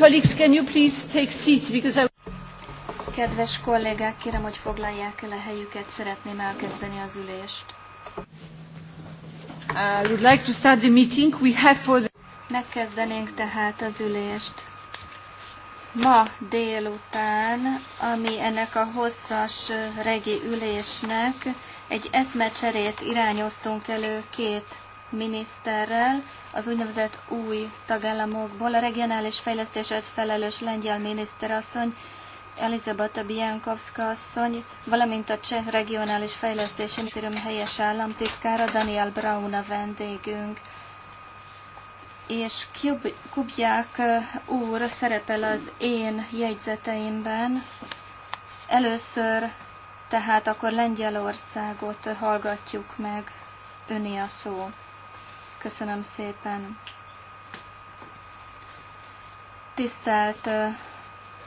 Colleagues, can you please take seats because I... Kedves kollégák, kérem, hogy foglalják el a helyüket, szeretném elkezdeni az ülést. I would like to start the meeting. We have for the... Megkezdenénk tehát az ülést. Ma délután, ami ennek a hosszas regi ülésnek, egy eszmecserét irányoztunk elő két miniszterrel, az úgynevezett új tagállamokból. A regionális fejlesztésért felelős lengyel miniszterasszony, Elizabeth Biankowska asszony, valamint a cseh regionális fejlesztés intérium helyes államtitkára, Daniel Braun a vendégünk. És Kubják eh, úr szerepel az én jegyzeteimben. Először tehát akkor Lengyelországot hallgatjuk meg, öné a szó. Köszönöm szépen. Tisztelt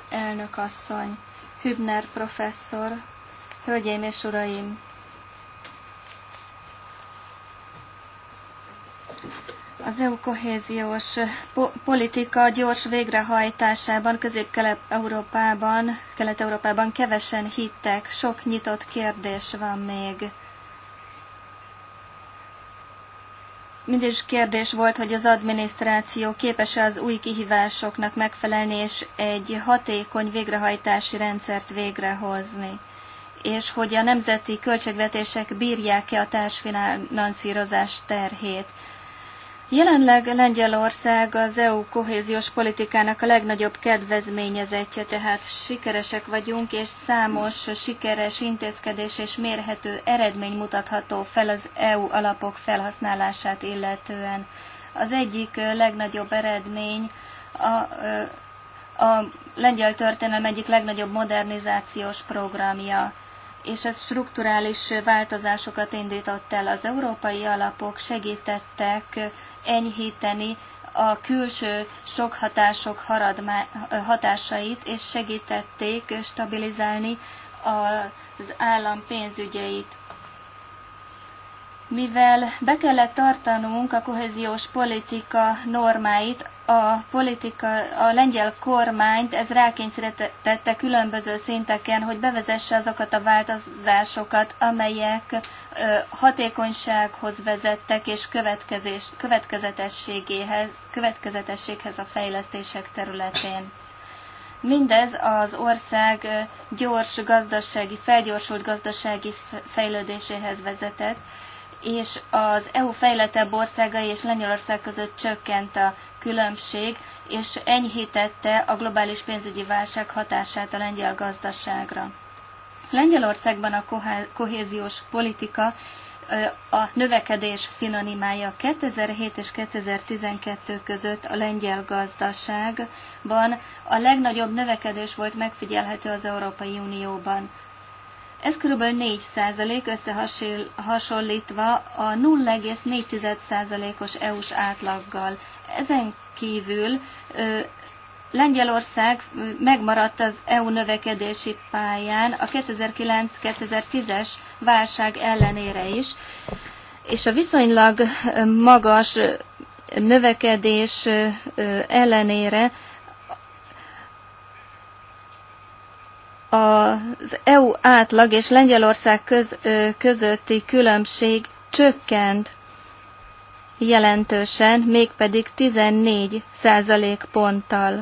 elnök asszony, Hübner professzor, hölgyeim és uraim! Az EU kohéziós politika gyors végrehajtásában Közép-Kelet-Európában, Kelet-Európában kevesen hittek, sok nyitott kérdés van még. mindig is kérdés volt, hogy az adminisztráció képes-e az új kihívásoknak megfelelni, és egy hatékony végrehajtási rendszert végrehozni, és hogy a nemzeti költségvetések bírják-e a társfinanszírozás terhét. Jelenleg Lengyelország az EU kohéziós politikának a legnagyobb kedvezményezetje, tehát sikeresek vagyunk, és számos sikeres intézkedés és mérhető eredmény mutatható fel az EU alapok felhasználását illetően. Az egyik legnagyobb eredmény a, a lengyel történelem egyik legnagyobb modernizációs programja és ez strukturális változásokat indított el. Az európai alapok segítettek enyhíteni a külső sok hatások hatásait, és segítették stabilizálni az állam pénzügyeit mivel be kellett tartanunk a kohéziós politika normáit, a, politika, a lengyel kormányt ez rákényszerítette különböző szinteken, hogy bevezesse azokat a változásokat, amelyek ö, hatékonysághoz vezettek és következés, következetességéhez, következetességhez a fejlesztések területén. Mindez az ország gyors gazdasági, felgyorsult gazdasági fejlődéséhez vezetett, és az EU fejlettebb országai és Lengyelország között csökkent a különbség, és enyhítette a globális pénzügyi válság hatását a lengyel gazdaságra. Lengyelországban a kohéziós politika a növekedés szinonimája 2007 és 2012 között a lengyel gazdaságban a legnagyobb növekedés volt megfigyelhető az Európai Unióban. Ez kb. 4% összehasonlítva a 0,4%-os EU-s átlaggal. Ezen kívül Lengyelország megmaradt az EU növekedési pályán a 2009-2010-es válság ellenére is, és a viszonylag magas növekedés ellenére az EU átlag és Lengyelország köz, közötti különbség csökkent jelentősen, mégpedig 14 százalék ponttal.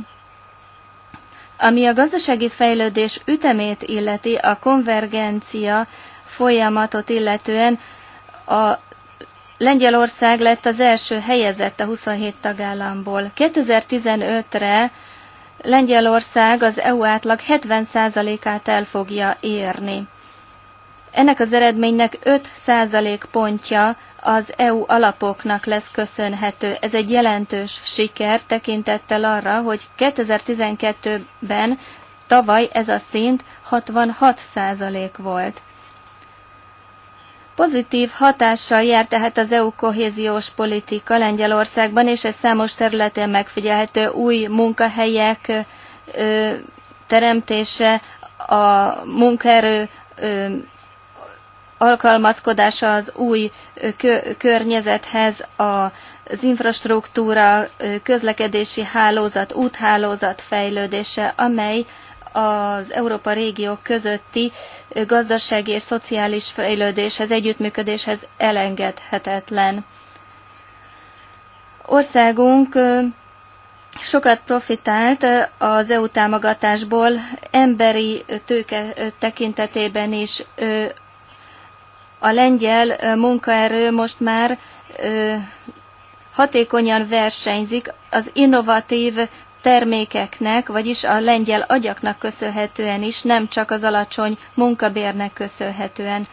Ami a gazdasági fejlődés ütemét illeti, a konvergencia folyamatot illetően a Lengyelország lett az első helyezett a 27 tagállamból. 2015-re Lengyelország az EU átlag 70%-át el fogja érni. Ennek az eredménynek 5% pontja az EU alapoknak lesz köszönhető. Ez egy jelentős siker tekintettel arra, hogy 2012-ben tavaly ez a szint 66% volt. Pozitív hatással jár tehát az EU kohéziós politika Lengyelországban, és ez számos területen megfigyelhető új munkahelyek ö, teremtése, a munkaerő ö, alkalmazkodása az új környezethez, az infrastruktúra, közlekedési hálózat, úthálózat fejlődése, amely az Európa régiók közötti gazdasági és szociális fejlődéshez, együttműködéshez elengedhetetlen. Országunk sokat profitált az EU támogatásból emberi tőke tekintetében is. A lengyel munkaerő most már hatékonyan versenyzik az innovatív termékeknek, vagyis a lengyel agyaknak köszönhetően is, nem csak az alacsony munkabérnek köszönhetően.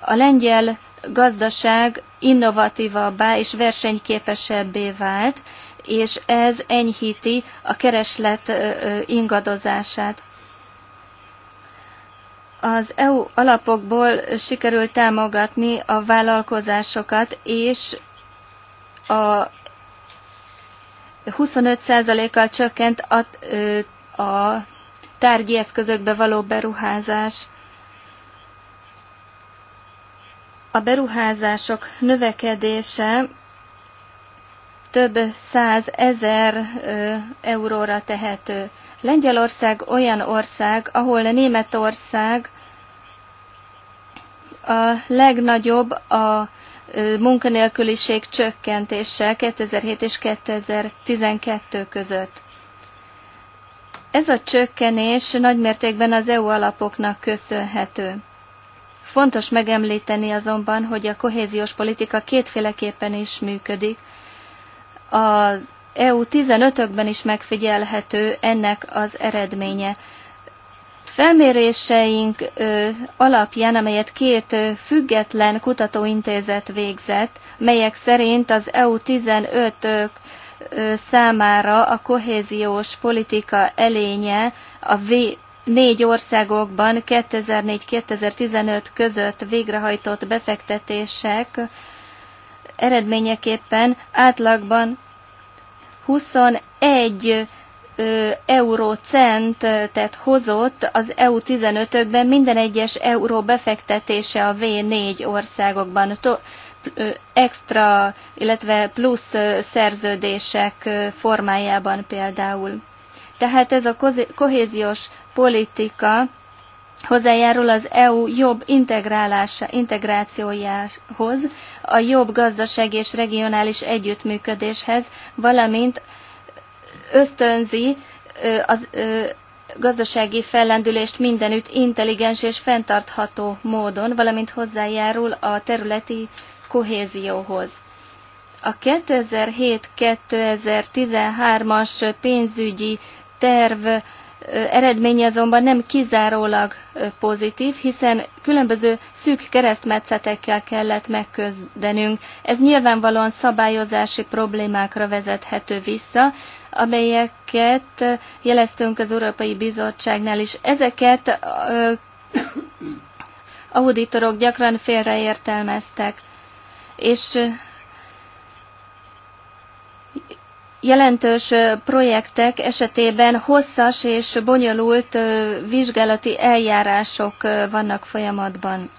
A lengyel gazdaság innovatívabbá és versenyképesebbé vált, és ez enyhíti a kereslet ingadozását. Az EU alapokból sikerült támogatni a vállalkozásokat és a 25%-kal csökkent a, a tárgyi eszközökbe való beruházás. A beruházások növekedése több száz ezer euróra tehető. Lengyelország olyan ország, ahol a Németország a legnagyobb a munkanélküliség csökkentéssel 2007 és 2012 között. Ez a csökkenés nagymértékben az EU alapoknak köszönhető. Fontos megemlíteni azonban, hogy a kohéziós politika kétféleképpen is működik. Az EU 15-ökben is megfigyelhető ennek az eredménye. Felméréseink alapján, amelyet két független kutatóintézet végzett, melyek szerint az EU-15 számára a kohéziós politika elénye a v négy országokban 2004-2015 között végrehajtott befektetések eredményeképpen átlagban 21 tehát hozott az EU15-ökben minden egyes euró befektetése a V4 országokban. Extra, illetve plusz szerződések formájában például. Tehát ez a kohéziós politika hozzájárul az EU jobb integrálása, integrációjához, a jobb gazdaság és regionális együttműködéshez, valamint ösztönzi az gazdasági fellendülést mindenütt intelligens és fenntartható módon, valamint hozzájárul a területi kohézióhoz. A 2007-2013-as pénzügyi terv eredménye azonban nem kizárólag pozitív, hiszen különböző szűk keresztmetszetekkel kellett megközdenünk. Ez nyilvánvalóan szabályozási problémákra vezethető vissza, amelyeket jeleztünk az Európai Bizottságnál is. Ezeket auditorok gyakran félreértelmeztek, és jelentős projektek esetében hosszas és bonyolult vizsgálati eljárások vannak folyamatban.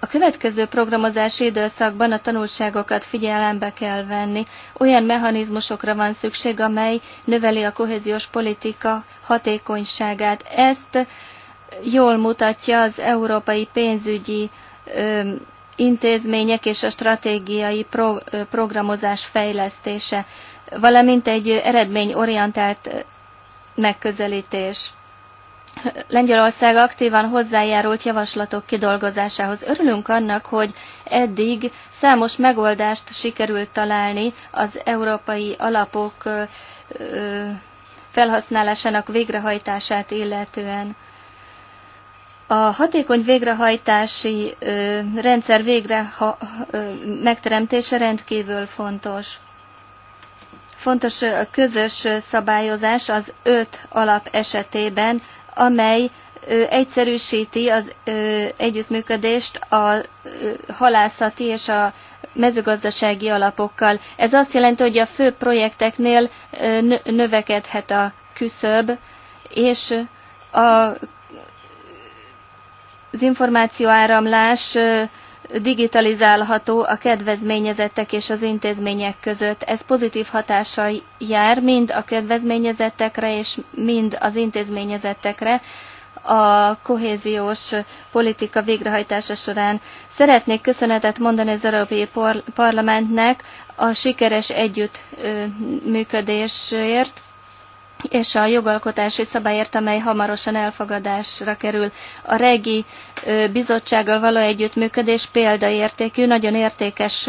A következő programozási időszakban a tanulságokat figyelembe kell venni. Olyan mechanizmusokra van szükség, amely növeli a kohéziós politika hatékonyságát. Ezt jól mutatja az európai pénzügyi intézmények és a stratégiai pro, programozás fejlesztése, valamint egy eredményorientált megközelítés. Lengyelország aktívan hozzájárult javaslatok kidolgozásához. Örülünk annak, hogy eddig számos megoldást sikerült találni az európai alapok felhasználásának végrehajtását illetően. A hatékony végrehajtási ö, rendszer végre ha, ö, megteremtése rendkívül fontos. Fontos a közös szabályozás az öt alap esetében, amely ö, egyszerűsíti az ö, együttműködést a ö, halászati és a mezőgazdasági alapokkal. Ez azt jelenti, hogy a fő projekteknél növekedhet a küszöb, és a az információáramlás digitalizálható a kedvezményezettek és az intézmények között. Ez pozitív hatással jár mind a kedvezményezettekre és mind az intézményezettekre a kohéziós politika végrehajtása során. Szeretnék köszönetet mondani az Európai Parlamentnek a sikeres együttműködésért, és a jogalkotási szabályért, amely hamarosan elfogadásra kerül. A regi bizottsággal való együttműködés példaértékű, nagyon értékes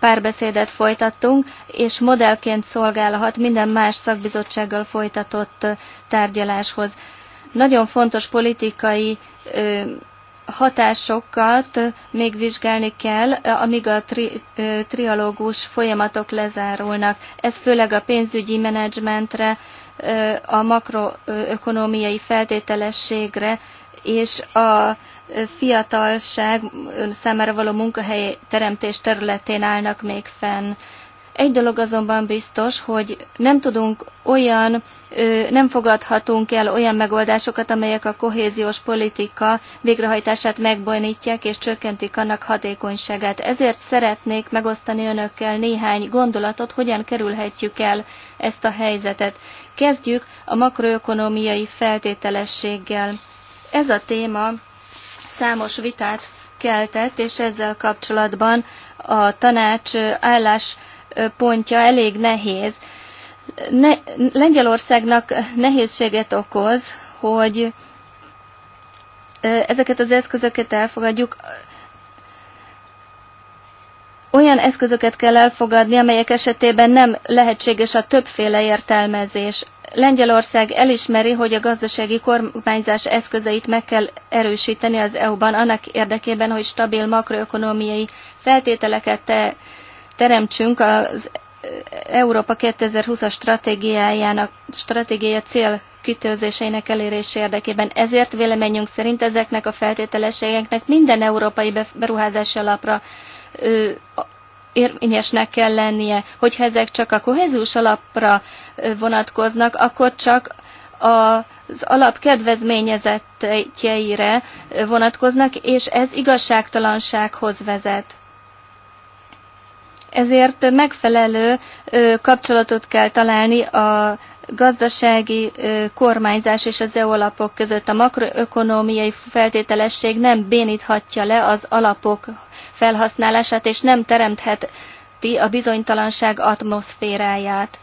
párbeszédet folytattunk, és modellként szolgálhat minden más szakbizottsággal folytatott tárgyaláshoz. Nagyon fontos politikai hatásokat még vizsgálni kell, amíg a tri, trialógus folyamatok lezárulnak. Ez főleg a pénzügyi menedzsmentre a makroökonomiai feltételességre és a fiatalság számára való munkahely teremtés területén állnak még fenn. Egy dolog azonban biztos, hogy nem tudunk olyan, nem fogadhatunk el olyan megoldásokat, amelyek a kohéziós politika végrehajtását megbonítják és csökkentik annak hatékonyságát. Ezért szeretnék megosztani önökkel néhány gondolatot, hogyan kerülhetjük el ezt a helyzetet. Kezdjük a makroökonomiai feltételességgel. Ez a téma számos vitát keltett, és ezzel kapcsolatban a tanács álláspontja elég nehéz. Ne, Lengyelországnak nehézséget okoz, hogy ezeket az eszközöket elfogadjuk, olyan eszközöket kell elfogadni, amelyek esetében nem lehetséges a többféle értelmezés. Lengyelország elismeri, hogy a gazdasági kormányzás eszközeit meg kell erősíteni az EU-ban annak érdekében, hogy stabil makroökonomiai feltételeket te teremtsünk az Európa 2020-as stratégiájának, stratégiája cél kitőzéseinek elérése érdekében. Ezért véleményünk szerint ezeknek a feltételességeknek minden európai beruházási alapra érvényesnek kell lennie. Hogyha ezek csak a kohéziós alapra vonatkoznak, akkor csak az alap kedvezményezettjeire vonatkoznak, és ez igazságtalansághoz vezet. Ezért megfelelő kapcsolatot kell találni a gazdasági kormányzás és az EU alapok között. A makroökonómiai feltételesség nem béníthatja le az alapok felhasználását, és nem teremtheti a bizonytalanság atmoszféráját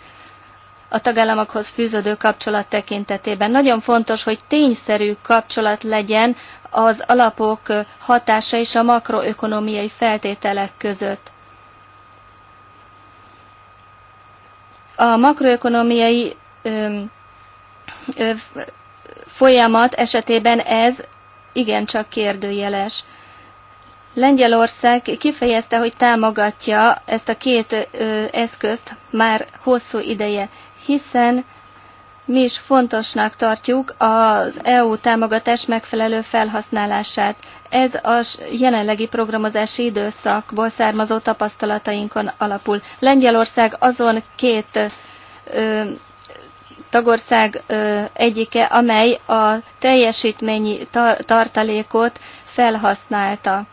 a tagállamokhoz fűződő kapcsolat tekintetében. Nagyon fontos, hogy tényszerű kapcsolat legyen az alapok hatása és a makroökonomiai feltételek között. A makroökonomiai folyamat esetében ez igencsak kérdőjeles. Lengyelország kifejezte, hogy támogatja ezt a két ö, eszközt már hosszú ideje, hiszen mi is fontosnak tartjuk az EU támogatás megfelelő felhasználását. Ez a jelenlegi programozási időszakból származó tapasztalatainkon alapul. Lengyelország azon két ö, tagország ö, egyike, amely a teljesítményi tar tartalékot felhasználta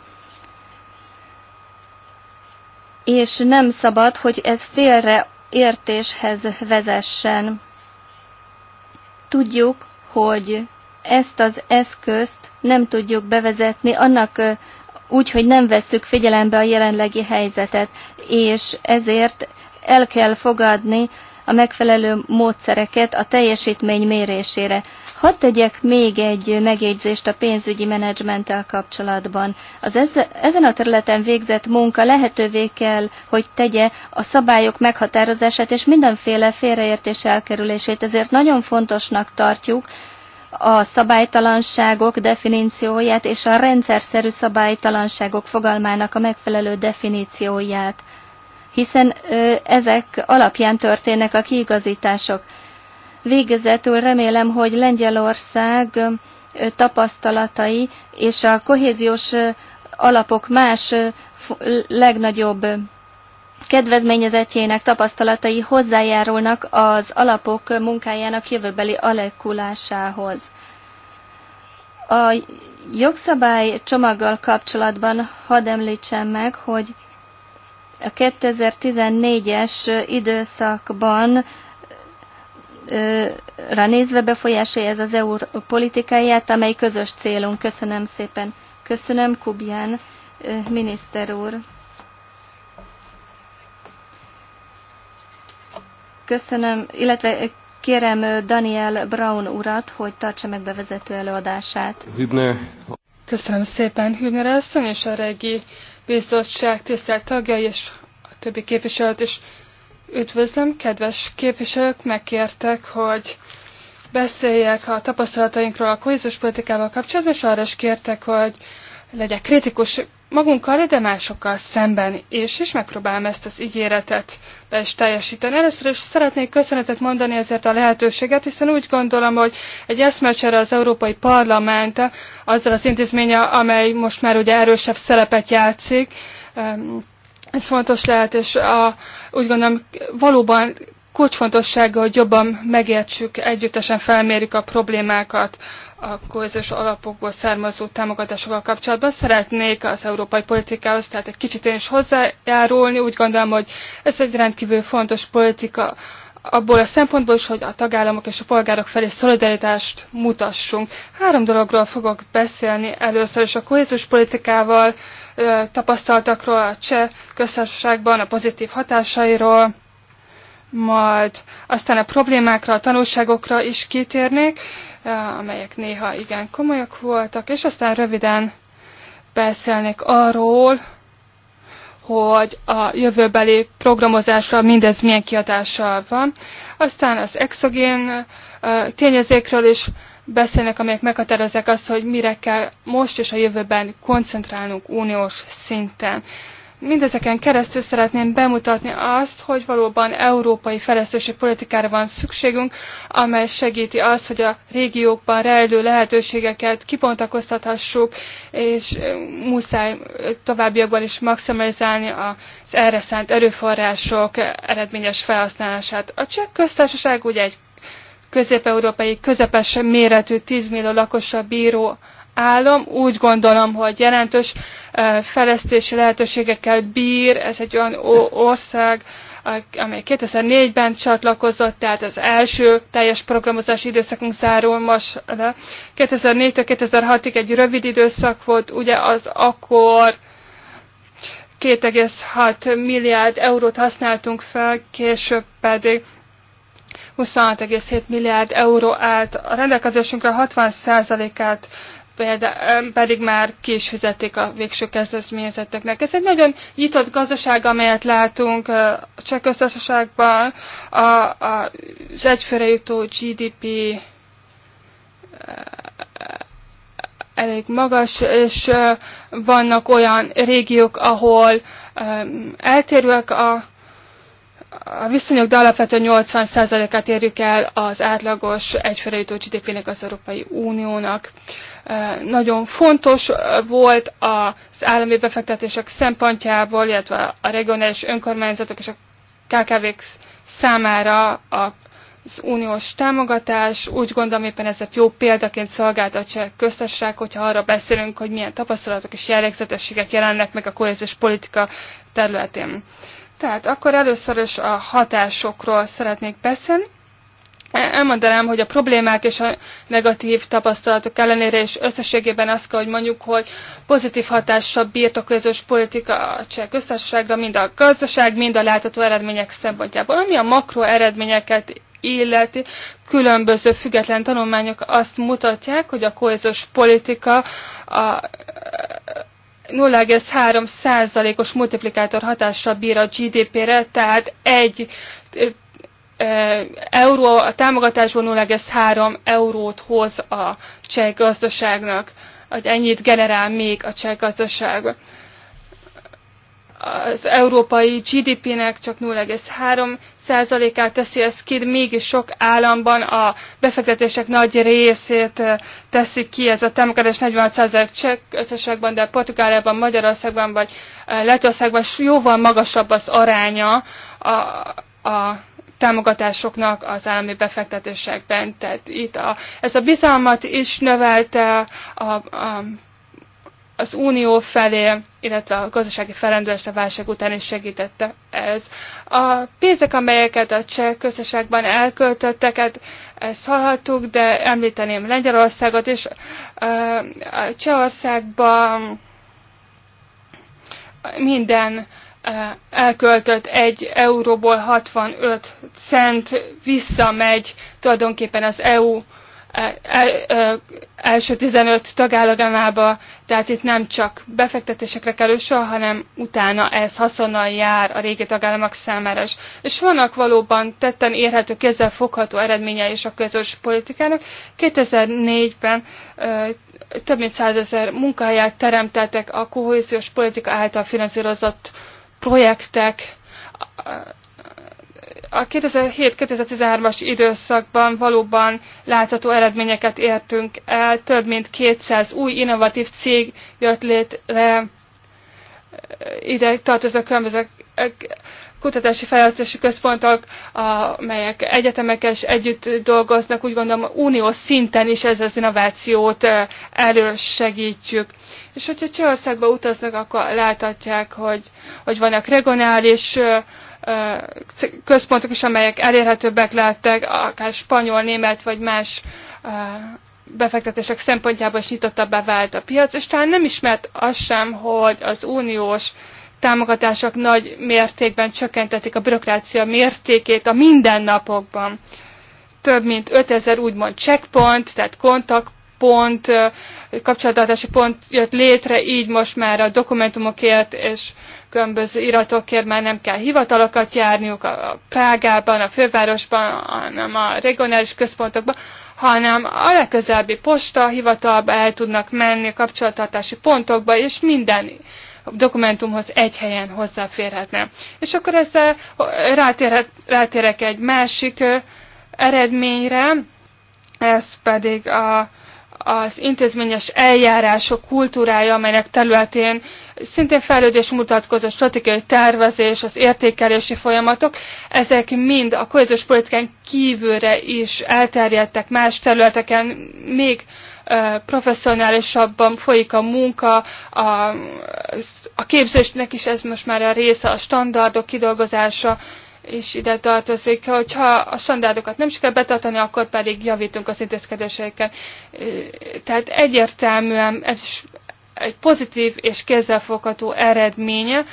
és nem szabad, hogy ez félre értéshez vezessen. Tudjuk, hogy ezt az eszközt nem tudjuk bevezetni annak úgy, hogy nem vesszük figyelembe a jelenlegi helyzetet, és ezért el kell fogadni a megfelelő módszereket a teljesítmény mérésére. Hadd tegyek még egy megjegyzést a pénzügyi menedzsmenttel kapcsolatban. Az ez, ezen a területen végzett munka lehetővé kell, hogy tegye a szabályok meghatározását és mindenféle félreértés elkerülését. Ezért nagyon fontosnak tartjuk, a szabálytalanságok definícióját és a rendszerszerű szabálytalanságok fogalmának a megfelelő definícióját, hiszen ezek alapján történnek a kiigazítások. Végezetül remélem, hogy Lengyelország tapasztalatai és a kohéziós alapok más legnagyobb kedvezményezetjének tapasztalatai hozzájárulnak az alapok munkájának jövőbeli alakulásához. A jogszabály csomaggal kapcsolatban hadd említsem meg, hogy a 2014-es időszakban ránézve befolyásolja ez az EU politikáját, amely közös célunk. Köszönöm szépen. Köszönöm, Kubján miniszter úr. Köszönöm, illetve kérem Daniel Brown urat, hogy tartsa meg bevezető előadását. Hübner. Köszönöm szépen Hübner asszony és a regi bizottság tisztelt tagjai és a többi képviselőt is. És Üdvözlöm, kedves képviselők, megkértek, hogy beszéljek a tapasztalatainkról a kohéziós politikával kapcsolatban, és arra is kértek, hogy legyek kritikus magunkkal, de másokkal szemben, és is megpróbálom ezt az ígéretet be is teljesíteni. Először is szeretnék köszönetet mondani ezért a lehetőséget, hiszen úgy gondolom, hogy egy eszmecsere az Európai Parlament azzal az intézménye, amely most már ugye erősebb szerepet játszik, ez fontos lehet, és a úgy gondolom valóban kulcsfontossága, hogy jobban megértsük, együttesen felmérjük a problémákat a kohéziós alapokból származó támogatásokkal kapcsolatban. Szeretnék az európai politikához, tehát egy kicsit én is hozzájárulni. Úgy gondolom, hogy ez egy rendkívül fontos politika, abból a szempontból is, hogy a tagállamok és a polgárok felé szolidaritást mutassunk. Három dologról fogok beszélni. Először is a kohéziós politikával tapasztaltakról a cseh köztársaságban, a pozitív hatásairól, majd aztán a problémákra, a tanulságokra is kitérnék, amelyek néha igen komolyak voltak, és aztán röviden beszélnék arról, hogy a jövőbeli programozásra mindez milyen kiadással van. Aztán az exogén tényezékről is beszélnek, amelyek meghatározzák azt, hogy mire kell most és a jövőben koncentrálnunk uniós szinten. Mindezeken keresztül szeretném bemutatni azt, hogy valóban európai fejlesztési politikára van szükségünk, amely segíti azt, hogy a régiókban rejlő lehetőségeket kibontakoztathassuk, és muszáj továbbiakban is maximalizálni az erre szánt erőforrások eredményes felhasználását. A cseh köztársaság ugye egy közép-európai közepes méretű 10 millió lakosra bíró állam. Úgy gondolom, hogy jelentős eh, fejlesztési lehetőségekkel bír. Ez egy olyan ország, amely 2004-ben csatlakozott, tehát az első teljes programozási időszakunk zárul most le. 2004-től 2006-ig egy rövid időszak volt, ugye az akkor 2,6 milliárd eurót használtunk fel, később pedig 26,7 milliárd euró állt a rendelkezésünkre, 60%-át pedig már ki is fizették a végső kezdeményezetteknek. Ez egy nagyon nyitott gazdaság, amelyet látunk a cseh köztársaságban, a, a, az egyfőre jutó GDP elég magas, és vannak olyan régiók, ahol eltérőek a a viszonyok, de alapvetően 80%-át érjük el az átlagos egyfőre jutó GDP-nek az Európai Uniónak. Nagyon fontos volt az állami befektetések szempontjából, illetve a regionális önkormányzatok és a KKV-k számára az uniós támogatás. Úgy gondolom éppen ezért jó példaként szolgált a cseh köztesség, hogyha arra beszélünk, hogy milyen tapasztalatok és jellegzetességek jelennek meg a kohéziós politika területén. Uh, tehát akkor először is a hatásokról szeretnék beszélni. E, elmondanám, hogy a problémák és a negatív tapasztalatok ellenére és összességében azt kell, hogy mondjuk, hogy pozitív hatással bírt a közös politika a cseh köztársaságra, mind a gazdaság, mind a látható eredmények szempontjából. Ami a makro eredményeket illeti, különböző független tanulmányok azt mutatják, hogy a kohézós politika a, 0,3 százalékos multiplikátor hatással bír a GDP-re, tehát egy euró, a támogatásból 0,3 eurót hoz a cseh gazdaságnak, hogy ennyit generál még a cseh gazdaság az európai GDP-nek csak 0,3%-át teszi ez ki, mégis sok államban a befektetések nagy részét teszik ki, ez a támogatás 46% csek összesekben, de Portugáliában, Magyarországban vagy Lettországban jóval magasabb az aránya a, a támogatásoknak az állami befektetésekben. Tehát itt a, ez a bizalmat is növelte a, a az unió felé, illetve a gazdasági felrendülésre a válság után is segítette ez. A pénzek, amelyeket a cseh közösségben elköltöttek, hát ezt hallhattuk, de említeném Lengyelországot is. A Csehországban minden elköltött egy euróból 65 cent visszamegy tulajdonképpen az EU első 15 tagállamába, tehát itt nem csak befektetésekre kerül soha, hanem utána ez haszonnal jár a régi tagállamok számára is. És vannak valóban tetten érhető, kézzel fogható eredményei is a közös politikának. 2004-ben több mint ezer munkahelyet teremtettek a kohéziós politika által finanszírozott projektek a 2007-2013-as időszakban valóban látható eredményeket értünk el, több mint 200 új innovatív cég jött létre, ide tartoznak különböző kutatási fejlesztési központok, amelyek egyetemekes együtt dolgoznak, úgy gondolom uniós szinten is ez az innovációt elősegítjük. És hogyha Csehországba utaznak, akkor láthatják, hogy, hogy vannak regionális központok is, amelyek elérhetőbbek lettek, akár spanyol, német vagy más befektetések szempontjából is nyitottabbá vált a piac, és talán nem ismert az sem, hogy az uniós támogatások nagy mértékben csökkentették a bürokrácia mértékét a mindennapokban. Több mint 5000 úgymond checkpoint, tehát kontaktpont, kapcsolatási pont jött létre, így most már a dokumentumokért és különböző iratokért már nem kell hivatalokat járniuk a Prágában, a fővárosban, hanem a regionális központokban, hanem a legközelebbi posta hivatalba el tudnak menni, kapcsolattartási pontokba, és minden dokumentumhoz egy helyen hozzáférhetne. És akkor ezzel rátérhet, rátérek egy másik eredményre, ez pedig a az intézményes eljárások kultúrája, amelynek területén szintén fejlődés mutatkozó stratégiai tervezés, az értékelési folyamatok, ezek mind a kohéziós politikán kívülre is elterjedtek más területeken, még professzionálisabban folyik a munka, a, a képzésnek is ez most már a része, a standardok kidolgozása, és ide tartozik, hogyha a standardokat nem sikerül betartani, akkor pedig javítunk az intézkedéseiken. Tehát egyértelműen ez is egy pozitív és kézzelfogható eredménye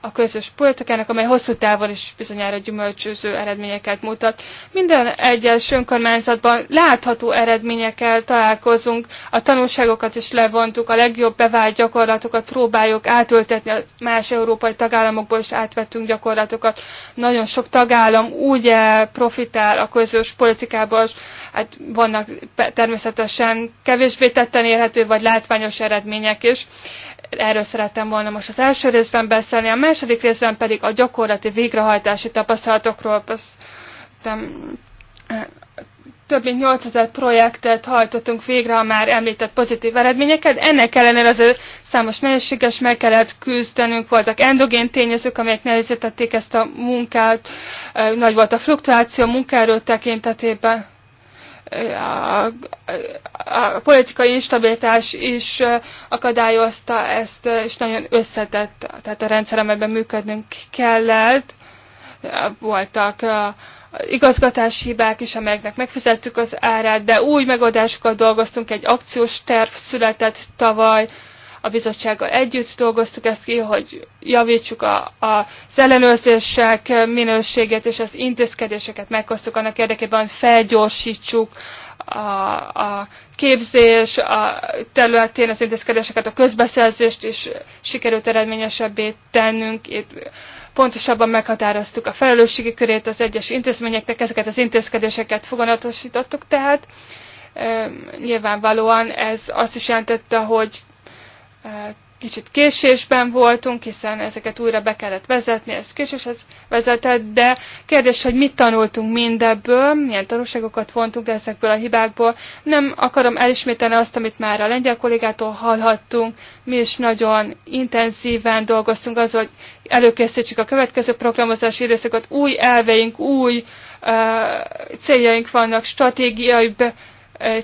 a közös politikának, amely hosszú távon is bizonyára gyümölcsöző eredményeket mutat. Minden egyes önkormányzatban látható eredményekkel találkozunk, a tanulságokat is levontuk, a legjobb bevált gyakorlatokat próbáljuk átöltetni, a más európai tagállamokból is átvettünk gyakorlatokat. Nagyon sok tagállam úgy profitál a közös politikából, hát vannak természetesen kevésbé tetten érhető vagy látványos eredmények is erről szerettem volna most az első részben beszélni, a második részben pedig a gyakorlati végrehajtási tapasztalatokról beszéltem. Több mint 8000 projektet hajtottunk végre a már említett pozitív eredményeket. Ennek ellenére azért számos nehézséges meg kellett küzdenünk, voltak endogén tényezők, amelyek nehézítették ezt a munkát, nagy volt a fluktuáció munkáról tekintetében a, a politikai instabilitás is akadályozta ezt, és nagyon összetett, tehát a rendszer, amelyben működnünk kellett. Voltak igazgatási hibák is, amelyeknek megfizettük az árát, de új megoldásokat dolgoztunk, egy akciós terv született tavaly, a bizottsággal együtt dolgoztuk ezt ki, hogy javítsuk a, a, az ellenőrzések minőségét és az intézkedéseket meghoztuk annak érdekében, hogy felgyorsítsuk a, a képzés a területén az intézkedéseket, a közbeszerzést is sikerült eredményesebbé tennünk. Itt pontosabban meghatároztuk a felelősségi körét az egyes intézményeknek, ezeket az intézkedéseket foganatosítottuk tehát. nyilvánvalóan ez azt is jelentette, hogy kicsit késésben voltunk, hiszen ezeket újra be kellett vezetni, ez késéshez vezetett, de kérdés, hogy mit tanultunk mindebből, milyen tanulságokat vontunk ezekből a hibákból. Nem akarom elismételni azt, amit már a lengyel kollégától hallhattunk, mi is nagyon intenzíven dolgoztunk az, hogy előkészítsük a következő programozási időszakot, új elveink, új uh, céljaink vannak, stratégiai uh,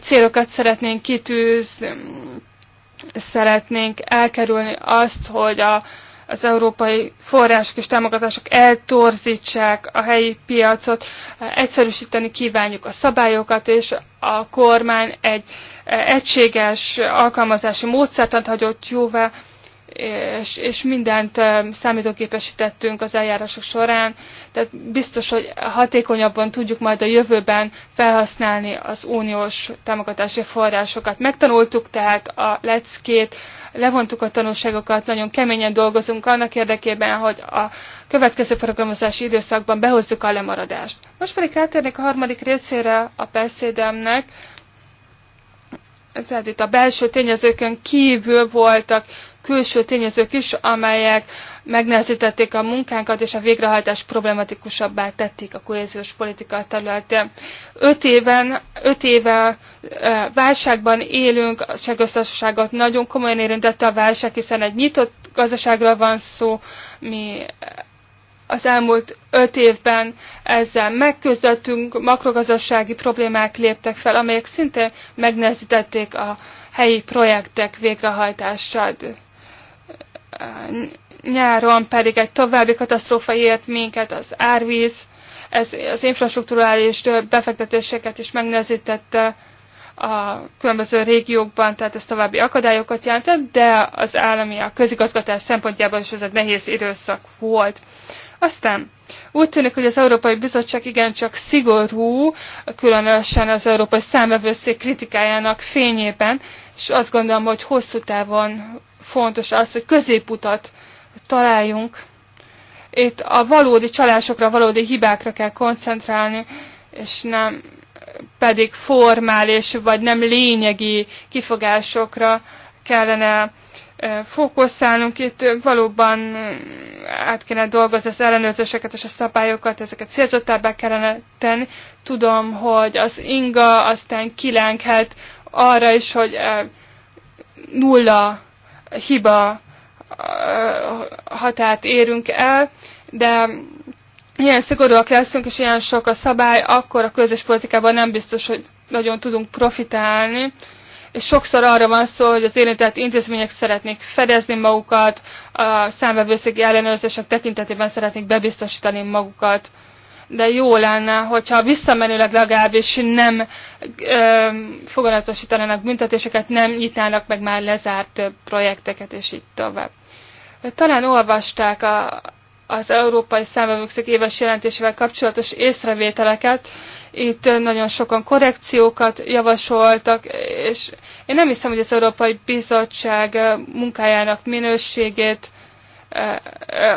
célokat szeretnénk kitűzni, szeretnénk elkerülni azt, hogy a, az európai források és támogatások eltorzítsák a helyi piacot, egyszerűsíteni kívánjuk a szabályokat, és a kormány egy eh, egységes alkalmazási módszertant hagyott jóvá, és, és mindent számítógépesítettünk az eljárások során, tehát biztos, hogy hatékonyabban tudjuk majd a jövőben felhasználni az uniós támogatási forrásokat. Megtanultuk tehát a leckét, levontuk a tanulságokat, nagyon keményen dolgozunk annak érdekében, hogy a következő programozási időszakban behozzuk a lemaradást. Most pedig rátérnék a harmadik részére a beszédemnek, Ez itt a belső tényezőkön kívül voltak külső tényezők is, amelyek megnehezítették a munkánkat, és a végrehajtás problematikusabbá tették a kohéziós politika területén. Öt, éven, öt éve válságban élünk, a segöztársaságot nagyon komolyan érintette a válság, hiszen egy nyitott gazdaságra van szó, mi az elmúlt öt évben ezzel megküzdöttünk, makrogazdasági problémák léptek fel, amelyek szintén megnehezítették a helyi projektek végrehajtását nyáron pedig egy további katasztrófa ért minket, az árvíz, ez az infrastruktúrális befektetéseket is megnehezítette a különböző régiókban, tehát ez további akadályokat jelentett, de az állami, a közigazgatás szempontjából is ez egy nehéz időszak volt. Aztán úgy tűnik, hogy az Európai Bizottság igencsak szigorú, különösen az Európai Számvevőszék kritikájának fényében, és azt gondolom, hogy hosszú távon fontos az, hogy középutat találjunk. Itt a valódi csalásokra, a valódi hibákra kell koncentrálni, és nem pedig formális vagy nem lényegi kifogásokra kellene fókuszálnunk. Itt valóban át kéne dolgozni az ellenőrzéseket és a szabályokat, ezeket szélzottábbá kellene tenni. Tudom, hogy az inga aztán kilenghet, arra is, hogy nulla hiba uh, határt érünk el, de ilyen szigorúak leszünk, és ilyen sok a szabály, akkor a közös politikában nem biztos, hogy nagyon tudunk profitálni. És sokszor arra van szó, hogy az érintett intézmények szeretnék fedezni magukat, a számvevőszégi ellenőrzések tekintetében szeretnék bebiztosítani magukat de jó lenne, hogyha visszamenőleg legalábbis nem ö, foganatosítanának büntetéseket, nem nyitnának meg már lezárt projekteket, és így tovább. Talán olvasták a, az Európai Számvevőkszék éves jelentésével kapcsolatos észrevételeket, itt nagyon sokan korrekciókat javasoltak, és én nem hiszem, hogy az Európai Bizottság munkájának minőségét,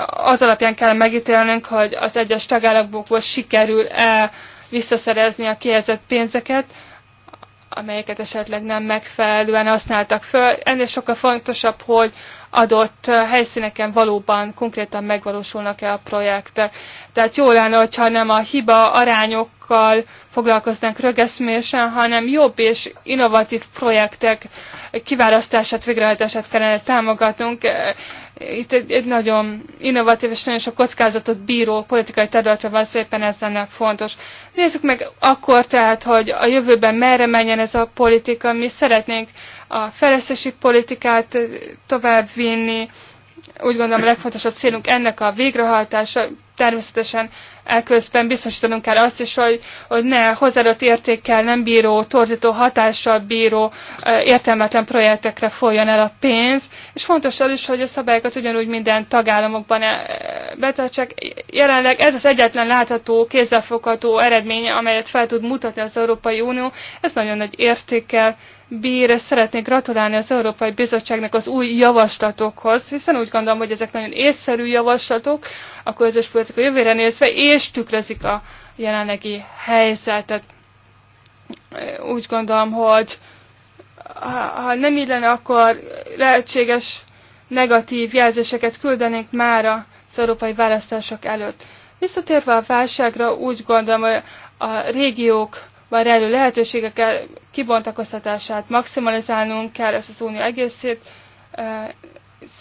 az alapján kell megítélnünk, hogy az egyes tagállamokból sikerül-e visszaszerezni a kihezett pénzeket, amelyeket esetleg nem megfelelően használtak föl. Ennél sokkal fontosabb, hogy adott helyszíneken valóban konkrétan megvalósulnak-e a projektek. Tehát jó lenne, hogyha nem a hiba arányokkal foglalkoznánk rögeszmésen, hanem jobb és innovatív projektek kiválasztását, végrehajtását kellene támogatnunk. Itt egy, egy nagyon innovatív és nagyon sok kockázatot bíró politikai területre van szépen ez lenne fontos. Nézzük meg akkor tehát, hogy a jövőben merre menjen ez a politika. Mi szeretnénk a fejlesztési politikát továbbvinni. Úgy gondolom a legfontosabb célunk ennek a végrehajtása. Természetesen elközben biztosítanunk kell azt is, hogy, hogy ne hozzáadott értékkel nem bíró, torzító hatással bíró értelmetlen projektekre folyjon el a pénz, és fontos az is, hogy a szabályokat ugyanúgy minden tagállamokban e, e, betartsák. Jelenleg ez az egyetlen látható, kézzelfogható eredménye, amelyet fel tud mutatni az Európai Unió, ez nagyon nagy értékkel bír, és szeretnék gratulálni az Európai Bizottságnak az új javaslatokhoz, hiszen úgy gondolom, hogy ezek nagyon észszerű javaslatok a közös politika jövőre nézve, és tükrözik a jelenlegi helyzetet. Úgy gondolom, hogy ha nem így lenne, akkor lehetséges negatív jelzéseket küldenénk már az európai választások előtt. Visszatérve a válságra, úgy gondolom, hogy a régiók már elő lehetőségekkel kibontakoztatását maximalizálnunk kell, ezt az unió egészét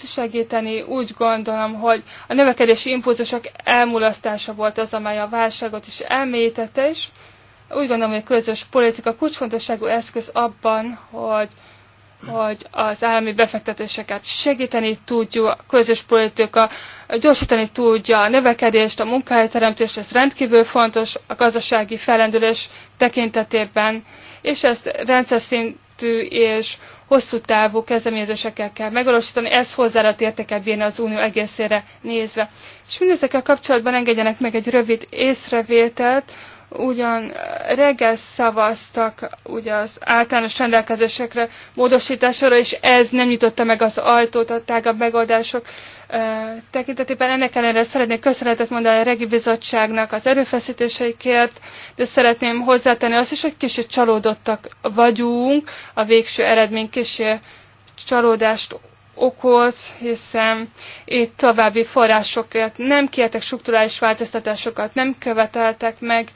segíteni. Úgy gondolom, hogy a növekedési impulzusok elmulasztása volt az, amely a válságot is elmélyítette, is. úgy gondolom, hogy a közös politika kulcsfontosságú eszköz abban, hogy hogy az állami befektetéseket segíteni tudja, a közös politika gyorsítani tudja a növekedést, a munkahelyteremtést, ez rendkívül fontos a gazdasági felendülés tekintetében, és ezt rendszer szintű és hosszú távú kezdeményezésekkel kell megvalósítani, ez hozzáadott értéket bírna az unió egészére nézve. És mindezekkel kapcsolatban engedjenek meg egy rövid észrevételt, ugyan reggel szavaztak ugye az általános rendelkezésekre módosításra, és ez nem nyitotta meg az ajtót a tágabb megoldások tekintetében. Ennek ellenére szeretnék köszönetet mondani a Regi Bizottságnak az erőfeszítéseikért, de szeretném hozzátenni azt is, hogy kicsit csalódottak vagyunk, a végső eredmény kicsit csalódást okoz, hiszen itt további forrásokért nem kértek strukturális változtatásokat, nem követeltek meg,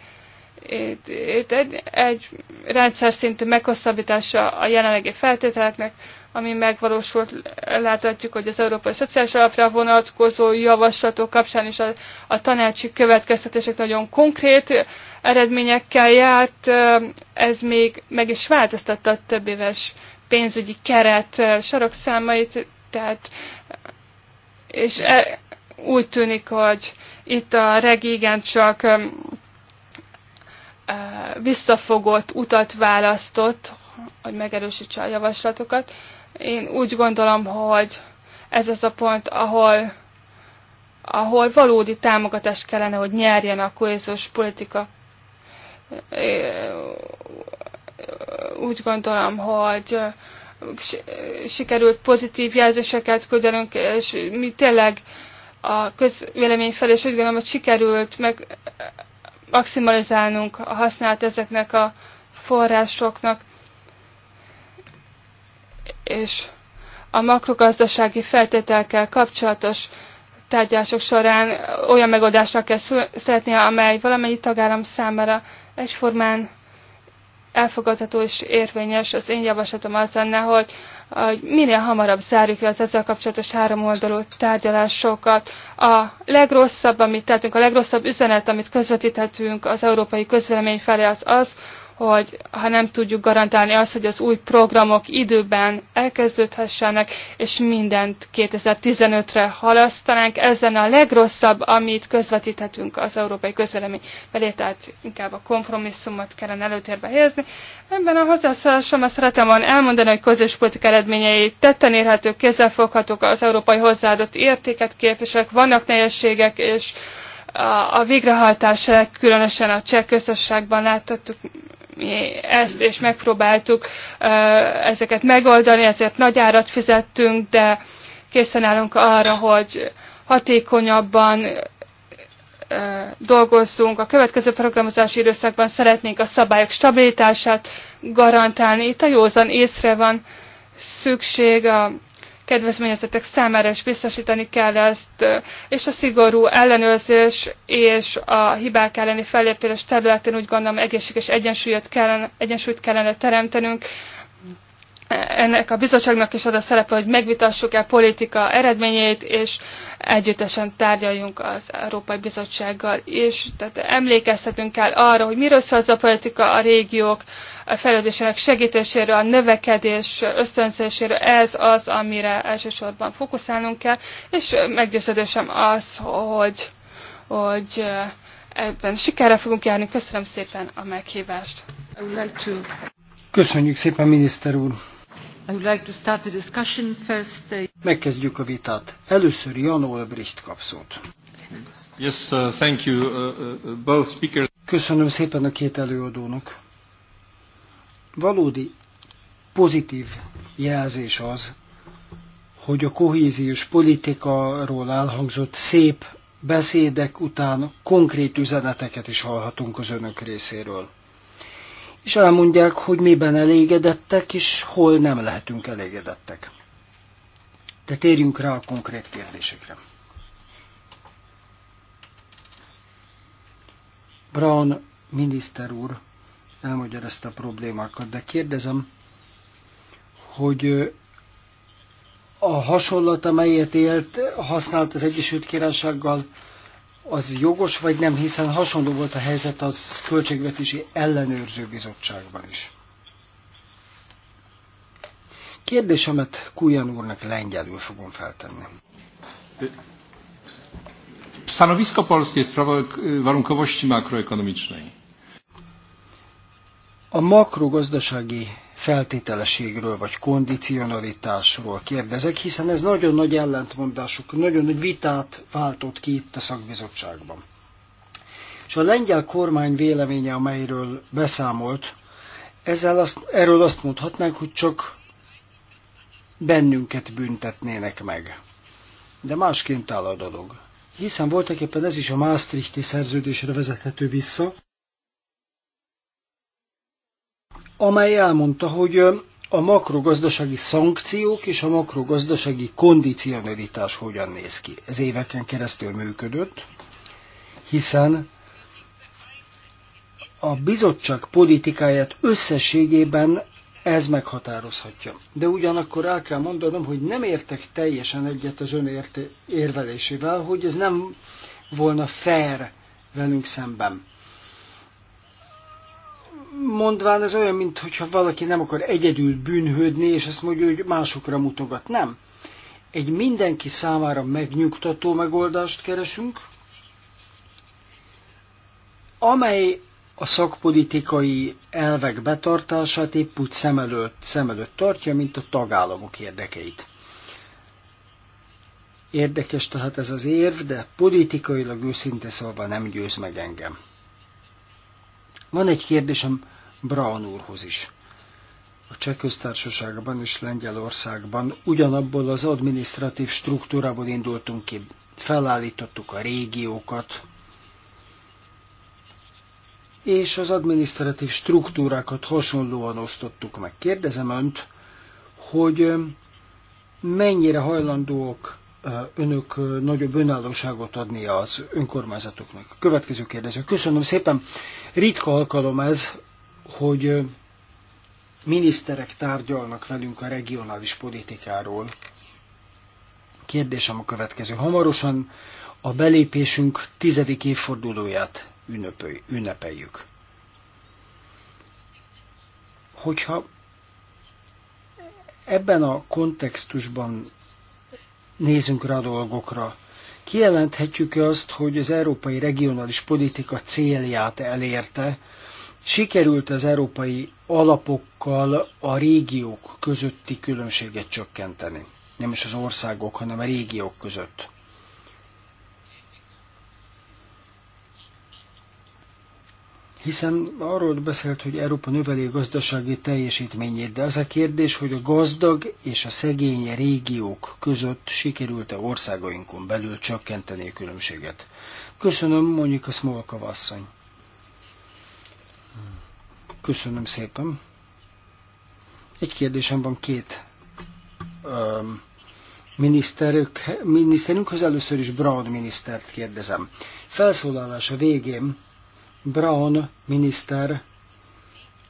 itt, itt egy, egy rendszer szintű meghosszabbítása a jelenlegi feltételeknek, ami megvalósult, láthatjuk, hogy az Európai Szociális Alapra vonatkozó javaslatok kapcsán is a, a tanácsi következtetések nagyon konkrét eredményekkel járt. Ez még meg is változtatta a több éves pénzügyi keret sarokszámait, tehát és e, úgy tűnik, hogy itt a regi igen csak um, e, visszafogott utat választott, hogy megerősítse a javaslatokat. Én úgy gondolom, hogy ez az a pont, ahol, ahol valódi támogatást kellene, hogy nyerjen a kohéziós politika. Úgy gondolom, hogy sikerült pozitív jelzéseket küldenünk, és mi tényleg a közvélemény felé, és úgy gondolom, hogy sikerült meg maximalizálnunk a használat ezeknek a forrásoknak és a makrogazdasági feltételekkel kapcsolatos tárgyások során olyan megoldásra kell szeretni, amely valamennyi tagállam számára egyformán elfogadható és érvényes. Az én javaslatom az lenne, hogy, hogy minél hamarabb zárjuk az ezzel kapcsolatos háromoldalú tárgyalásokat. A legrosszabb, amit tehetünk, a legrosszabb üzenet, amit közvetíthetünk az európai közvélemény felé, az az, hogy ha nem tudjuk garantálni azt, hogy az új programok időben elkezdődhessenek, és mindent 2015-re halasztanánk, ez lenne a legrosszabb, amit közvetíthetünk az európai közvélemény felé, tehát inkább a kompromisszumot kellene előtérbe helyezni. Ebben a azt szeretem van elmondani, hogy közös politika eredményei tetten érhetők, kézzelfoghatók, az európai hozzáadott értéket képviselek, vannak nehézségek, és a végrehajtás, különösen a cseh közösségben láthattuk mi ezt, és megpróbáltuk ezeket megoldani, ezért nagy árat fizettünk, de készen állunk arra, hogy hatékonyabban dolgozzunk. A következő programozási időszakban szeretnénk a szabályok stabilitását garantálni. Itt a józan észre van szükség a kedvezményezetek számára is biztosítani kell ezt, és a szigorú ellenőrzés és a hibák elleni fellépés területén úgy gondolom egészséges egyensúlyt kellene, egyensúlyt kellene teremtenünk, ennek a bizottságnak is az a szerepe, hogy megvitassuk el politika eredményeit, és együttesen tárgyaljunk az Európai Bizottsággal is. Tehát emlékeztetünk kell arra, hogy miről szól az a politika a régiók, a fejlődésének segítésére, a növekedés ösztönzésére, ez az, amire elsősorban fókuszálnunk kell, és meggyőződésem az, hogy, hogy eh, ebben sikerre fogunk járni. Köszönöm szépen a meghívást. Köszönjük szépen, miniszter úr! I would like to start the discussion first. Eh, Megkezdjük a vitát. Először Jan Olbricht kap szót. Yes, uh, thank you, uh, uh, uh both speakers. Köszönöm szépen a két előadónak. Valódi pozitív jelzés az, hogy a kohéziós politikáról elhangzott szép beszédek után konkrét üzeneteket is hallhatunk az önök részéről. És elmondják, hogy miben elégedettek, és hol nem lehetünk elégedettek. De térjünk rá a konkrét kérdésekre. Brown miniszter úr elmagyarázta a problémákat, de kérdezem, hogy a hasonlat, amelyet élt, használt az Egyesült Királysággal, az jogos vagy nem, hiszen hasonló volt a helyzet az Költségvetési Ellenőrző Bizottságban is. Kérdésemet Kujan úrnak lengyelül fogom feltenni. Stanowisko polskie jest sprawach warunkowości makroekonomicznej. A makrogazdasági feltételességről vagy kondicionalitásról kérdezek, hiszen ez nagyon nagy ellentmondásuk, nagyon nagy vitát váltott ki itt a szakbizottságban. És a lengyel kormány véleménye, amelyről beszámolt, ezzel azt, erről azt mondhatnánk, hogy csak bennünket büntetnének meg. De másként áll a dolog. Hiszen voltak éppen ez is a Maastrichti szerződésre vezethető vissza, amely elmondta, hogy a makrogazdasági szankciók és a makrogazdasági kondicionalitás hogyan néz ki. Ez éveken keresztül működött, hiszen a bizottság politikáját összességében ez meghatározhatja. De ugyanakkor el kell mondanom, hogy nem értek teljesen egyet az ön érvelésével, hogy ez nem volna fair velünk szemben mondván ez olyan, mintha valaki nem akar egyedül bűnhődni, és azt mondja, hogy másokra mutogat. Nem. Egy mindenki számára megnyugtató megoldást keresünk, amely a szakpolitikai elvek betartását épp úgy szem előtt, szem előtt tartja, mint a tagállamok érdekeit. Érdekes tehát ez az érv, de politikailag őszinte szólva nem győz meg engem. Van egy kérdésem Braun úrhoz is. A Cseh köztársaságban és Lengyelországban ugyanabból az administratív struktúrából indultunk ki. Felállítottuk a régiókat, és az administratív struktúrákat hasonlóan osztottuk meg. Kérdezem Önt, hogy mennyire hajlandóak önök nagyobb önállóságot adni az önkormányzatoknak. Következő kérdező. Köszönöm szépen. Ritka alkalom ez, hogy miniszterek tárgyalnak velünk a regionális politikáról. Kérdésem a következő. Hamarosan a belépésünk tizedik évfordulóját ünnepeljük. Hogyha ebben a kontextusban nézünk rá a dolgokra, Kijelenthetjük-e azt, hogy az európai regionális politika célját elérte, sikerült az európai alapokkal a régiók közötti különbséget csökkenteni. Nem is az országok, hanem a régiók között. hiszen arról beszélt, hogy Európa növeli a gazdasági teljesítményét, de az a kérdés, hogy a gazdag és a szegény régiók között sikerült-e országainkon belül csökkenteni a különbséget. Köszönöm, mondjuk a Smolka asszony. Köszönöm szépen. Egy kérdésem van két um, miniszterük, miniszterünkhöz, először is Braun minisztert kérdezem. Felszólalása végén Brown miniszter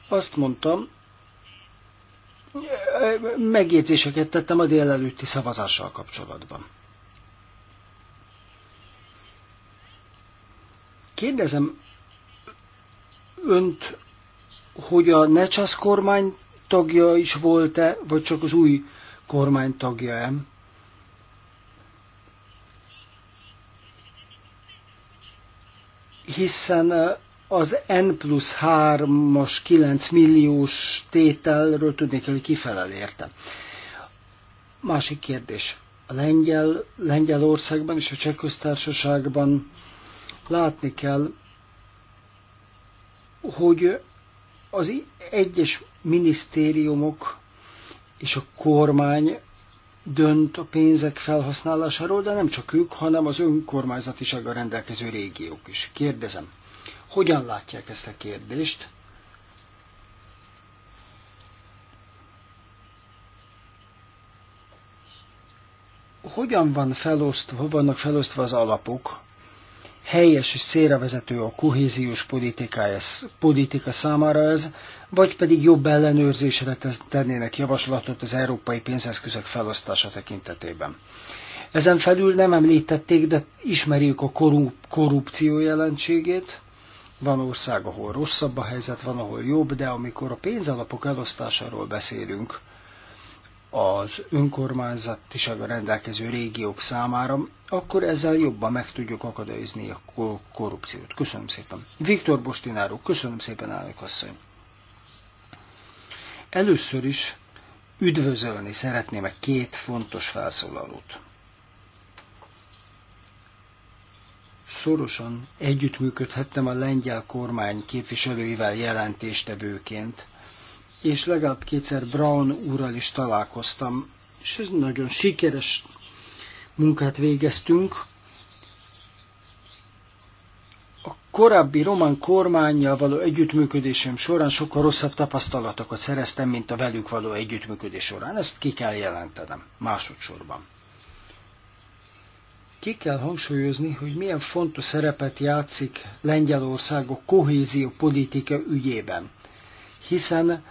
azt mondtam, megjegyzéseket tettem a délelőtti szavazással kapcsolatban. Kérdezem önt, hogy a Necsasz kormány tagja is volt-e, vagy csak az új kormány tagja-e? hiszen az N plusz 3-as 9 milliós tételről tudnék hogy kifelel érte. Másik kérdés. A Lengyel, Lengyelországban és a Cseh látni kell, hogy az egyes minisztériumok és a kormány dönt a pénzek felhasználásáról, de nem csak ők, hanem az önkormányzatisággal rendelkező régiók is. Kérdezem, hogyan látják ezt a kérdést? Hogyan van felosztva, vannak felosztva az alapok helyes és vezető a kohéziós politika számára ez, vagy pedig jobb ellenőrzésre tennének javaslatot az európai pénzeszközök felosztása tekintetében. Ezen felül nem említették, de ismerjük a korrupció jelenségét. Van ország, ahol rosszabb a helyzet, van, ahol jobb, de amikor a pénzalapok elosztásáról beszélünk, az önkormányzat a rendelkező régiók számára, akkor ezzel jobban meg tudjuk akadályozni a korrupciót. Köszönöm szépen. Viktor Bostináró, köszönöm szépen, elnök asszony. Először is üdvözölni szeretném a két fontos felszólalót. Szorosan együttműködhettem a lengyel kormány képviselőivel jelentéstevőként, és legalább kétszer Brown úrral is találkoztam, és ez nagyon sikeres munkát végeztünk. A korábbi román kormányjal való együttműködésem során sokkal rosszabb tapasztalatokat szereztem, mint a velük való együttműködés során. Ezt ki kell jelentenem másodszorban. Ki kell hangsúlyozni, hogy milyen fontos szerepet játszik Lengyelország a kohézió politika ügyében, hiszen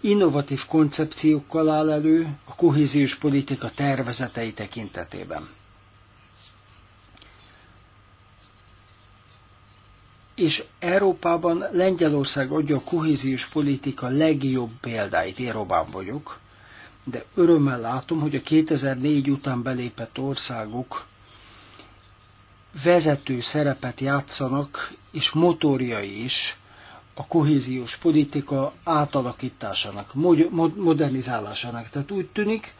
innovatív koncepciókkal áll elő a kohéziós politika tervezetei tekintetében. és Európában Lengyelország adja a kohéziós politika legjobb példáit, én robán vagyok, de örömmel látom, hogy a 2004 után belépett országok vezető szerepet játszanak, és motorjai is a kohéziós politika átalakításának, modernizálásának. Tehát úgy tűnik,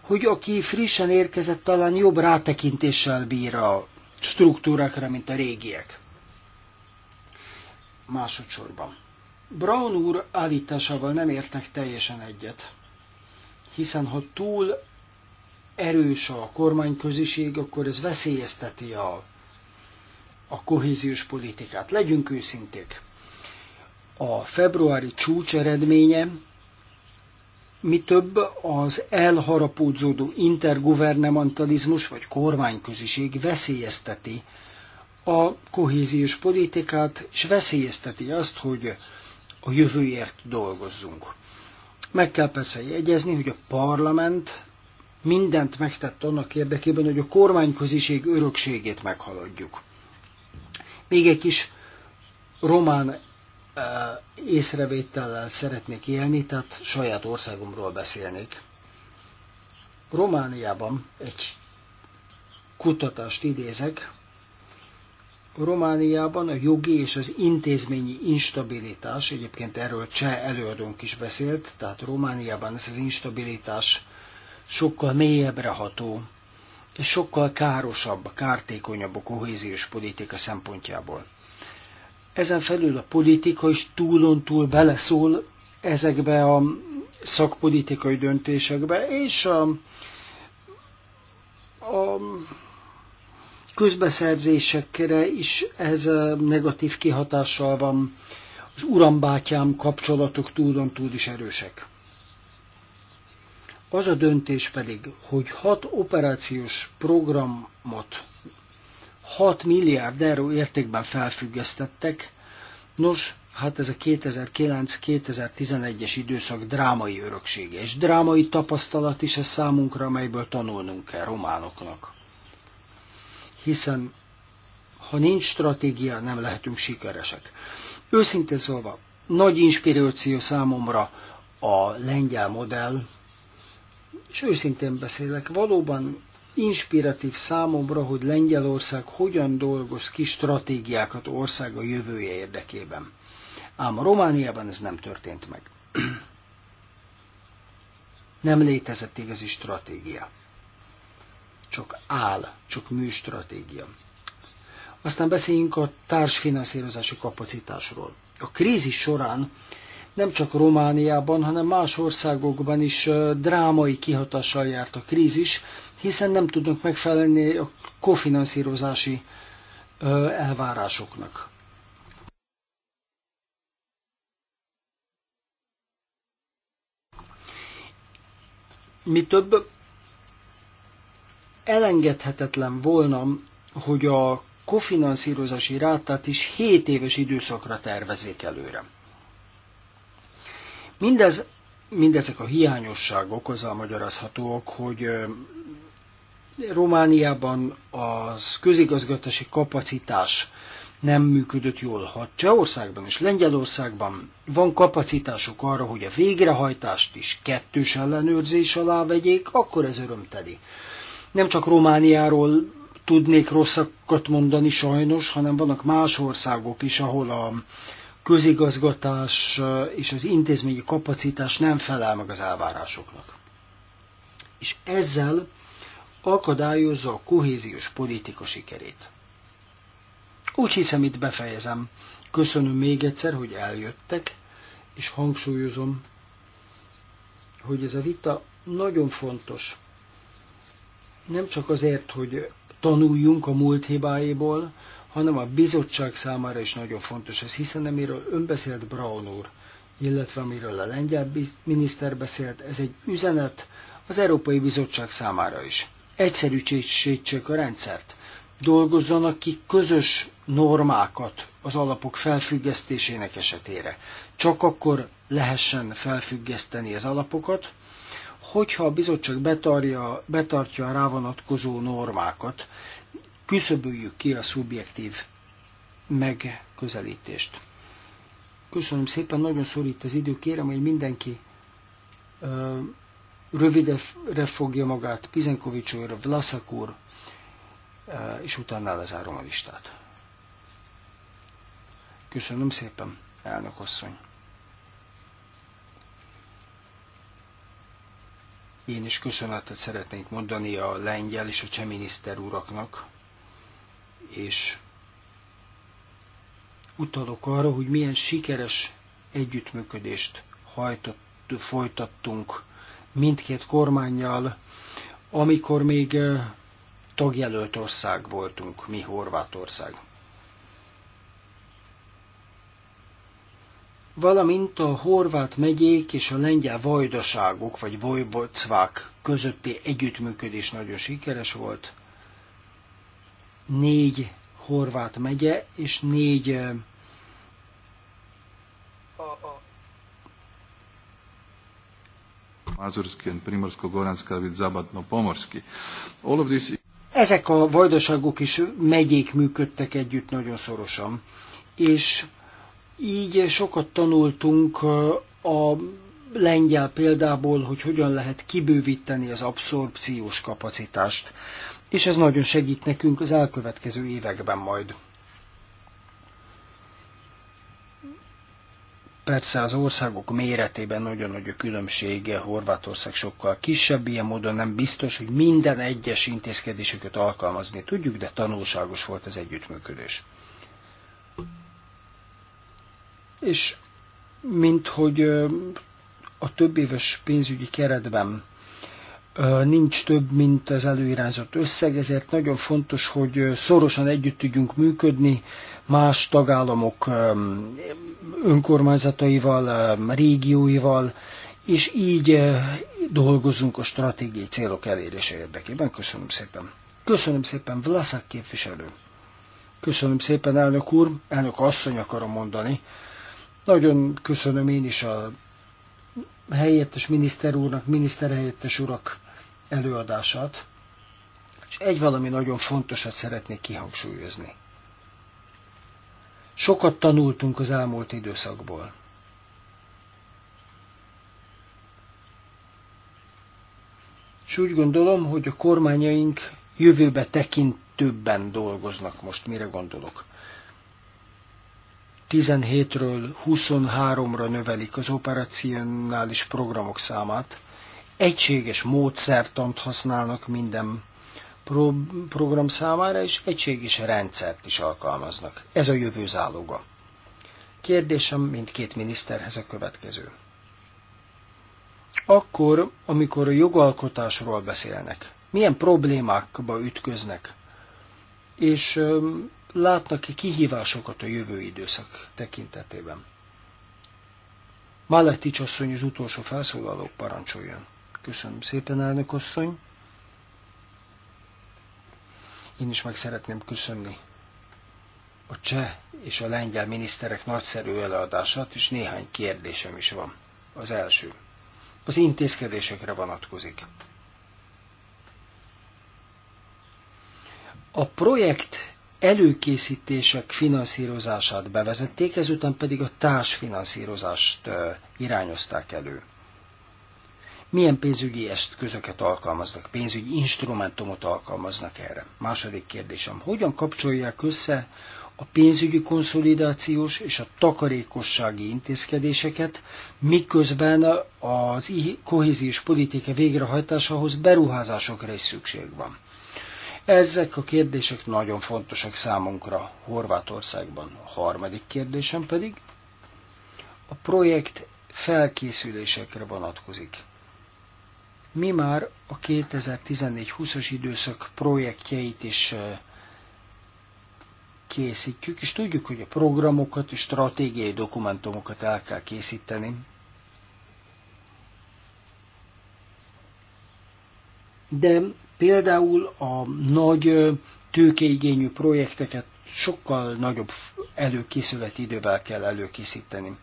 hogy aki frissen érkezett, talán jobb rátekintéssel bír a struktúrákra, mint a régiek. Másodszorban. Brown úr állításával nem értek teljesen egyet, hiszen ha túl erős a kormányköziség, akkor ez veszélyezteti a, a kohéziós politikát. Legyünk őszinték. A februári csúcs eredménye mi több az elharapódzódó intergovernamentalizmus vagy kormányköziség veszélyezteti a kohéziós politikát, és veszélyezteti azt, hogy a jövőért dolgozzunk. Meg kell persze jegyezni, hogy a parlament mindent megtett annak érdekében, hogy a kormányköziség örökségét meghaladjuk. Még egy kis román észrevétellel szeretnék élni, tehát saját országomról beszélnék. Romániában egy kutatást idézek. Romániában a jogi és az intézményi instabilitás, egyébként erről cseh előadónk is beszélt, tehát Romániában ez az instabilitás sokkal mélyebbre ható, és sokkal károsabb, kártékonyabb a kohéziós politika szempontjából. Ezen felül a politika is túlon túl beleszól ezekbe a szakpolitikai döntésekbe, és a, a közbeszerzésekre is ez a negatív kihatással van. Az urambátyám kapcsolatok túlon túl is erősek. Az a döntés pedig, hogy hat operációs programot 6 milliárd euró értékben felfüggesztettek. Nos, hát ez a 2009-2011-es időszak drámai öröksége, és drámai tapasztalat is ez számunkra, amelyből tanulnunk kell románoknak. Hiszen ha nincs stratégia, nem lehetünk sikeresek. Őszintén szólva, nagy inspiráció számomra a lengyel modell, és őszintén beszélek, valóban inspiratív számomra, hogy Lengyelország hogyan dolgoz ki stratégiákat ország a jövője érdekében. Ám a Romániában ez nem történt meg. nem létezett igazi stratégia. Csak áll, csak műstratégia. Aztán beszéljünk a társfinanszírozási kapacitásról. A krízis során nem csak Romániában, hanem más országokban is drámai kihatással járt a krízis, hiszen nem tudnak megfelelni a kofinanszírozási elvárásoknak. Mi több, elengedhetetlen volna, hogy a kofinanszírozási rátát is 7 éves időszakra tervezzék előre. Mindez, mindezek a hiányosságok azzal magyarázhatóak, hogy Romániában az közigazgatási kapacitás nem működött jól. Ha Csehországban és Lengyelországban van kapacitásuk arra, hogy a végrehajtást is kettős ellenőrzés alá vegyék, akkor ez örömteli. Nem csak Romániáról tudnék rosszakat mondani sajnos, hanem vannak más országok is, ahol a közigazgatás és az intézményi kapacitás nem felel meg az elvárásoknak. És ezzel akadályozza a kohéziós politika sikerét. Úgy hiszem, itt befejezem. Köszönöm még egyszer, hogy eljöttek, és hangsúlyozom, hogy ez a vita nagyon fontos. Nem csak azért, hogy tanuljunk a múlt hibáiból, hanem a bizottság számára is nagyon fontos ez, hiszen amiről önbeszélt Braun úr, illetve amiről a lengyel miniszter beszélt, ez egy üzenet az Európai Bizottság számára is egyszerűsítsék a rendszert. Dolgozzanak ki közös normákat az alapok felfüggesztésének esetére. Csak akkor lehessen felfüggeszteni az alapokat, hogyha a bizottság betarja, betartja a rávonatkozó normákat, küszöböljük ki a szubjektív megközelítést. Köszönöm szépen, nagyon szorít az idő, kérem, hogy mindenki ö, rövidre fogja magát, Pizenkovics úr, Vlaszak úr, e, és utána lezárom a listát. Köszönöm szépen, elnök asszony. Én is köszönetet szeretnék mondani a lengyel és a cseh miniszter uraknak, és utalok arra, hogy milyen sikeres együttműködést hajtott, folytattunk mindkét kormányjal, amikor még tagjelölt ország voltunk, mi Horvátország. valamint a horvát megyék és a lengyel vajdaságok, vagy vojvodcvák közötti együttműködés nagyon sikeres volt. Négy horvát megye és négy Mazurski and Primorsko-Goranska with Zabatno-Pomorski. All of this... Ezek a vajdaságok is megyék működtek együtt nagyon szorosan, és így sokat tanultunk a lengyel példából, hogy hogyan lehet kibővíteni az abszorpciós kapacitást, és ez nagyon segít nekünk az elkövetkező években majd. Persze az országok méretében nagyon nagy a különbsége, Horvátország sokkal kisebb, ilyen módon nem biztos, hogy minden egyes intézkedésüket alkalmazni tudjuk, de tanulságos volt az együttműködés. És mint hogy a több éves pénzügyi keretben nincs több, mint az előirányzott összeg, ezért nagyon fontos, hogy szorosan együtt tudjunk működni, más tagállamok önkormányzataival, régióival, és így dolgozunk a stratégiai célok elérése érdekében. Köszönöm szépen. Köszönöm szépen, Vlaszak képviselő. Köszönöm szépen, elnök úr, elnök asszony akarom mondani. Nagyon köszönöm én is a helyettes miniszter úrnak, miniszterhelyettes urak előadását, és egy valami nagyon fontosat szeretnék kihangsúlyozni. Sokat tanultunk az elmúlt időszakból. És úgy gondolom, hogy a kormányaink jövőbe többen dolgoznak most, mire gondolok. 17-ről 23-ra növelik az operacionális programok számát, egységes módszertant használnak minden pro- program számára, és egységes rendszert is alkalmaznak. Ez a jövő záloga. Kérdésem mindkét miniszterhez a következő. Akkor, amikor a jogalkotásról beszélnek, milyen problémákba ütköznek, és látnak-e kihívásokat a jövő időszak tekintetében? Máletics asszony az utolsó felszólaló parancsoljon. Köszönöm szépen, elnök asszony. Én is meg szeretném köszönni a cseh és a lengyel miniszterek nagyszerű előadását, és néhány kérdésem is van. Az első. Az intézkedésekre vonatkozik. A projekt előkészítések finanszírozását bevezették, ezután pedig a társfinanszírozást irányozták elő milyen pénzügyi eszközöket alkalmaznak, pénzügyi instrumentumot alkalmaznak erre. Második kérdésem, hogyan kapcsolják össze a pénzügyi konszolidációs és a takarékossági intézkedéseket, miközben az kohéziós politika végrehajtásához beruházásokra is szükség van. Ezek a kérdések nagyon fontosak számunkra Horvátországban. A harmadik kérdésem pedig a projekt felkészülésekre vonatkozik. Mi már a 2014-20-as időszak projektjeit is készítjük, és tudjuk, hogy a programokat és stratégiai dokumentumokat el kell készíteni. De például a nagy tőkeigényű projekteket sokkal nagyobb előkészületi idővel kell előkészíteni.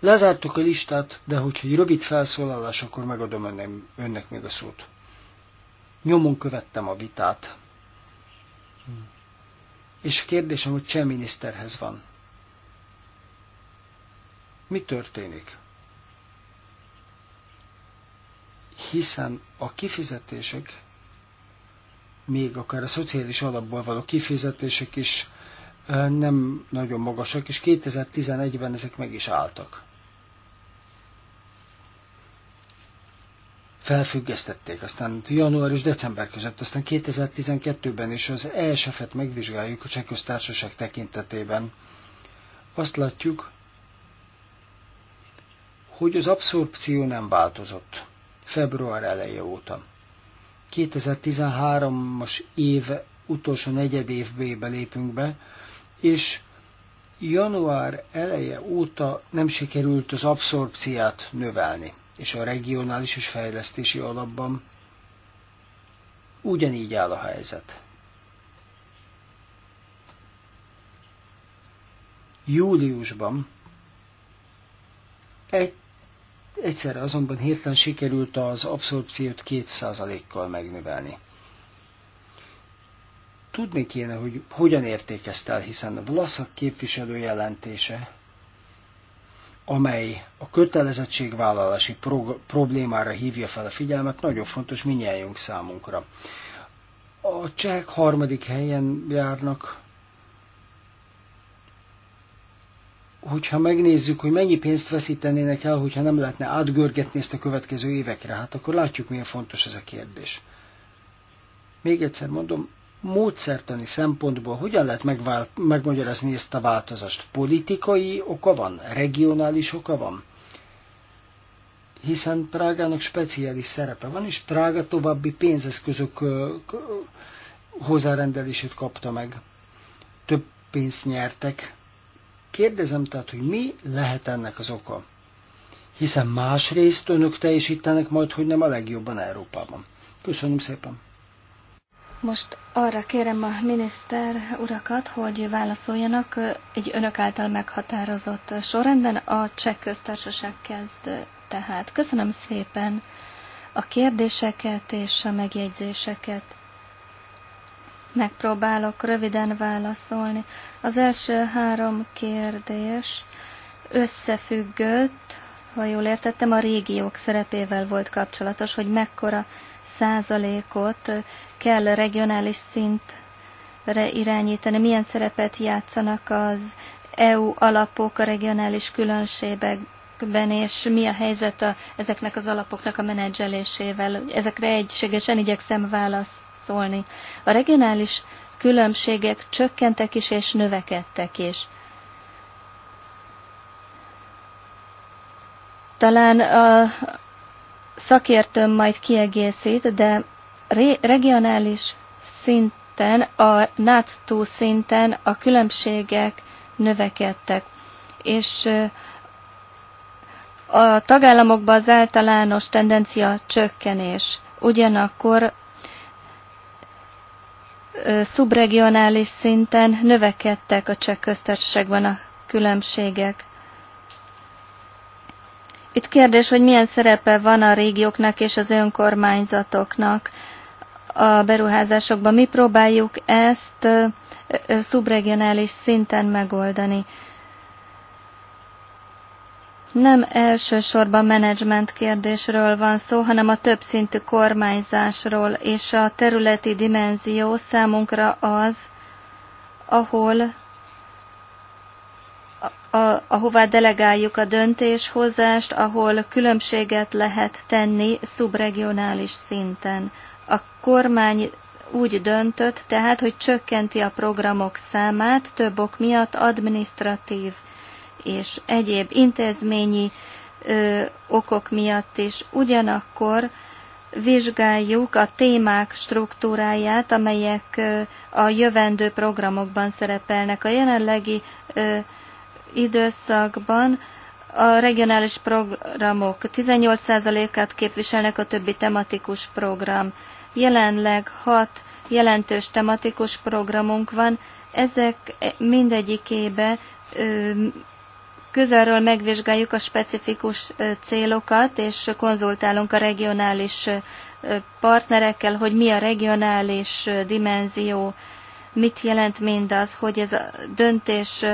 Lezártuk a listát, de hogyha egy rövid felszólalás, akkor megadom önnek, önnek még a szót. Nyomon követtem a vitát. És a kérdésem, hogy cseh miniszterhez van. Mi történik? Hiszen a kifizetések, még akár a szociális alapból való kifizetések is nem nagyon magasak, és 2011-ben ezek meg is álltak. Felfüggesztették, aztán január és december között, aztán 2012-ben is az ESF-et megvizsgáljuk a Csehköztársaság tekintetében. Azt látjuk, hogy az abszorpció nem változott február eleje óta. 2013-as év utolsó negyed évbe lépünk be, és január eleje óta nem sikerült az abszorpciát növelni, és a regionális és fejlesztési alapban ugyanígy áll a helyzet. Júliusban egy, egyszerre azonban hirtelen sikerült az abszorpciót 2%-kal megnövelni tudni kéne, hogy hogyan értékezte el, hiszen a Vlaszak képviselő jelentése, amely a kötelezettségvállalási problémára hívja fel a figyelmet, nagyon fontos minnyájunk számunkra. A csehek harmadik helyen járnak, hogyha megnézzük, hogy mennyi pénzt veszítenének el, hogyha nem lehetne átgörgetni ezt a következő évekre, hát akkor látjuk, milyen fontos ez a kérdés. Még egyszer mondom, módszertani szempontból hogyan lehet megvál, megmagyarázni ezt a változást? Politikai oka van? Regionális oka van? Hiszen Prágának speciális szerepe van, és Prága további pénzeszközök hozzárendelését kapta meg. Több pénzt nyertek. Kérdezem tehát, hogy mi lehet ennek az oka? Hiszen másrészt önök teljesítenek majd, hogy nem a legjobban Európában. Köszönöm szépen! Most arra kérem a miniszter urakat, hogy válaszoljanak egy önök által meghatározott sorrendben. A cseh köztársaság kezd tehát. Köszönöm szépen a kérdéseket és a megjegyzéseket. Megpróbálok röviden válaszolni. Az első három kérdés összefüggött, ha jól értettem, a régiók szerepével volt kapcsolatos, hogy mekkora százalékot kell regionális szintre irányítani, milyen szerepet játszanak az EU alapok a regionális különbségekben, és mi a helyzet a, ezeknek az alapoknak a menedzselésével. Ezekre egységesen igyekszem válaszolni. A regionális különbségek csökkentek is és növekedtek is. Talán a, szakértőm majd kiegészít, de regionális szinten, a NATO szinten a különbségek növekedtek. És a tagállamokban az általános tendencia csökkenés. Ugyanakkor szubregionális szinten növekedtek a csekköztársaságban a különbségek. Itt kérdés, hogy milyen szerepe van a régióknak és az önkormányzatoknak a beruházásokban. Mi próbáljuk ezt szubregionális szinten megoldani. Nem elsősorban menedzsment kérdésről van szó, hanem a többszintű kormányzásról, és a területi dimenzió számunkra az, ahol a, ahová delegáljuk a döntéshozást, ahol különbséget lehet tenni szubregionális szinten. A kormány úgy döntött tehát, hogy csökkenti a programok számát több ok miatt administratív és egyéb intézményi ö, okok miatt is. Ugyanakkor vizsgáljuk a témák struktúráját, amelyek ö, a jövendő programokban szerepelnek. A jelenlegi ö, időszakban a regionális programok 18%-át képviselnek a többi tematikus program. Jelenleg hat jelentős tematikus programunk van, ezek mindegyikébe közelről megvizsgáljuk a specifikus célokat, és konzultálunk a regionális partnerekkel, hogy mi a regionális dimenzió, mit jelent mindaz, hogy ez a döntés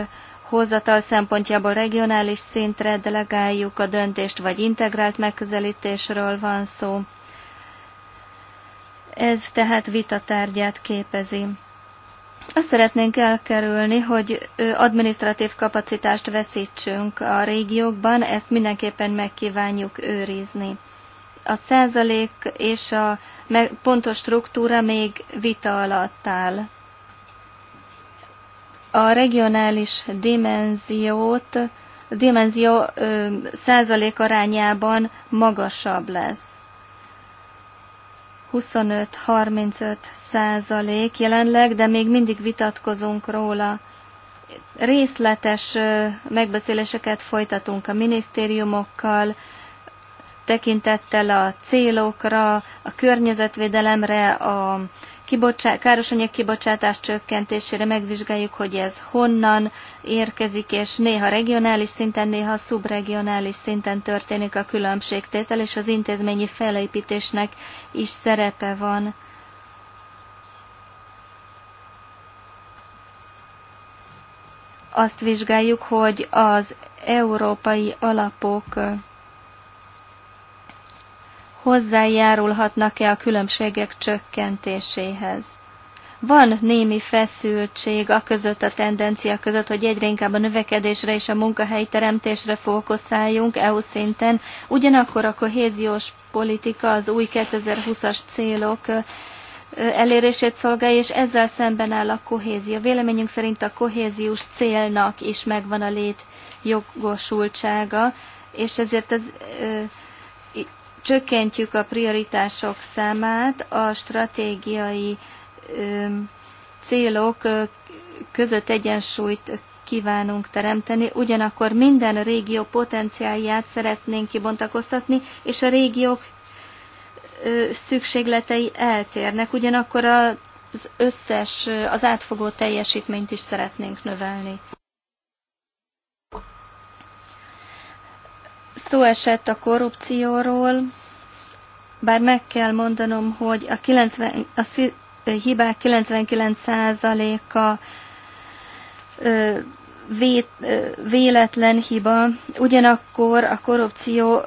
hozatal szempontjából regionális szintre delegáljuk a döntést, vagy integrált megközelítésről van szó. Ez tehát vitatárgyát képezi. Azt szeretnénk elkerülni, hogy administratív kapacitást veszítsünk a régiókban, ezt mindenképpen megkívánjuk őrizni. A százalék és a pontos struktúra még vita alatt áll a regionális dimenziót, dimenzió ö, százalék arányában magasabb lesz. 25-35 százalék jelenleg, de még mindig vitatkozunk róla. Részletes megbeszéléseket folytatunk a minisztériumokkal, tekintettel a célokra, a környezetvédelemre, a káros károsanyag kibocsátás csökkentésére, megvizsgáljuk, hogy ez honnan érkezik, és néha regionális szinten, néha szubregionális szinten történik a különbségtétel, és az intézményi felépítésnek is szerepe van. Azt vizsgáljuk, hogy az európai alapok hozzájárulhatnak-e a különbségek csökkentéséhez. Van némi feszültség a között, a tendencia között, hogy egyre inkább a növekedésre és a teremtésre fókuszáljunk EU szinten, ugyanakkor a kohéziós politika az új 2020-as célok elérését szolgálja, és ezzel szemben áll a kohézió. Véleményünk szerint a kohéziós célnak is megvan a létjogosultsága, és ezért ez csökkentjük a prioritások számát, a stratégiai célok között egyensúlyt kívánunk teremteni, ugyanakkor minden régió potenciálját szeretnénk kibontakoztatni, és a régiók szükségletei eltérnek, ugyanakkor az összes, az átfogó teljesítményt is szeretnénk növelni. Szó esett a korrupcióról, bár meg kell mondanom, hogy a, 90, a hibák 99%-a véletlen hiba, ugyanakkor a korrupció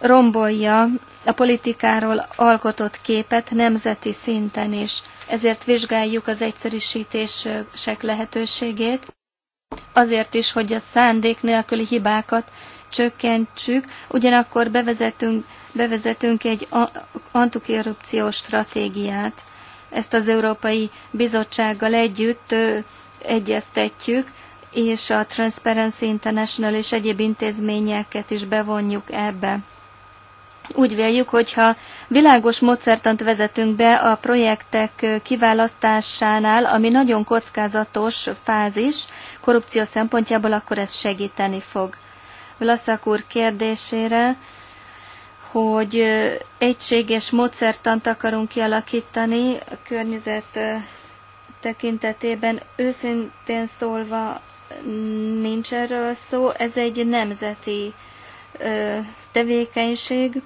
rombolja a politikáról alkotott képet nemzeti szinten is. Ezért vizsgáljuk az egyszerűsítések lehetőségét, azért is, hogy a szándék nélküli hibákat csökkentsük, ugyanakkor bevezetünk, bevezetünk egy antikorrupciós stratégiát. Ezt az Európai Bizottsággal együtt egyeztetjük, és a Transparency International és egyéb intézményeket is bevonjuk ebbe. Úgy véljük, hogyha világos módszertant vezetünk be a projektek kiválasztásánál, ami nagyon kockázatos fázis, korrupció szempontjából, akkor ez segíteni fog. Lasszak úr kérdésére, hogy egységes módszertant akarunk kialakítani a környezet tekintetében. Őszintén szólva nincs erről szó, ez egy nemzeti tevékenység,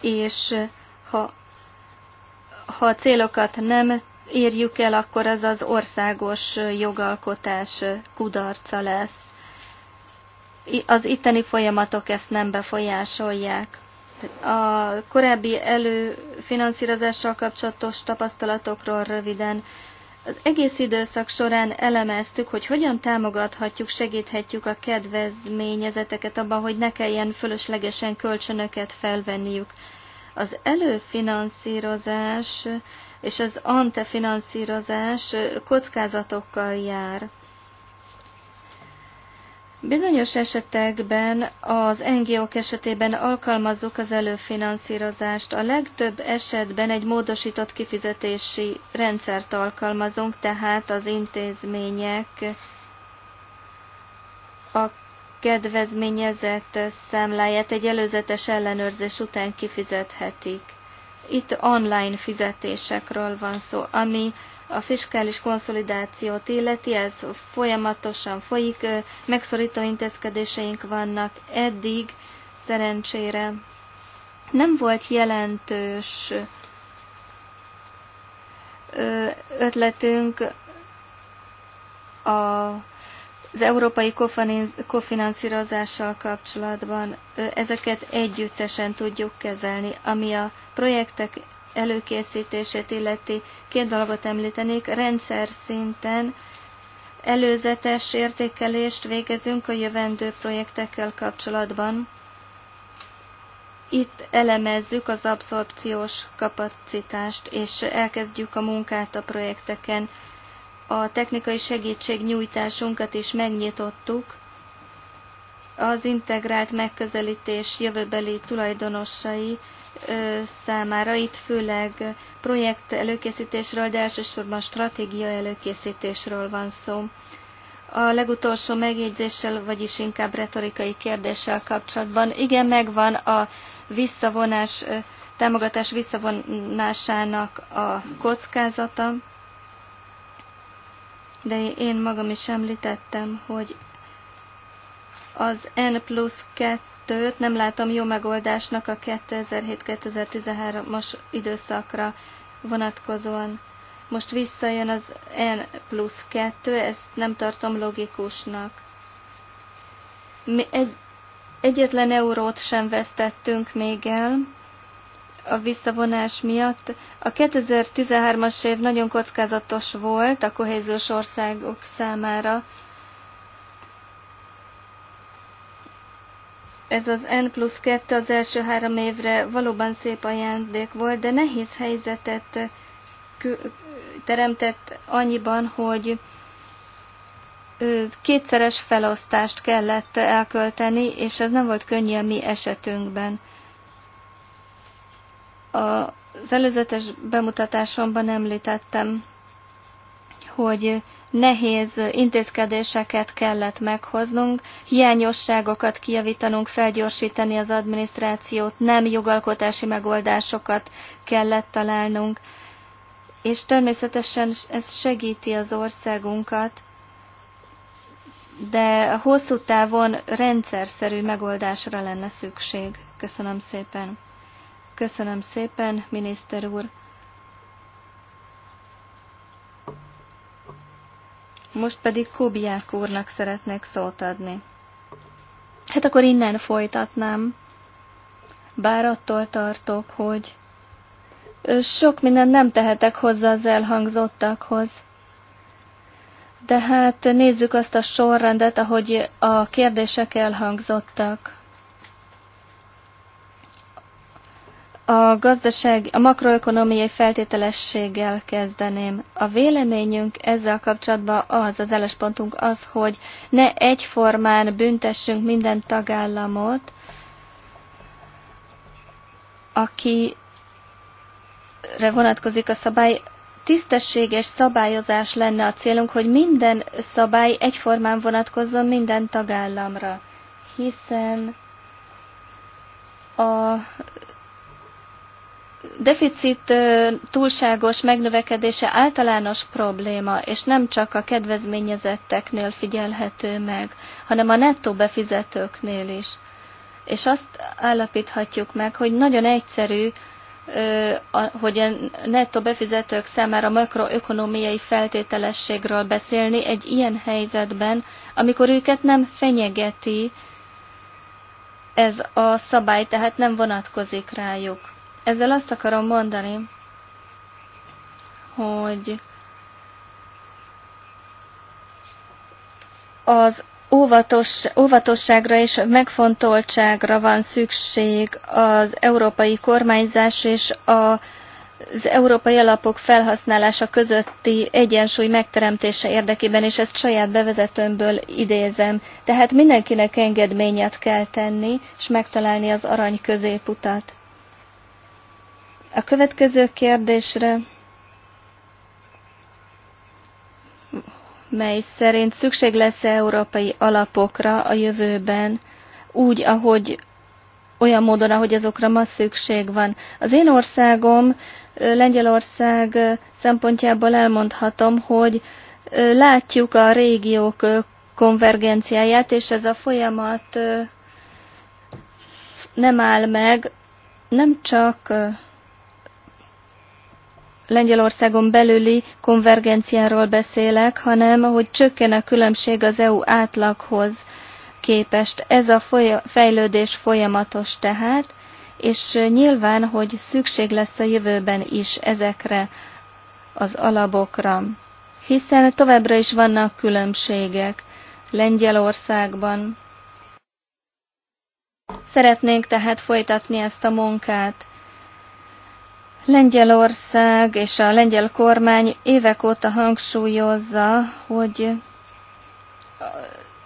és ha, ha a célokat nem érjük el, akkor az az országos jogalkotás kudarca lesz az itteni folyamatok ezt nem befolyásolják. A korábbi előfinanszírozással kapcsolatos tapasztalatokról röviden. Az egész időszak során elemeztük, hogy hogyan támogathatjuk, segíthetjük a kedvezményezeteket abban, hogy ne kelljen fölöslegesen kölcsönöket felvenniük. Az előfinanszírozás és az antefinanszírozás kockázatokkal jár. Bizonyos esetekben az NGO-k esetében alkalmazzuk az előfinanszírozást. A legtöbb esetben egy módosított kifizetési rendszert alkalmazunk, tehát az intézmények a kedvezményezett számláját egy előzetes ellenőrzés után kifizethetik. Itt online fizetésekről van szó, ami a fiskális konszolidációt illeti, ez folyamatosan folyik, megszorító intézkedéseink vannak eddig, szerencsére nem volt jelentős ötletünk a, az európai kofinanszírozással kapcsolatban. Ezeket együttesen tudjuk kezelni, ami a projektek előkészítését illeti, két dolgot említenék. Rendszer szinten előzetes értékelést végezünk a jövendő projektekkel kapcsolatban. Itt elemezzük az abszorpciós kapacitást, és elkezdjük a munkát a projekteken. A technikai segítségnyújtásunkat is megnyitottuk, az integrált megközelítés jövőbeli tulajdonosai számára, itt főleg projekt előkészítésről, de elsősorban stratégia előkészítésről van szó. A legutolsó megjegyzéssel, vagyis inkább retorikai kérdéssel kapcsolatban, igen, megvan a visszavonás, támogatás visszavonásának a kockázata, de én magam is említettem, hogy az N plusz 2-t nem látom jó megoldásnak a 2007-2013-as időszakra vonatkozóan. Most visszajön az N plusz 2, ezt nem tartom logikusnak. Mi egy, egyetlen eurót sem vesztettünk még el a visszavonás miatt. A 2013-as év nagyon kockázatos volt a kohéziós országok számára, ez az N plusz 2 az első három évre valóban szép ajándék volt, de nehéz helyzetet teremtett annyiban, hogy kétszeres felosztást kellett elkölteni, és ez nem volt könnyű a mi esetünkben. Az előzetes bemutatásomban említettem hogy nehéz intézkedéseket kellett meghoznunk, hiányosságokat kijavítanunk, felgyorsítani az adminisztrációt, nem jogalkotási megoldásokat kellett találnunk, és természetesen ez segíti az országunkat, de hosszú távon rendszerszerű megoldásra lenne szükség. Köszönöm szépen. Köszönöm szépen, miniszter úr. Most pedig Kubiák úrnak szeretnék szót adni. Hát akkor innen folytatnám. Bár attól tartok, hogy sok mindent nem tehetek hozzá az elhangzottakhoz. De hát nézzük azt a sorrendet, ahogy a kérdések elhangzottak. A gazdaság, a makroökonomiai feltételességgel kezdeném. A véleményünk ezzel kapcsolatban az, az álláspontunk az, hogy ne egyformán büntessünk minden tagállamot, akire vonatkozik a szabály. Tisztességes szabályozás lenne a célunk, hogy minden szabály egyformán vonatkozzon minden tagállamra, hiszen a deficit túlságos megnövekedése általános probléma, és nem csak a kedvezményezetteknél figyelhető meg, hanem a nettó befizetőknél is. És azt állapíthatjuk meg, hogy nagyon egyszerű, hogy a nettó befizetők számára makroökonomiai feltételességről beszélni egy ilyen helyzetben, amikor őket nem fenyegeti ez a szabály, tehát nem vonatkozik rájuk. Ezzel azt akarom mondani, hogy az óvatos, óvatosságra és megfontoltságra van szükség az európai kormányzás és a, az európai alapok felhasználása közötti egyensúly megteremtése érdekében, és ezt saját bevezetőmből idézem. Tehát mindenkinek engedményet kell tenni, és megtalálni az arany középutat. A következő kérdésre, mely szerint szükség lesz európai alapokra a jövőben, úgy, ahogy olyan módon, ahogy azokra ma szükség van. Az én országom, Lengyelország szempontjából elmondhatom, hogy látjuk a régiók konvergenciáját, és ez a folyamat nem áll meg, nem csak Lengyelországon belüli konvergenciáról beszélek, hanem hogy csökken a különbség az EU átlaghoz képest. Ez a folya fejlődés folyamatos tehát, és nyilván, hogy szükség lesz a jövőben is ezekre az alapokra, hiszen továbbra is vannak különbségek Lengyelországban. Szeretnénk tehát folytatni ezt a munkát. Lengyelország és a lengyel kormány évek óta hangsúlyozza, hogy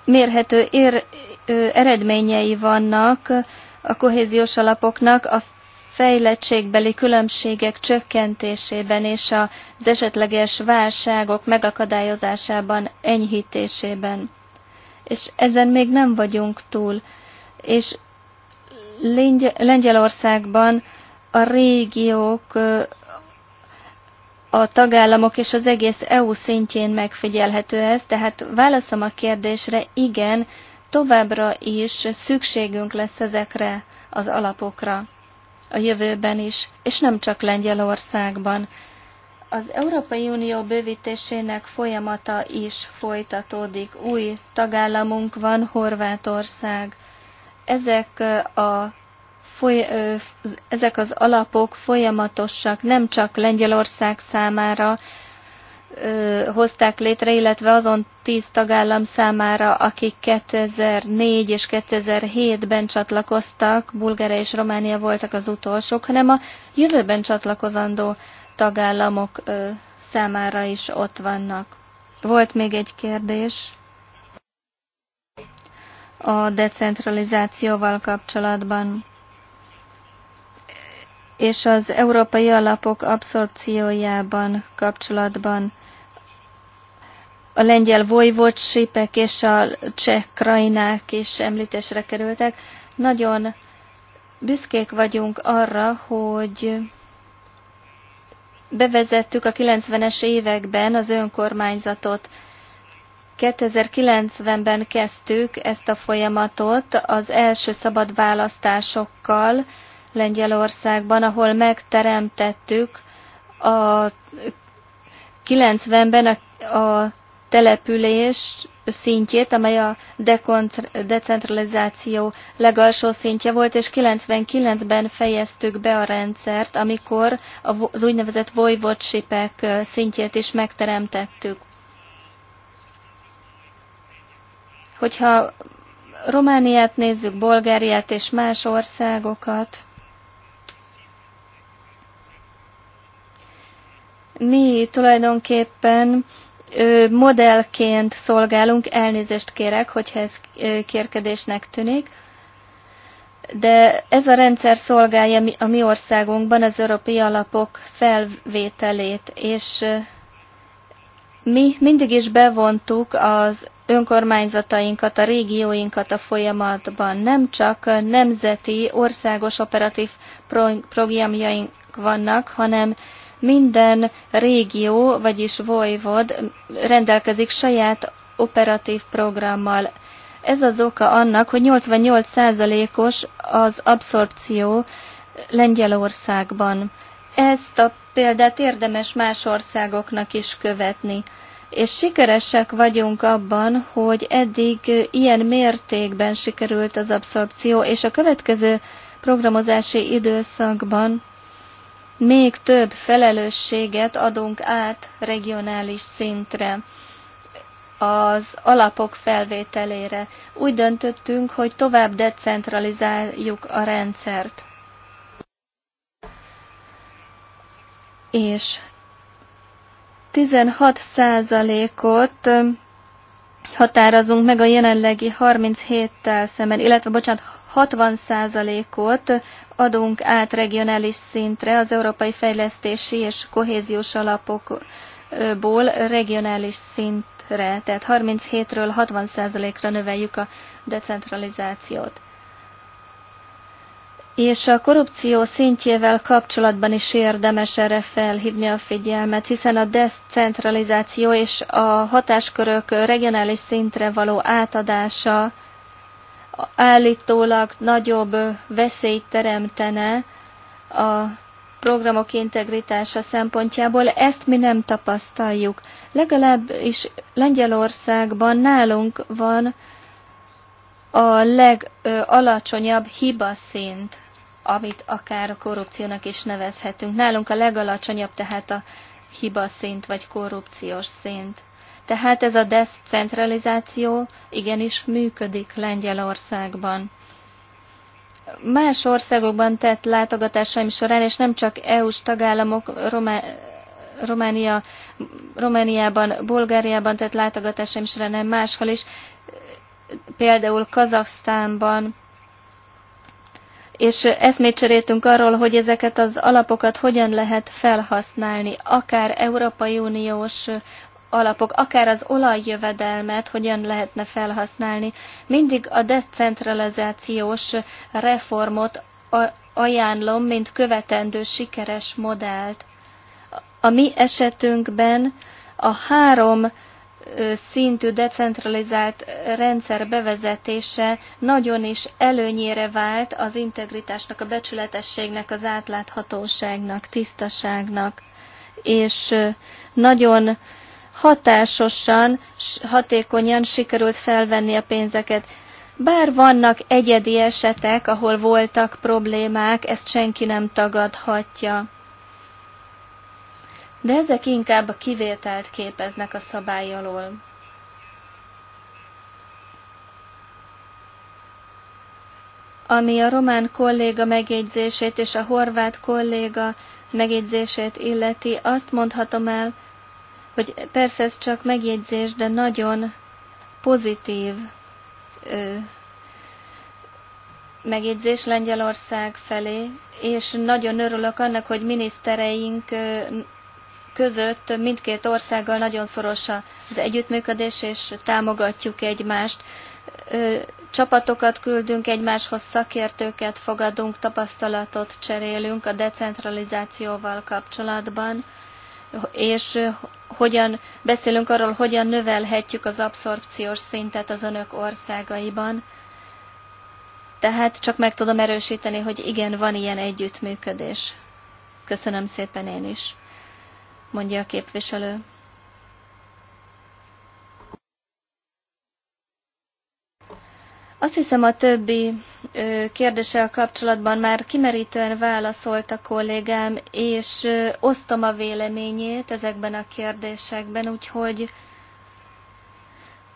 mérhető ér, eredményei vannak a kohéziós alapoknak a fejlettségbeli különbségek csökkentésében és az esetleges válságok megakadályozásában, enyhítésében. És ezen még nem vagyunk túl. És Lengyelországban a régiók, a tagállamok és az egész EU szintjén megfigyelhető ez, tehát válaszom a kérdésre, igen, továbbra is szükségünk lesz ezekre az alapokra a jövőben is, és nem csak Lengyelországban. Az Európai Unió bővítésének folyamata is folytatódik. Új tagállamunk van, Horvátország. Ezek a foly, ezek az alapok folyamatosak, nem csak Lengyelország számára hozták létre, illetve azon tíz tagállam számára, akik 2004 és 2007-ben csatlakoztak, Bulgária és Románia voltak az utolsók, hanem a jövőben csatlakozandó tagállamok számára is ott vannak. Volt még egy kérdés a decentralizációval kapcsolatban és az európai alapok abszorpciójában kapcsolatban a lengyel vojvodsipek és a cseh krajnák is említésre kerültek. Nagyon büszkék vagyunk arra, hogy bevezettük a 90-es években az önkormányzatot. 2090-ben kezdtük ezt a folyamatot az első szabad választásokkal, Lengyelországban, ahol megteremtettük a 90-ben a, a település szintjét, amely a decentralizáció legalsó szintje volt, és 99-ben fejeztük be a rendszert, amikor az úgynevezett voivodshipek szintjét is megteremtettük. Hogyha Romániát nézzük, Bulgáriát és más országokat, mi tulajdonképpen modellként szolgálunk, elnézést kérek, hogyha ez kérkedésnek tűnik, de ez a rendszer szolgálja a mi országunkban az európai alapok felvételét, és mi mindig is bevontuk az önkormányzatainkat, a régióinkat a folyamatban. Nem csak nemzeti, országos operatív programjaink vannak, hanem minden régió, vagyis vojvod rendelkezik saját operatív programmal. Ez az oka annak, hogy 88%-os az abszorpció Lengyelországban. Ezt a példát érdemes más országoknak is követni és sikeresek vagyunk abban, hogy eddig ilyen mértékben sikerült az abszorpció, és a következő programozási időszakban még több felelősséget adunk át regionális szintre az alapok felvételére. Úgy döntöttünk, hogy tovább decentralizáljuk a rendszert. És 16%-ot határozunk meg a jelenlegi 37-tel szemben, illetve bocsánat, 60%-ot adunk át regionális szintre az Európai Fejlesztési és Kohéziós Alapokból regionális szintre, tehát 37-ről 60%-ra növeljük a decentralizációt. És a korrupció szintjével kapcsolatban is érdemes erre felhívni a figyelmet, hiszen a decentralizáció és a hatáskörök regionális szintre való átadása állítólag nagyobb veszélyt teremtene a programok integritása szempontjából. Ezt mi nem tapasztaljuk. Legalábbis Lengyelországban nálunk van a legalacsonyabb hibaszint amit akár a korrupciónak is nevezhetünk. Nálunk a legalacsonyabb tehát a hiba szint, vagy korrupciós szint. Tehát ez a decentralizáció igenis működik Lengyelországban. Más országokban tett látogatásaim során, és nem csak EU-s tagállamok, Romá Románia, Romániában, Bulgáriában tett látogatásaim során, hanem máshol is, például Kazaksztánban, és eszmét cseréltünk arról, hogy ezeket az alapokat hogyan lehet felhasználni, akár Európai Uniós alapok, akár az olajjövedelmet hogyan lehetne felhasználni. Mindig a decentralizációs reformot ajánlom, mint követendő sikeres modellt. A mi esetünkben a három szintű decentralizált rendszer bevezetése nagyon is előnyére vált az integritásnak, a becsületességnek, az átláthatóságnak, tisztaságnak, és nagyon hatásosan, hatékonyan sikerült felvenni a pénzeket. Bár vannak egyedi esetek, ahol voltak problémák, ezt senki nem tagadhatja de ezek inkább a kivételt képeznek a szabály alól. Ami a román kolléga megjegyzését és a horvát kolléga megjegyzését illeti, azt mondhatom el, hogy persze ez csak megjegyzés, de nagyon pozitív ö, megjegyzés Lengyelország felé, és nagyon örülök annak, hogy minisztereink között mindkét országgal nagyon szoros az együttműködés, és támogatjuk egymást. Csapatokat küldünk egymáshoz, szakértőket fogadunk, tapasztalatot cserélünk a decentralizációval kapcsolatban, és hogyan beszélünk arról, hogyan növelhetjük az abszorpciós szintet az önök országaiban. Tehát csak meg tudom erősíteni, hogy igen, van ilyen együttműködés. Köszönöm szépen én is mondja a képviselő. Azt hiszem a többi kérdéssel kapcsolatban már kimerítően válaszolt a kollégám, és osztom a véleményét ezekben a kérdésekben, úgyhogy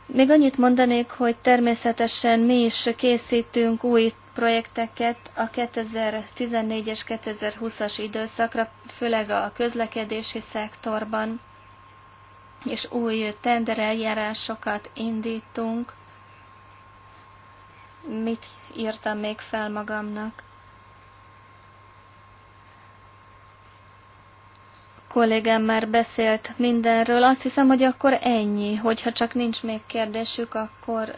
még annyit mondanék, hogy természetesen mi is készítünk új projekteket a 2014 és 2020-as időszakra, főleg a közlekedési szektorban, és új tendereljárásokat indítunk. Mit írtam még fel magamnak? kollégám már beszélt mindenről. Azt hiszem, hogy akkor ennyi. Hogyha csak nincs még kérdésük, akkor,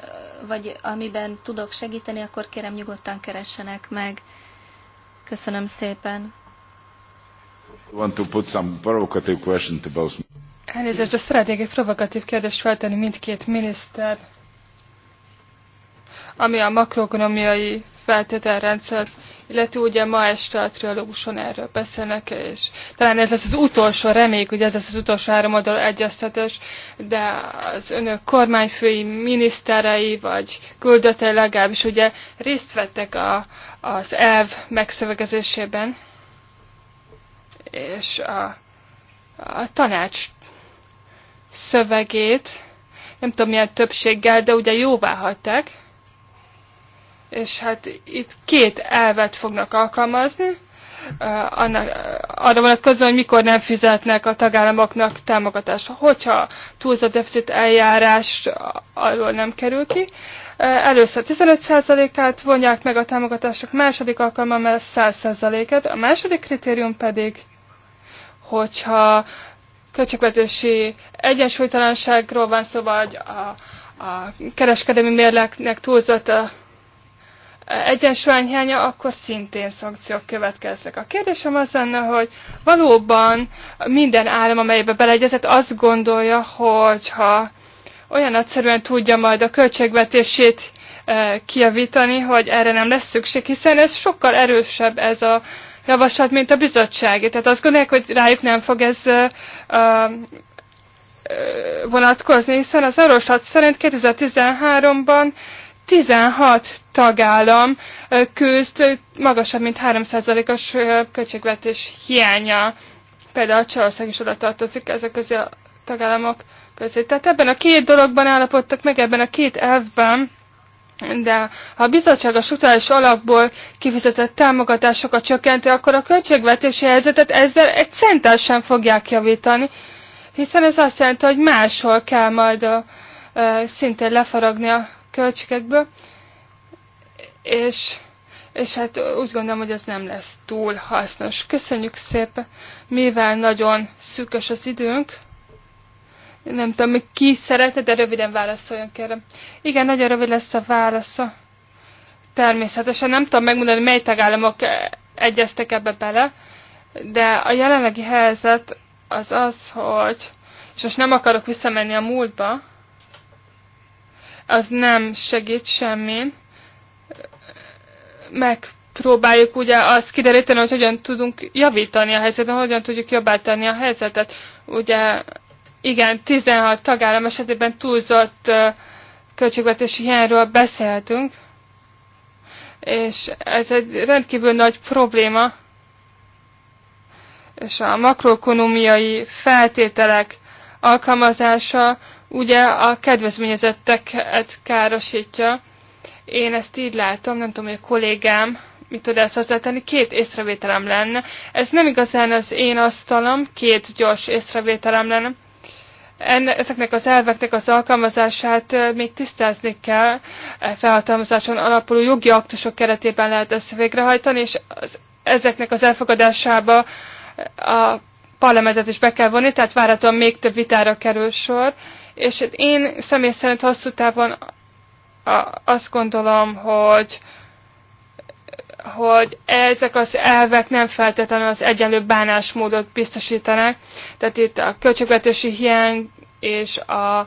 vagy amiben tudok segíteni, akkor kérem nyugodtan keressenek meg. Köszönöm szépen. Want to put some provocative question to both. Elnézést, de szeretnék egy provokatív kérdést feltenni mindkét miniszter, ami a makroekonomiai feltételrendszert illetve ugye ma este a trialóguson erről beszélnek, és talán ez lesz az utolsó, reméljük, hogy ez lesz az utolsó három oldal egyeztetés, de az önök kormányfői, miniszterei, vagy küldötei legalábbis ugye részt vettek a, az elv megszövegezésében, és a, a tanács szövegét, nem tudom milyen többséggel, de ugye jóvá hagyták, és hát itt két elvet fognak alkalmazni, annak, arra vonatkozóan, hogy mikor nem fizetnek a tagállamoknak támogatást. Hogyha túlzott deficit eljárás arról nem kerül ki, először 15%-át vonják meg a támogatások, második alkalommal 100%-et, a második kritérium pedig, hogyha költségvetési egyensúlytalanságról van szó, vagy a, a kereskedelmi mérleknek túlzott a egyensúlyhiánya, akkor szintén szankciók következnek. A kérdésem az lenne, hogy valóban minden állam, amelybe beleegyezett, azt gondolja, hogyha olyan egyszerűen tudja majd a költségvetését eh, kiavítani, hogy erre nem lesz szükség, hiszen ez sokkal erősebb ez a javaslat, mint a bizottsági. Tehát azt gondolják, hogy rájuk nem fog ez eh, eh, vonatkozni, hiszen az Eurostat szerint 2013-ban 16 tagállam küzd magasabb, mint 3%-os költségvetés hiánya. Például Csehország is oda tartozik ezek közé a tagállamok közé. Tehát ebben a két dologban állapodtak meg, ebben a két elvben, de ha a bizottság a struktúrális alapból kifizetett támogatásokat csökkenti, akkor a költségvetési helyzetet ezzel egy centel sem fogják javítani, hiszen ez azt jelenti, hogy máshol kell majd a, a, szintén lefaragni a költségekből, és, és hát úgy gondolom, hogy ez nem lesz túl hasznos. Köszönjük szépen, mivel nagyon szűkös az időnk, nem tudom, ki szeretne, de röviden válaszoljon, kérem. Igen, nagyon rövid lesz a válasza. Természetesen nem tudom megmondani, mely tagállamok egyeztek ebbe bele, de a jelenlegi helyzet az az, hogy, és most nem akarok visszamenni a múltba, az nem segít semmin. Megpróbáljuk ugye azt kideríteni, hogy hogyan tudunk javítani a helyzetet, hogyan tudjuk jobbá tenni a helyzetet. Ugye igen, 16 tagállam esetében túlzott költségvetési hiányról beszéltünk, és ez egy rendkívül nagy probléma, és a makroekonomiai feltételek alkalmazása ugye a kedvezményezetteket károsítja. Én ezt így látom, nem tudom, hogy a kollégám mit tud ezt hozzátenni, két észrevételem lenne. Ez nem igazán az én asztalom, két gyors észrevételem lenne. Enne, ezeknek az elveknek az alkalmazását még tisztázni kell, e felhatalmazáson alapuló jogi aktusok keretében lehet ezt végrehajtani, és az, ezeknek az elfogadásába a parlamentet is be kell vonni, tehát várhatóan még több vitára kerül sor. Uh, és hát én személy szerint hosszú távon azt gondolom, hogy, hogy ezek az elvek nem feltétlenül az egyenlő bánásmódot biztosítanak. Tehát itt a költségvetési hiány és a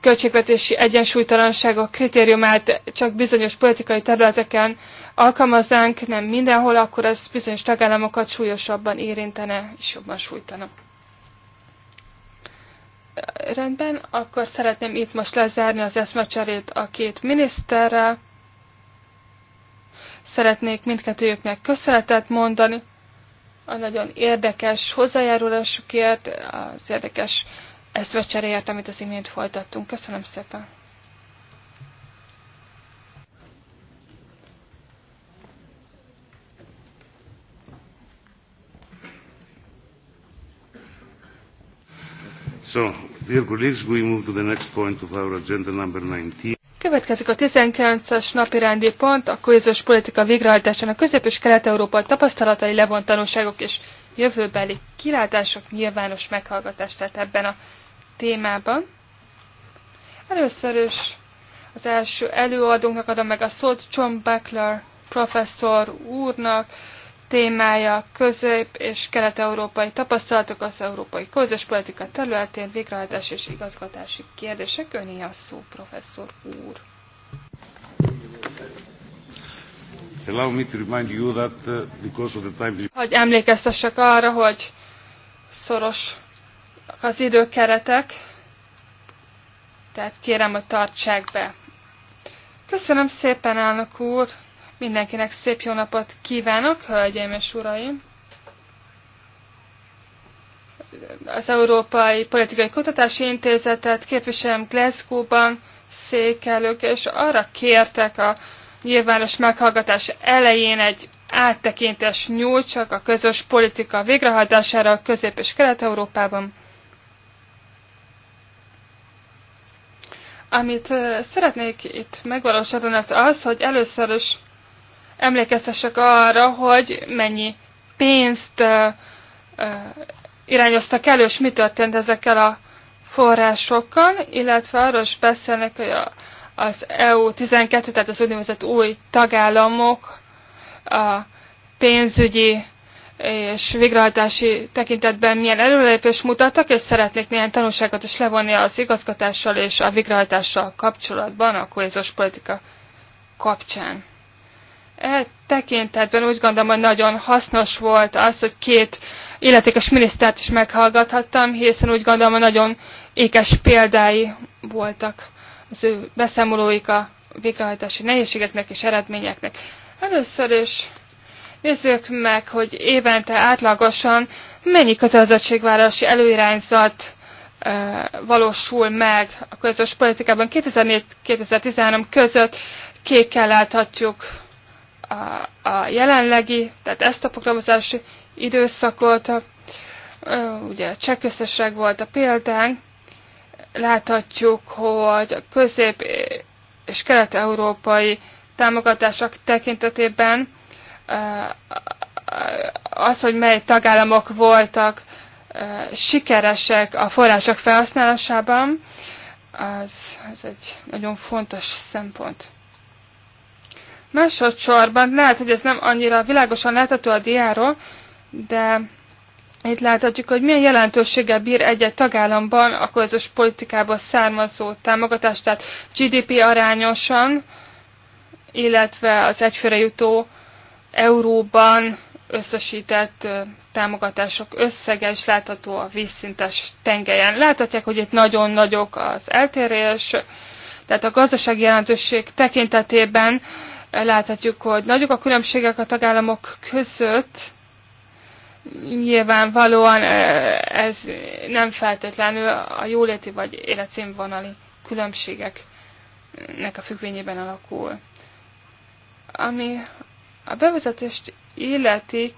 költségvetési egyensúlytalanságok kritériumát csak bizonyos politikai területeken alkalmaznánk, nem mindenhol, akkor ez bizonyos tagállamokat súlyosabban érintene és jobban sújtana. Rendben, akkor szeretném itt most lezárni az eszmecserét a két miniszterrel. Szeretnék mindkettőjüknek köszönetet mondani a nagyon érdekes hozzájárulásukért, az érdekes eszmecseréért, amit az imént folytattunk. Köszönöm szépen! So, Következik a 19-es napi rendi pont, a kohéziós politika végrehajtásának közép- és kelet-európai tapasztalatai, levont tanulságok és jövőbeli kilátások nyilvános meghallgatást tehát ebben a témában. Először is az első előadónknak adom meg a szót John Beckler professzor úrnak, témája közép- és kelet-európai tapasztalatok az európai közös politika területén, végrehajtás és igazgatási kérdések. Öné a szó, professzor úr. Uh, hogy emlékeztessek arra, hogy szoros az időkeretek, tehát kérem, hogy tartsák be. Köszönöm szépen, elnök úr! Mindenkinek szép jó napot kívánok, hölgyeim és uraim! Az Európai Politikai Kutatási Intézetet képviselem Glasgow-ban, székelők, és arra kértek a nyilvános meghallgatás elején egy áttekintés nyújtsak a közös politika végrehajtására a Közép- és Kelet-Európában. Amit szeretnék itt megvalósítani, az az, hogy először is emlékeztessek arra, hogy mennyi pénzt irányoztak elő, és mi történt ezekkel a forrásokkal, illetve arról is beszélnek, hogy a, az EU12, tehát az úgynevezett új tagállamok a pénzügyi és végrehajtási tekintetben milyen előrelépést mutattak, és szeretnék néhány tanulságot is levonni az igazgatással és a végrehajtással kapcsolatban a kohézós politika kapcsán. E tekintetben úgy gondolom, hogy nagyon hasznos volt az, hogy két illetékes minisztert is meghallgathattam, hiszen úgy gondolom, hogy nagyon ékes példái voltak az ő beszámolóik a végrehajtási nehézségeknek és eredményeknek. Először is nézzük meg, hogy évente átlagosan mennyi kötelezettségvárosi előirányzat e, valósul meg a közös politikában. 2004-2013 között kékkel láthatjuk a, a jelenlegi, tehát ezt a programozási időszakot, ugye a csekköztesség volt a példánk, láthatjuk, hogy a közép- és kelet-európai támogatások tekintetében az, hogy mely tagállamok voltak sikeresek a források felhasználásában, az, az egy nagyon fontos szempont. Másodszorban lehet, hogy ez nem annyira világosan látható a diáról, de itt láthatjuk, hogy milyen jelentőséggel bír egy-egy tagállamban a kohéziós politikából származó támogatást, tehát GDP arányosan, illetve az egyfőre jutó euróban összesített támogatások összege is látható a vízszintes tengelyen. Láthatják, hogy itt nagyon nagyok az eltérés, tehát a gazdasági jelentőség tekintetében láthatjuk, hogy nagyok a különbségek a tagállamok között, nyilvánvalóan ez nem feltétlenül a jóléti vagy életszínvonali különbségeknek a függvényében alakul. Ami a bevezetést illeti,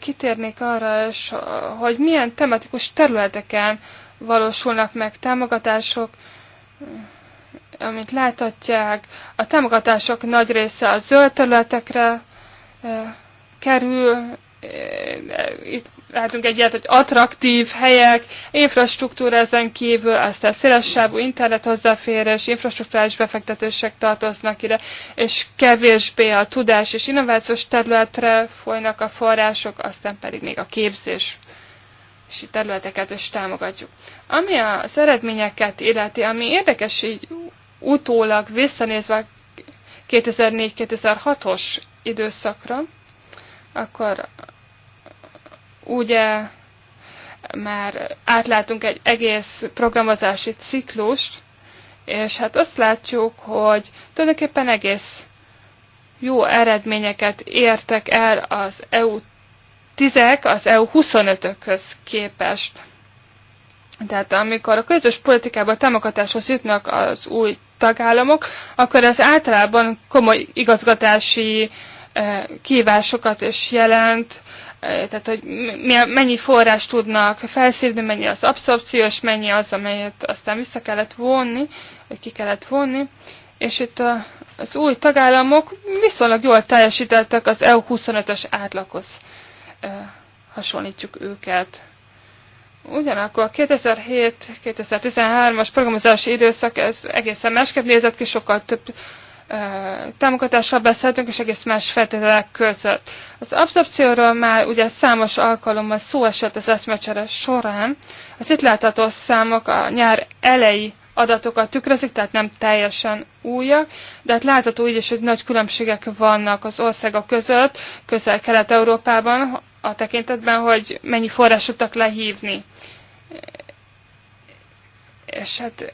kitérnék arra is, hogy milyen tematikus területeken valósulnak meg támogatások, amit láthatják, a támogatások nagy része a zöld területekre eh, kerül, eh, itt látunk egy ilyet, hogy attraktív helyek, infrastruktúra ezen kívül, aztán szélesávú internet hozzáférés, infrastruktúrális befektetések tartoznak ide, és kevésbé a tudás és innovációs területre folynak a források, aztán pedig még a képzés és területeket is támogatjuk. Ami az eredményeket illeti, ami érdekes így utólag visszanézve 2004-2006-os időszakra, akkor ugye már átlátunk egy egész programozási ciklust, és hát azt látjuk, hogy tulajdonképpen egész jó eredményeket értek el az EU 10-ek az EU 25-ökhöz képest. Tehát amikor a közös politikában támogatáshoz jutnak az új tagállamok, akkor ez általában komoly igazgatási eh, kívásokat is jelent, eh, tehát hogy mennyi forrás tudnak felszívni, mennyi az abszorpciós, mennyi az, amelyet aztán vissza kellett vonni, vagy ki kellett vonni, és itt az új tagállamok viszonylag jól teljesítettek az EU 25-ös átlaghoz. Eh, hasonlítjuk őket. Ugyanakkor a 2007-2013-as programozási időszak ez egészen másképp nézett ki, sokkal több támogatással beszéltünk, és egész más feltételek között. Az abszorpcióról már ugye számos alkalommal szó esett az eszmecsere során. Az itt látható számok a nyár elejé adatokat tükrözik, tehát nem teljesen újak, de hát látható így is, hogy nagy különbségek vannak az országok között, közel-kelet-európában, a tekintetben, hogy mennyi forrásotak lehívni. És hát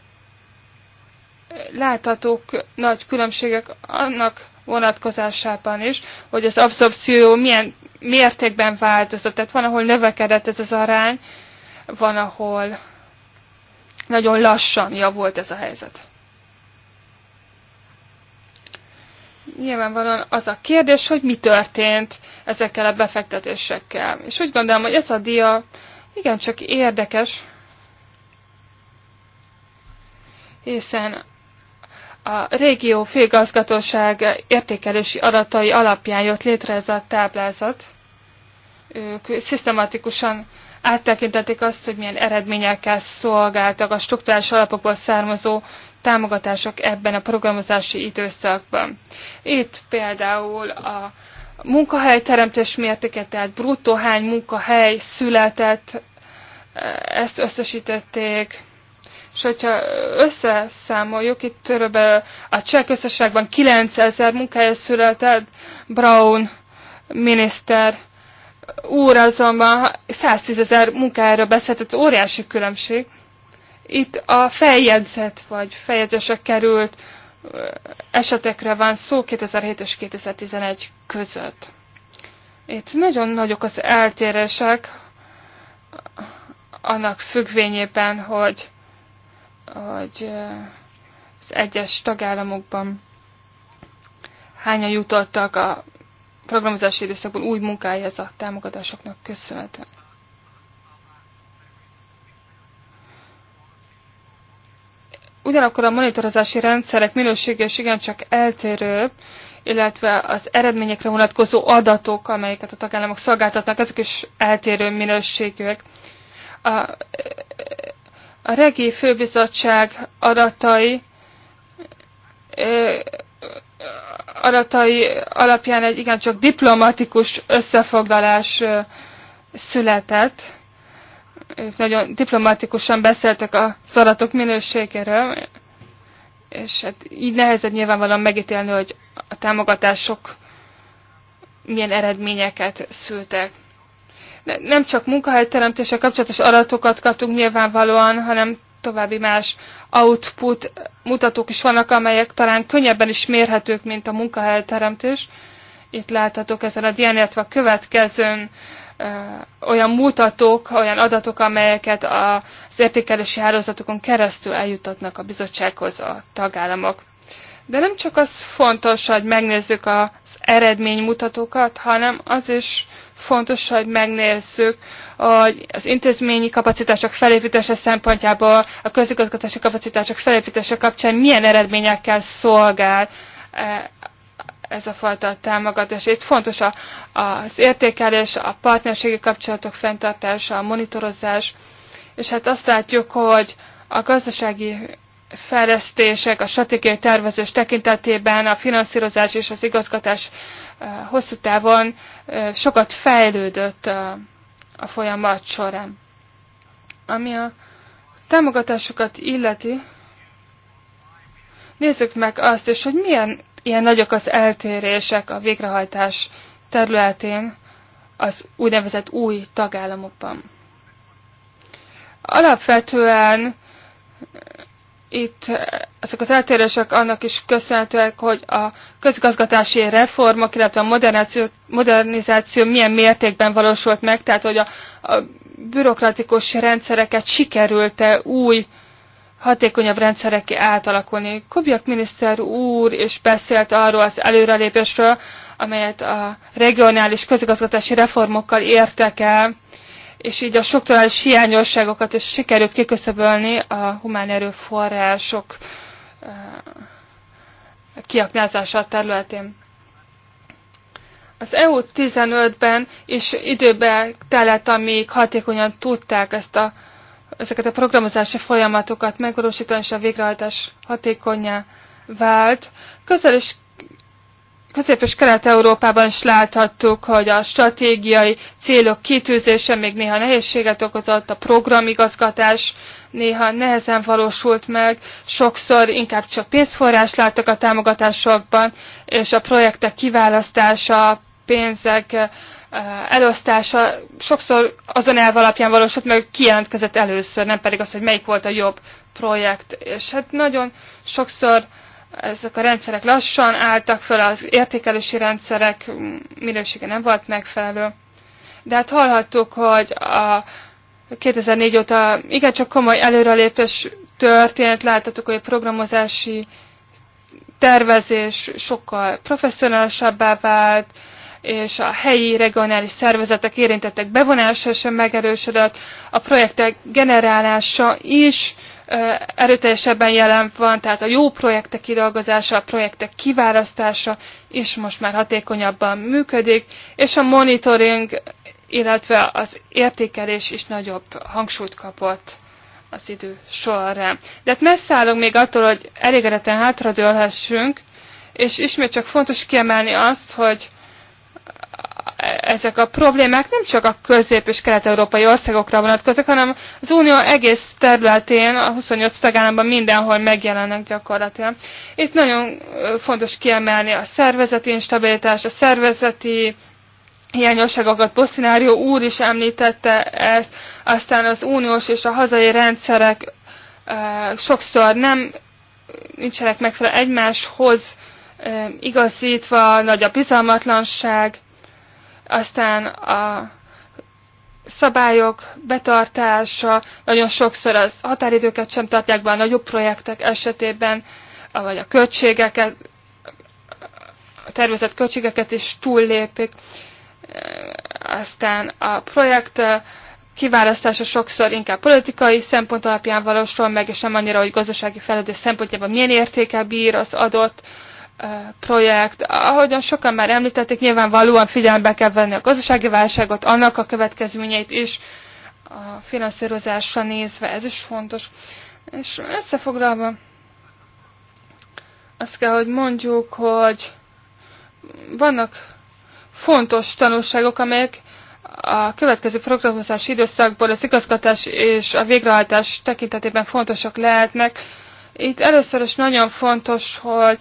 láthatók nagy különbségek annak vonatkozásában is, hogy az abszorpció milyen mértékben változott. Tehát van, ahol növekedett ez az arány, van, ahol nagyon lassan javult ez a helyzet. nyilvánvalóan az a kérdés, hogy mi történt ezekkel a befektetésekkel. És úgy gondolom, hogy ez a dia igencsak érdekes, hiszen a régió főgazgatóság értékelési adatai alapján jött létre ez a táblázat. Ők szisztematikusan áttekintették azt, hogy milyen eredményekkel szolgáltak a struktúrális alapokból származó támogatások ebben a programozási időszakban. Itt például a munkahelyteremtés mértéke, tehát bruttó hány munkahely született, eh, ezt összesítették, és hogyha összeszámoljuk, itt körülbelül a cseh közösségben 9000 munkahely született, Brown miniszter úr azonban 110 ezer munkájáról beszélt, ez óriási különbség. Itt a feljegyzett vagy feljegyzésre került esetekre van szó 2007 és 2011 között. Itt nagyon nagyok az eltérések annak függvényében, hogy, hogy az egyes tagállamokban hányan jutottak a programozási időszakban új munkájához a támogatásoknak köszönhetően. Ugyanakkor a monitorozási rendszerek minősége is igencsak eltérő, illetve az eredményekre vonatkozó adatok, amelyeket a tagállamok szolgáltatnak, ezek is eltérő minőségűek. A, a regi főbizottság adatai adatai alapján egy igencsak diplomatikus összefoglalás született ők nagyon diplomatikusan beszéltek a szaratok minőségéről, és hát így nehezebb nyilvánvalóan megítélni, hogy a támogatások milyen eredményeket szültek. De nem csak munkahelyteremtése kapcsolatos adatokat kaptunk nyilvánvalóan, hanem további más output mutatók is vannak, amelyek talán könnyebben is mérhetők, mint a munkahelyteremtés. Itt láthatók ezen a dián, a következőn olyan mutatók, olyan adatok, amelyeket az értékelési hálózatokon keresztül eljutatnak a bizottsághoz a tagállamok. De nem csak az fontos, hogy megnézzük az eredménymutatókat, hanem az is fontos, hogy megnézzük, hogy az intézményi kapacitások felépítése szempontjából, a közigazgatási kapacitások felépítése kapcsán milyen eredményekkel szolgál ez a fajta támogatás. Itt fontos a, az értékelés, a partnerségi kapcsolatok fenntartása, a monitorozás, és hát azt látjuk, hogy a gazdasági fejlesztések, a stratégiai tervezés tekintetében a finanszírozás és az igazgatás eh, hosszú távon eh, sokat fejlődött eh, a folyamat során. Ami a támogatásokat illeti, nézzük meg azt és hogy milyen ilyen nagyok az eltérések a végrehajtás területén az úgynevezett új tagállamokban. Alapvetően eh, itt eh, ezek az eltérések annak is köszönhetőek, hogy a közgazgatási reformok, illetve a modernizáció, modernizáció milyen mértékben valósult meg, tehát hogy a, a bürokratikus rendszereket sikerült-e új uh, hatékonyabb rendszerek átalakulni. Kubjak miniszter úr is beszélt arról az előrelépésről, amelyet a regionális közigazgatási reformokkal értek el, és így a struktúrális hiányosságokat is sikerült kiköszöbölni a humán erőforrások eh, kiaknázása területén. Az EU-15-ben is időbe telett, amíg hatékonyan tudták ezt a ezeket a programozási folyamatokat megvalósítani, és a végrehajtás hatékonyá vált. Közel és Közép- és Kelet-Európában is láthattuk, hogy a stratégiai célok kitűzése még néha nehézséget okozott, a programigazgatás néha nehezen valósult meg, sokszor inkább csak pénzforrás láttak a támogatásokban, és a projektek kiválasztása, pénzek Eh, elosztása sokszor azon elv alapján valósult, meg kijelentkezett először, nem pedig az, hogy melyik volt a jobb projekt. És hát nagyon sokszor ezek a rendszerek lassan álltak föl, az értékelési rendszerek minősége nem volt megfelelő. De hát hallhattuk, hogy a 2004 óta igencsak komoly előrelépés történt, láthatjuk, hogy a programozási tervezés sokkal professzionálisabbá vált, és a helyi regionális szervezetek érintettek bevonása sem megerősödött, a projektek generálása is erőteljesebben jelen van, tehát a jó projektek kidolgozása, a projektek kiválasztása is most már hatékonyabban működik, és a monitoring, illetve az értékelés is nagyobb hangsúlyt kapott az idő során. De hát messze állunk még attól, hogy elégedetten hátradőlhessünk, és ismét csak fontos kiemelni azt, hogy ezek a problémák nem csak a közép- és kelet-európai országokra vonatkoznak, hanem az unió egész területén, a 28 tagállamban mindenhol megjelennek gyakorlatilag. Itt nagyon fontos kiemelni a szervezeti instabilitást, a szervezeti hiányosságokat. Bosszinárió úr is említette ezt, aztán az uniós és a hazai rendszerek sokszor nem nincsenek megfelelő egymáshoz igazítva, nagy a bizalmatlanság, aztán a szabályok betartása, nagyon sokszor az határidőket sem tartják be a nagyobb projektek esetében, vagy a költségeket, a tervezett költségeket is túllépik. Aztán a projekt kiválasztása sokszor inkább politikai szempont alapján valósul meg, és nem annyira, hogy gazdasági feladat szempontjában milyen értéke bír az adott projekt. Ahogyan sokan már említették, nyilvánvalóan figyelembe kell venni a gazdasági válságot, annak a következményeit is, a finanszírozásra nézve, ez is fontos. És összefoglalva, azt kell, hogy mondjuk, hogy vannak fontos tanulságok, amelyek a következő programozási időszakból az igazgatás és a végrehajtás tekintetében fontosak lehetnek. Itt először is nagyon fontos, hogy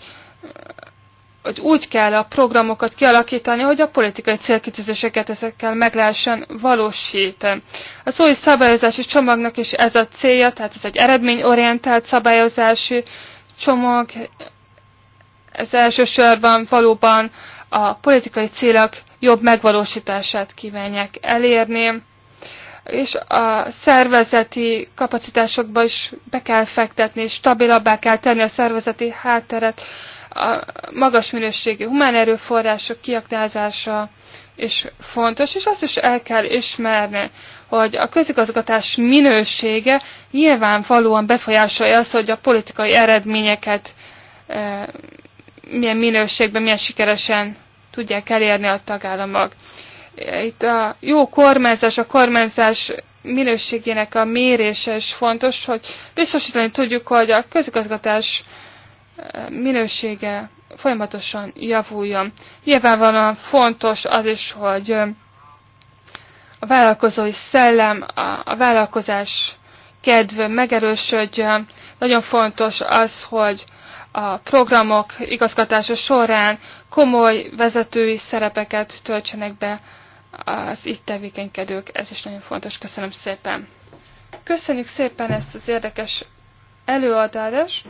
hogy úgy kell a programokat kialakítani, hogy a politikai célkitűzéseket ezekkel meg lehessen valósítani. Az új szabályozási csomagnak is ez a célja, tehát ez egy eredményorientált szabályozási csomag, ez elsősorban valóban a politikai célok jobb megvalósítását kívánják elérni, és a szervezeti kapacitásokba is be kell fektetni, stabilabbá kell tenni a szervezeti hátteret, a magas minőségű humán erőforrások kiaknázása is fontos, és azt is el kell ismerni, hogy a közigazgatás minősége nyilvánvalóan befolyásolja azt, hogy a politikai eredményeket e, milyen minőségben, milyen sikeresen tudják elérni a tagállamok. Itt a jó kormányzás, a kormányzás minőségének a mérése is fontos, hogy biztosítani tudjuk, hogy a közigazgatás minősége folyamatosan javuljon. Nyilvánvalóan fontos az is, hogy a vállalkozói szellem, a vállalkozás kedv megerősödjön. Nagyon fontos az, hogy a programok igazgatása során komoly vezetői szerepeket töltsenek be az itt tevékenykedők. Ez is nagyon fontos. Köszönöm szépen. Köszönjük szépen ezt az érdekes előadást.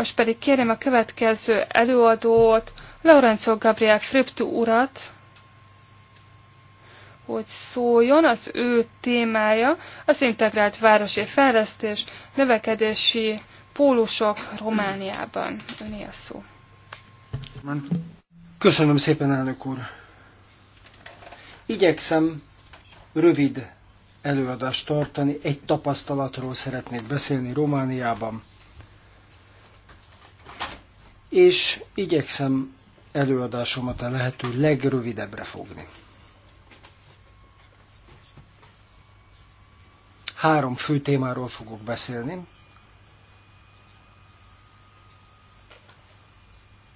Most pedig kérem a következő előadót, Laurenzo Gabriel Fröptu urat, hogy szóljon, az ő témája az integrált városi fejlesztés, növekedési pólusok Romániában. Öné a szó. Köszönöm szépen, elnök úr. Igyekszem rövid előadást tartani, egy tapasztalatról szeretnék beszélni Romániában és igyekszem előadásomat a lehető legrövidebbre fogni. Három fő témáról fogok beszélni.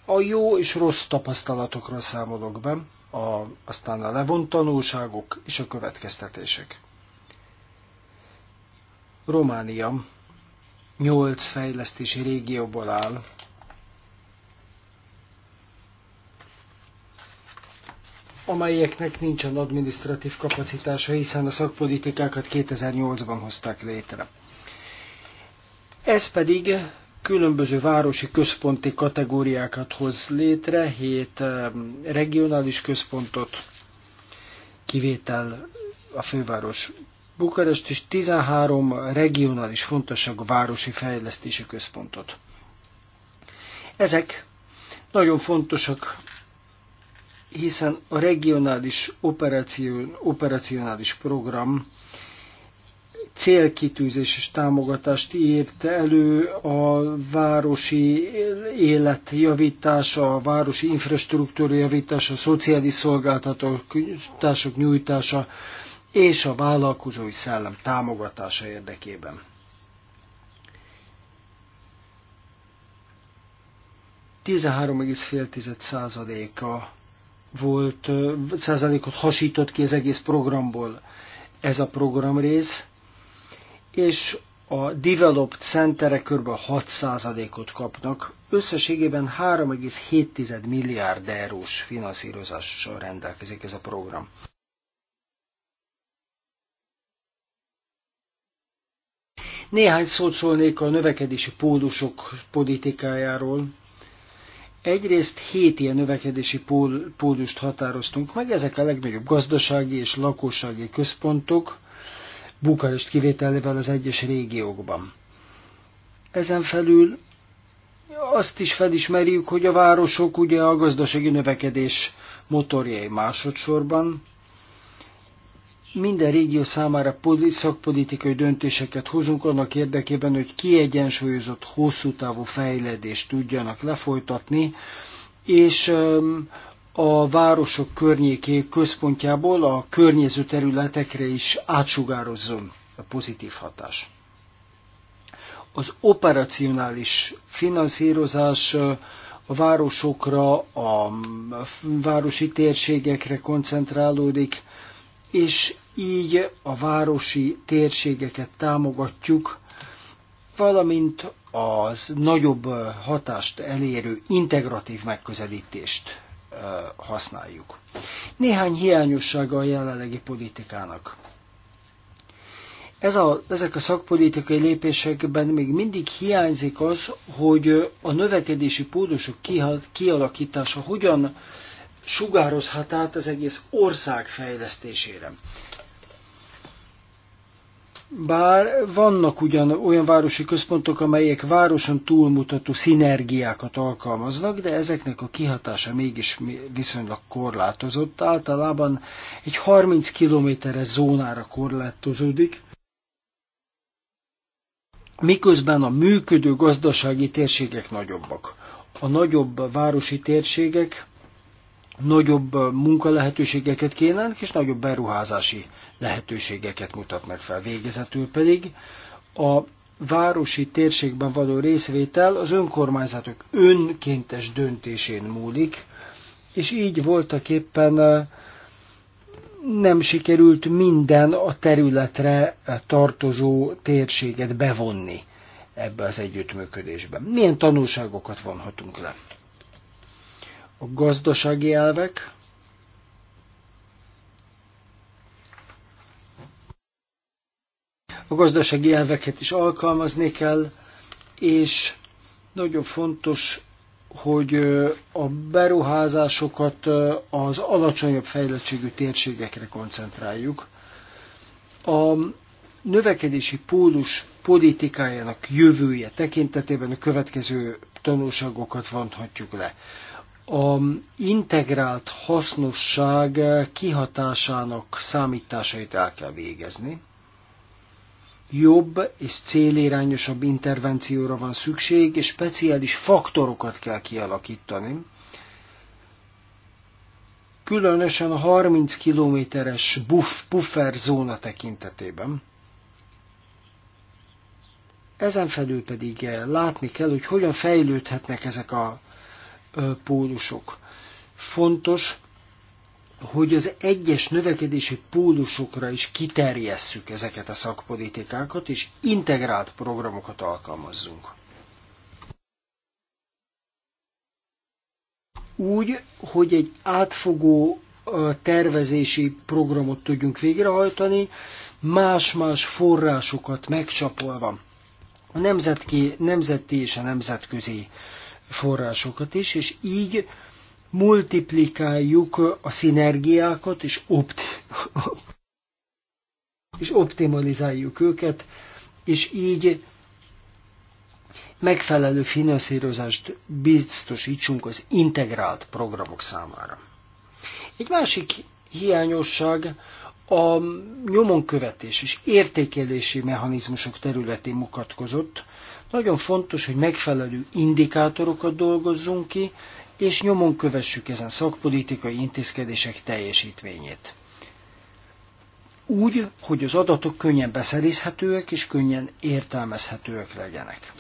A jó és rossz tapasztalatokról számolok be, a, aztán a levont tanulságok és a következtetések. Románia nyolc fejlesztési régióból áll, amelyeknek nincsen adminisztratív kapacitása, hiszen a szakpolitikákat 2008-ban hozták létre. Ez pedig különböző városi központi kategóriákat hoz létre, hét eh, regionális központot, kivétel a főváros Bukarest és 13 regionális fontosságú városi fejlesztési központot. Ezek nagyon fontosak hiszen a regionális operáción, operacionális program célkitűzés és támogatást írt elő a városi élet javítása, a városi infrastruktúra javítása, a szociális szolgáltatások nyújtása és a vállalkozói szellem támogatása érdekében. százaléka volt, százalékot hasított ki az egész programból ez a programrész, és a developed centerek kb. 6%-ot kapnak, összességében 3,7 milliárd eurós finanszírozással rendelkezik ez a program. Néhány szót szólnék a növekedési pólusok politikájáról, Egyrészt hét ilyen növekedési pól, pólust határoztunk meg, ezek a legnagyobb gazdasági és lakossági központok, Bukarest kivételével az egyes régiókban. Ezen felül azt is felismerjük, hogy a városok ugye a gazdasági növekedés motorjai másodszorban, minden régió számára szakpolitikai döntéseket hozunk annak érdekében, hogy kiegyensúlyozott, hosszú távú fejledést tudjanak lefolytatni, és a városok környéké központjából a környező területekre is átsugározzon a pozitív hatás. Az operacionális finanszírozás a városokra, a városi térségekre koncentrálódik, és így a városi térségeket támogatjuk, valamint az nagyobb hatást elérő integratív megközelítést használjuk. Néhány hiányossága a jelenlegi politikának. Ez a, ezek a szakpolitikai lépésekben még mindig hiányzik az, hogy a növekedési pódusok kialakítása hogyan sugározhat át az egész ország fejlesztésére. Bár vannak ugyan olyan városi központok, amelyek városon túlmutató szinergiákat alkalmaznak, de ezeknek a kihatása mégis viszonylag korlátozott. Általában egy 30 kilométeres zónára korlátozódik, miközben a működő gazdasági térségek nagyobbak. A nagyobb városi térségek nagyobb munkalehetőségeket kérnek, és nagyobb beruházási lehetőségeket mutatnak fel. Végezetül pedig a városi térségben való részvétel az önkormányzatok önkéntes döntésén múlik, és így voltak éppen nem sikerült minden a területre tartozó térséget bevonni ebbe az együttműködésbe. Milyen tanulságokat vonhatunk le? a gazdasági elvek, a gazdasági elveket is alkalmazni kell, és nagyon fontos, hogy a beruházásokat az alacsonyabb fejlettségű térségekre koncentráljuk. A növekedési pólus politikájának jövője tekintetében a következő tanulságokat vonhatjuk le a integrált hasznosság kihatásának számításait el kell végezni. Jobb és célirányosabb intervencióra van szükség, és speciális faktorokat kell kialakítani. Különösen a 30 kilométeres buff, buffer zóna tekintetében. Ezen felül pedig eh, látni kell, hogy hogyan fejlődhetnek ezek a pólusok. Fontos, hogy az egyes növekedési pólusokra is kiterjesszük ezeket a szakpolitikákat, és integrált programokat alkalmazzunk. Úgy, hogy egy átfogó tervezési programot tudjunk végrehajtani, más-más forrásokat megcsapolva a nemzetki, nemzeti és a nemzetközi forrásokat is, és így multiplikáljuk a szinergiákat, és, opt és optimalizáljuk őket, és így megfelelő finanszírozást biztosítsunk az integrált programok számára. Egy másik hiányosság a nyomonkövetés és értékelési mechanizmusok területén mutatkozott, nagyon fontos, hogy megfelelő indikátorokat dolgozzunk ki, és nyomon kövessük ezen szakpolitikai intézkedések teljesítményét. Úgy, hogy az adatok könnyen beszerezhetőek és könnyen értelmezhetőek legyenek.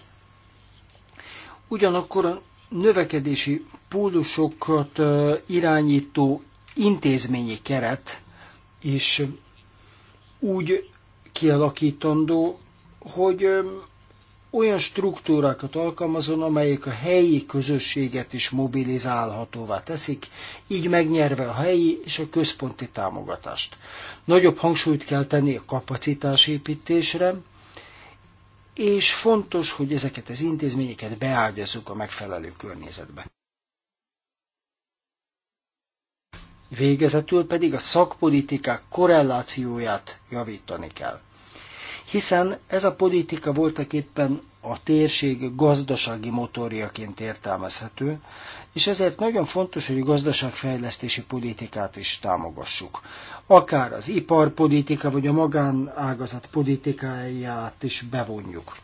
Ugyanakkor a növekedési pólusokat irányító intézményi keret is úgy kialakítandó, hogy olyan struktúrákat alkalmazon, amelyek a helyi közösséget is mobilizálhatóvá teszik, így megnyerve a helyi és a központi támogatást. Nagyobb hangsúlyt kell tenni a kapacitásépítésre, és fontos, hogy ezeket az intézményeket beágyazzuk a megfelelő környezetbe. Végezetül pedig a szakpolitikák korrelációját javítani kell hiszen ez a politika voltak éppen a térség gazdasági motorjaként értelmezhető, és ezért nagyon fontos, hogy a gazdaságfejlesztési politikát is támogassuk. Akár az iparpolitika vagy a magánágazat politikáját is bevonjuk.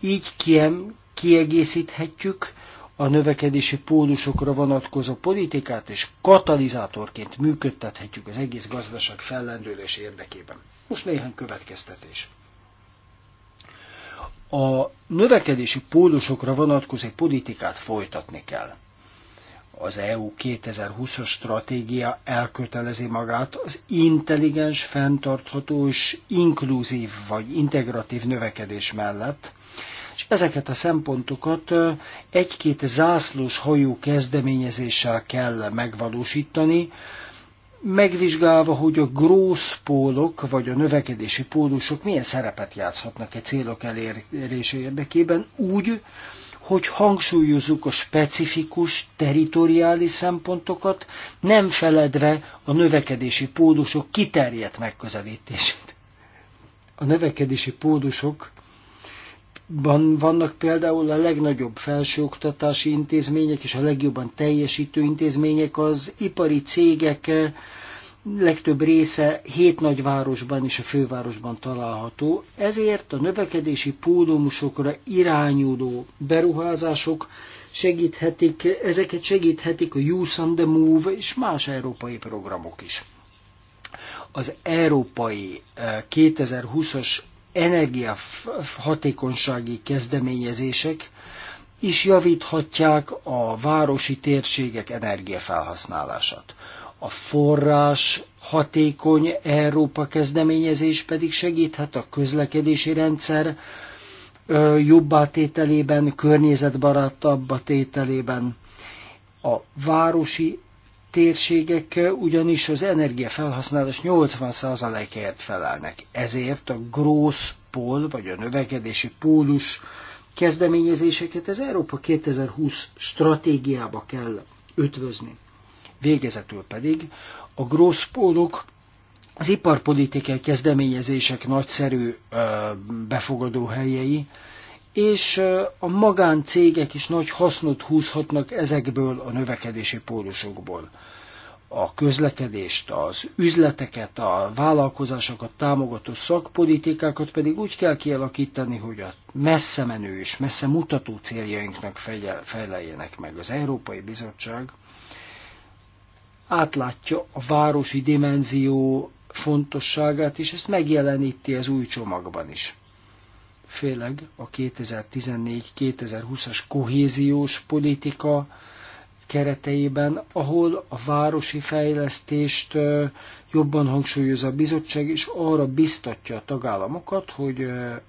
Így kiem, kiegészíthetjük a növekedési pólusokra vonatkozó politikát, és katalizátorként működtethetjük az egész gazdaság fellendülés érdekében. Most néhány következtetés a növekedési pólusokra vonatkozó politikát folytatni kell. Az EU 2020-as stratégia elkötelezi magát az intelligens, fenntartható és inkluzív vagy integratív növekedés mellett, és ezeket a szempontokat egy-két zászlós hajó kezdeményezéssel kell megvalósítani, megvizsgálva, hogy a grósz pólok vagy a növekedési pólusok milyen szerepet játszhatnak egy célok elérése érdekében, úgy, hogy hangsúlyozzuk a specifikus teritoriális szempontokat, nem feledve a növekedési pólusok kiterjedt megközelítését. A növekedési pólusok Ban vannak például a legnagyobb felsőoktatási intézmények és a legjobban teljesítő intézmények, az ipari cégek eh, legtöbb része hét nagyvárosban és a fővárosban található, ezért a növekedési pódomusokra irányuló beruházások segíthetik, ezeket segíthetik a Youth on the Move és más európai programok is. Az európai 2020-as eh, energiahatékonysági kezdeményezések is javíthatják a városi térségek energiafelhasználását. A forrás hatékony Európa kezdeményezés pedig segíthet a közlekedési rendszer jobbá tételében, környezetbarátabbá tételében, a városi térségek eh, ugyanis az energiafelhasználás 80%-ért felelnek. Ezért a Gross Pól, vagy a növekedési pólus kezdeményezéseket az Európa 2020 stratégiába kell ötvözni. Végezetül pedig a Gross Pólok az iparpolitikai kezdeményezések nagyszerű eh, befogadó helyei, és a magáncégek is nagy hasznot húzhatnak ezekből a növekedési pólusokból. A közlekedést, az üzleteket, a vállalkozásokat támogató szakpolitikákat pedig úgy kell kialakítani, hogy a messze menő és messze mutató céljainknak feleljenek meg. Az Európai Bizottság átlátja a városi dimenzió fontosságát, és ezt megjeleníti az új csomagban is főleg a 2014-2020-as kohéziós politika kereteiben, ahol a városi fejlesztést jobban hangsúlyozza a bizottság, és arra biztatja a tagállamokat, hogy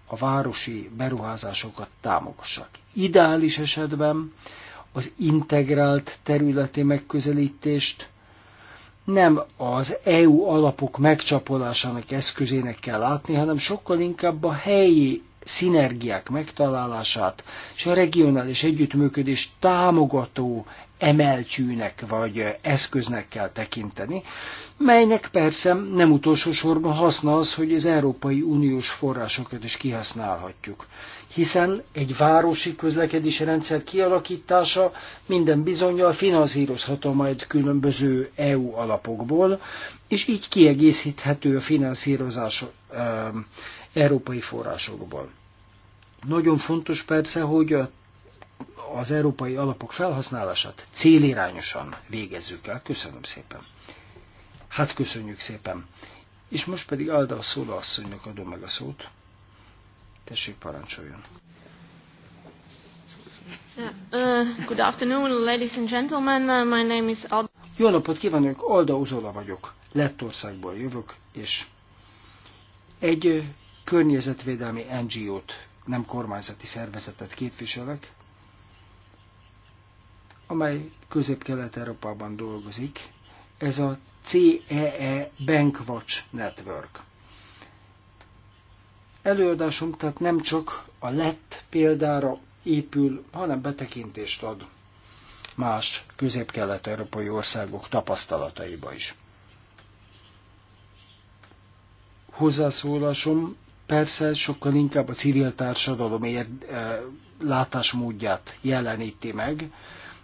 a városi beruházásokat támogassák. Ideális esetben az integrált területi megközelítést nem az EU alapok megcsapolásának eszközének kell látni, hanem sokkal inkább a helyi szinergiák megtalálását és a regionális együttműködés támogató emeltyűnek vagy eszköznek kell tekinteni, melynek persze nem utolsó sorban haszna az, hogy az Európai Uniós forrásokat is kihasználhatjuk. Hiszen egy városi közlekedési rendszer kialakítása minden bizonyal finanszírozható majd különböző EU alapokból, és így kiegészíthető a finanszírozás európai forrásokból. Nagyon fontos persze, hogy a az európai alapok felhasználását célirányosan végezzük el. Köszönöm szépen. Hát köszönjük szépen. És most pedig Alda Szóla asszonynak adom meg a szót. Tessék, parancsoljon. Uh, good afternoon, ladies and gentlemen. Uh, my name is Alda. Jó napot kívánok, Alda Uzola vagyok. Lettországból jövök, és egy környezetvédelmi NGO-t, nem kormányzati szervezetet képviselek, amely Közép-Kelet-Európában dolgozik. Ez a CEE Bankwatch Network. Előadásom tehát nem csak a lett példára épül, hanem betekintést ad más közép-kelet-európai országok tapasztalataiba is. Hozzászólásom persze sokkal inkább a civil társadalom ér, eh, látásmódját jeleníti meg,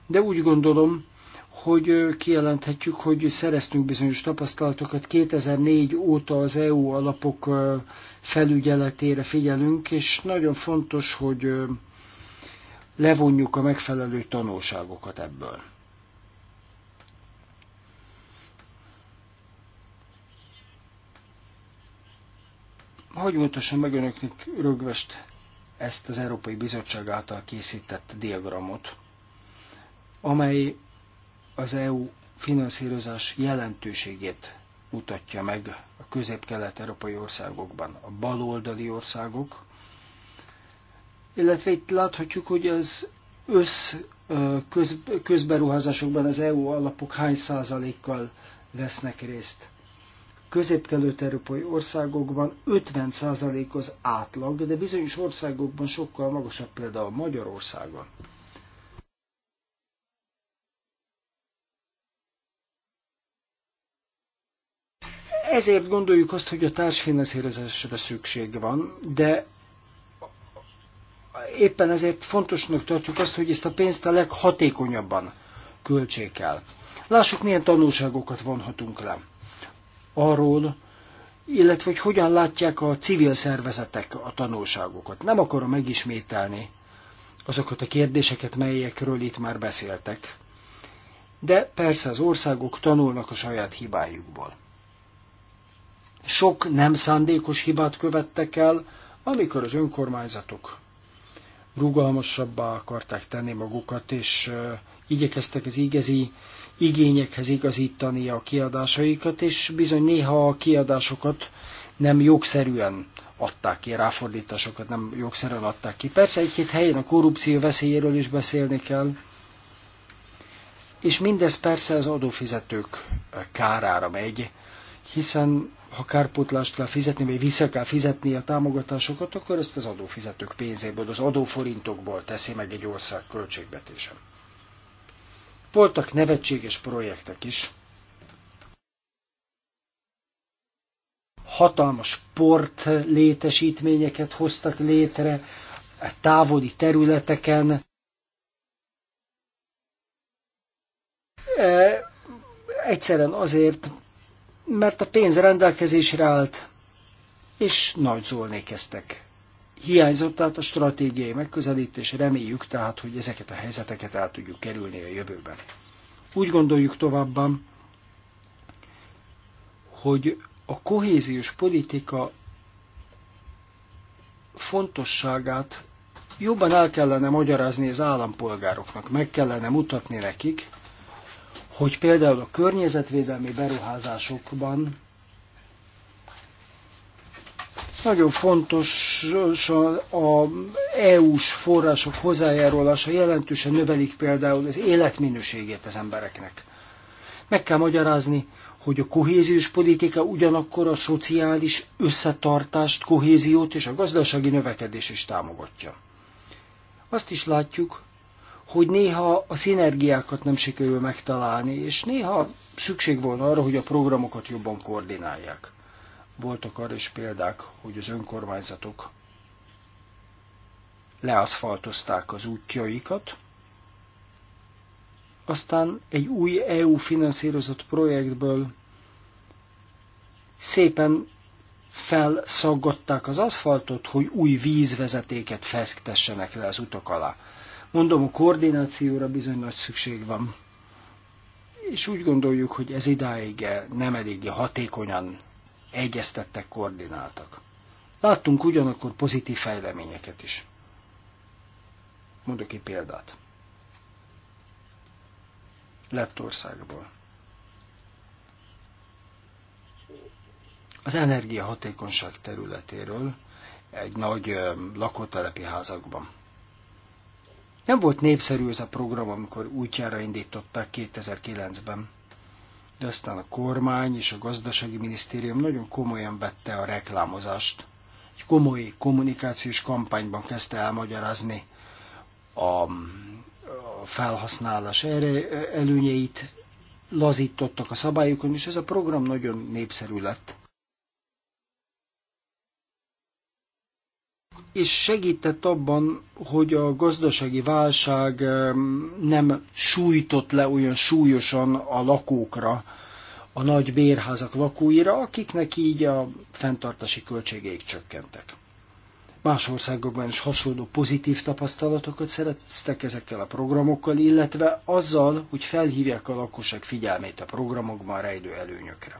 de úgy gondolom, hogy eh, kijelenthetjük, hogy szereztünk bizonyos tapasztalatokat. 2004 óta az EU alapok eh, felügyeletére figyelünk, és nagyon fontos, hogy levonjuk a megfelelő tanulságokat ebből. Hogy mutassam meg önöknek rögvest ezt az Európai Bizottság által készített diagramot, amely az EU finanszírozás jelentőségét mutatja meg a közép-kelet-európai országokban, a baloldali országok, illetve itt láthatjuk, hogy az össz köz, közberuházásokban az EU alapok hány százalékkal vesznek részt közép-kelet-európai országokban 50% az átlag, de bizonyos országokban sokkal magasabb, például Magyarországon. Ezért gondoljuk azt, hogy a társfinanszírozásra szükség van, de éppen ezért fontosnak tartjuk azt, hogy ezt a pénzt a leghatékonyabban költsék el. Lássuk, milyen tanulságokat vonhatunk le arról, illetve hogy hogyan látják a civil szervezetek a tanulságokat. Nem akarom megismételni azokat a kérdéseket, melyekről itt már beszéltek. De persze az országok tanulnak a saját hibájukból. Sok nem szándékos hibát követtek el, amikor az önkormányzatok rugalmasabbá akarták tenni magukat, és igyekeztek az igazi igényekhez igazítani a kiadásaikat, és bizony néha a kiadásokat nem jogszerűen adták ki, ráfordításokat nem jogszerűen adták ki. Persze egy-két helyen a korrupció veszélyéről is beszélni kell, és mindez persze az adófizetők kárára megy, hiszen ha kárpótlást kell fizetni, vagy vissza kell fizetni a támogatásokat, akkor ezt az adófizetők pénzéből, az adóforintokból teszi meg egy ország költségvetése. Voltak nevetséges projektek is. Hatalmas sport létesítményeket hoztak létre távoli területeken. E, egyszerűen azért, mert a pénz rendelkezésre állt, és nagy zolni kezdtek Hiányzott tehát a stratégiai megközelítés, reméljük tehát, hogy ezeket a helyzeteket el tudjuk kerülni a jövőben. Úgy gondoljuk továbbá, hogy a kohéziós politika fontosságát jobban el kellene magyarázni az állampolgároknak, meg kellene mutatni nekik, hogy például a környezetvédelmi beruházásokban nagyon fontos a EU-s források hozzájárulása jelentősen növelik például az életminőségét az embereknek. Meg kell magyarázni, hogy a kohéziós politika ugyanakkor a szociális összetartást, kohéziót és a gazdasági növekedés is támogatja. Azt is látjuk, hogy néha a szinergiákat nem sikerül megtalálni, és néha szükség volna arra, hogy a programokat jobban koordinálják. Voltak arra is példák, hogy az önkormányzatok leaszfaltozták az útjaikat, aztán egy új EU finanszírozott projektből szépen felszaggatták az aszfaltot, hogy új vízvezetéket fektessenek le az utak alá. Mondom, a koordinációra bizony nagy szükség van. És úgy gondoljuk, hogy ez idáig nem eléggé hatékonyan egyeztettek, koordináltak. Láttunk ugyanakkor pozitív fejleményeket is. Mondok egy példát. Lettországból. Az energiahatékonyság területéről egy nagy ö, lakótelepi házakban. Nem volt népszerű ez a program, amikor útjára indították 2009-ben de aztán a kormány és a gazdasági minisztérium nagyon komolyan vette a reklámozást. Egy komoly kommunikációs kampányban kezdte elmagyarázni a felhasználás előnyeit, lazítottak a szabályokon, és ez a program nagyon népszerű lett. és segített abban, hogy a gazdasági válság nem sújtott le olyan súlyosan a lakókra, a nagy bérházak lakóira, akiknek így a fenntartási költségeik csökkentek. Más országokban is hasonló pozitív tapasztalatokat szereztek ezekkel a programokkal, illetve azzal, hogy felhívják a lakosság figyelmét a programokban rejlő előnyökre.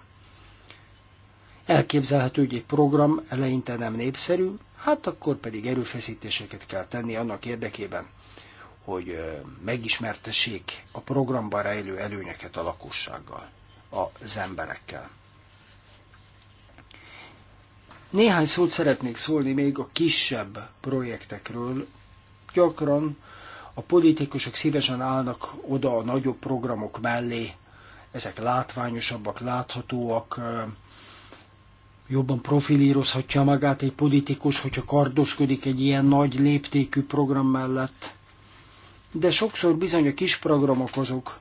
Elképzelhető, hogy egy program eleinte nem népszerű, hát akkor pedig erőfeszítéseket kell tenni annak érdekében, hogy megismertessék a programban rejlő előnyeket a lakossággal, az emberekkel. Néhány szót szeretnék szólni még a kisebb projektekről. Gyakran a politikusok szívesen állnak oda a nagyobb programok mellé, ezek látványosabbak, láthatóak, jobban profilírozhatja magát egy politikus, hogyha kardoskodik egy ilyen nagy léptékű program mellett. De sokszor bizony a kis programok azok,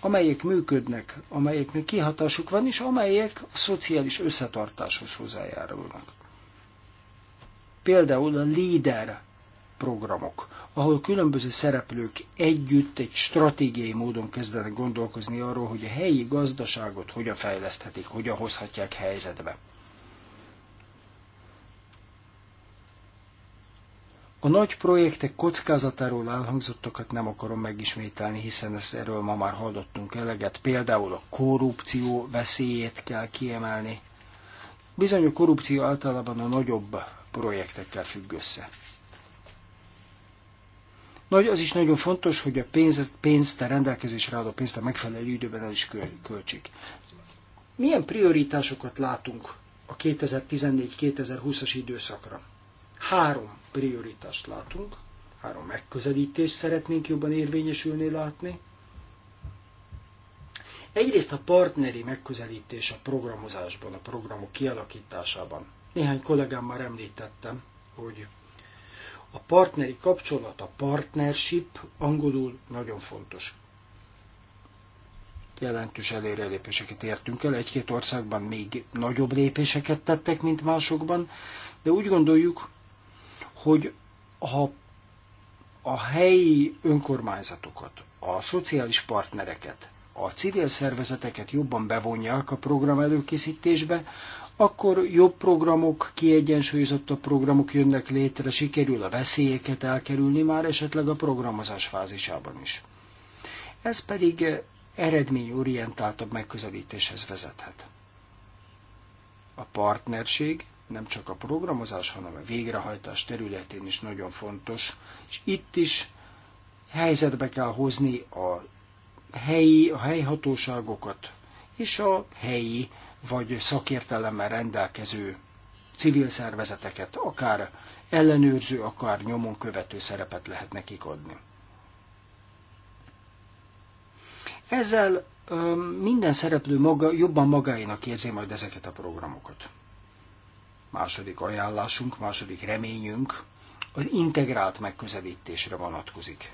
amelyek működnek, amelyeknek kihatásuk van, és amelyek a szociális összetartáshoz hozzájárulnak. Például a LEADER programok, ahol különböző szereplők együtt egy stratégiai módon kezdenek gondolkozni arról, hogy a helyi gazdaságot hogyan fejleszthetik, hogyan hozhatják helyzetbe. A nagy projektek kockázatáról elhangzottakat nem akarom megismételni, hiszen ezt erről ma már hallottunk eleget. Például a korrupció veszélyét kell kiemelni. Bizony a korrupció általában a nagyobb projektekkel függ össze. Nagy, az is nagyon fontos, hogy a pénzt, pénzt a rendelkezésre adó pénzt a megfelelő időben el is költsék. Milyen prioritásokat látunk a 2014-2020-as időszakra? Három prioritást látunk, három megközelítést szeretnénk jobban érvényesülni látni. Egyrészt a partneri megközelítés a programozásban, a programok kialakításában. Néhány kollégám már említettem, hogy a partneri kapcsolat, a partnership angolul nagyon fontos. Jelentős előrelépéseket értünk el, egy-két országban még nagyobb lépéseket tettek, mint másokban, de úgy gondoljuk, hogy ha a helyi önkormányzatokat, a szociális partnereket, a civil szervezeteket jobban bevonják a program előkészítésbe, akkor jobb programok, kiegyensúlyozottabb programok jönnek létre, sikerül a veszélyeket elkerülni már esetleg a programozás fázisában is. Ez pedig eredményorientáltabb megközelítéshez vezethet. A partnerség nem csak a programozás, hanem a végrehajtás területén is nagyon fontos. És itt is helyzetbe kell hozni a helyi, a helyi hatóságokat és a helyi vagy szakértelemmel rendelkező civil szervezeteket, akár ellenőrző, akár nyomon követő szerepet lehet nekik adni. Ezzel minden szereplő maga, jobban magáinak érzi majd ezeket a programokat. Második ajánlásunk, második reményünk az integrált megközelítésre vonatkozik.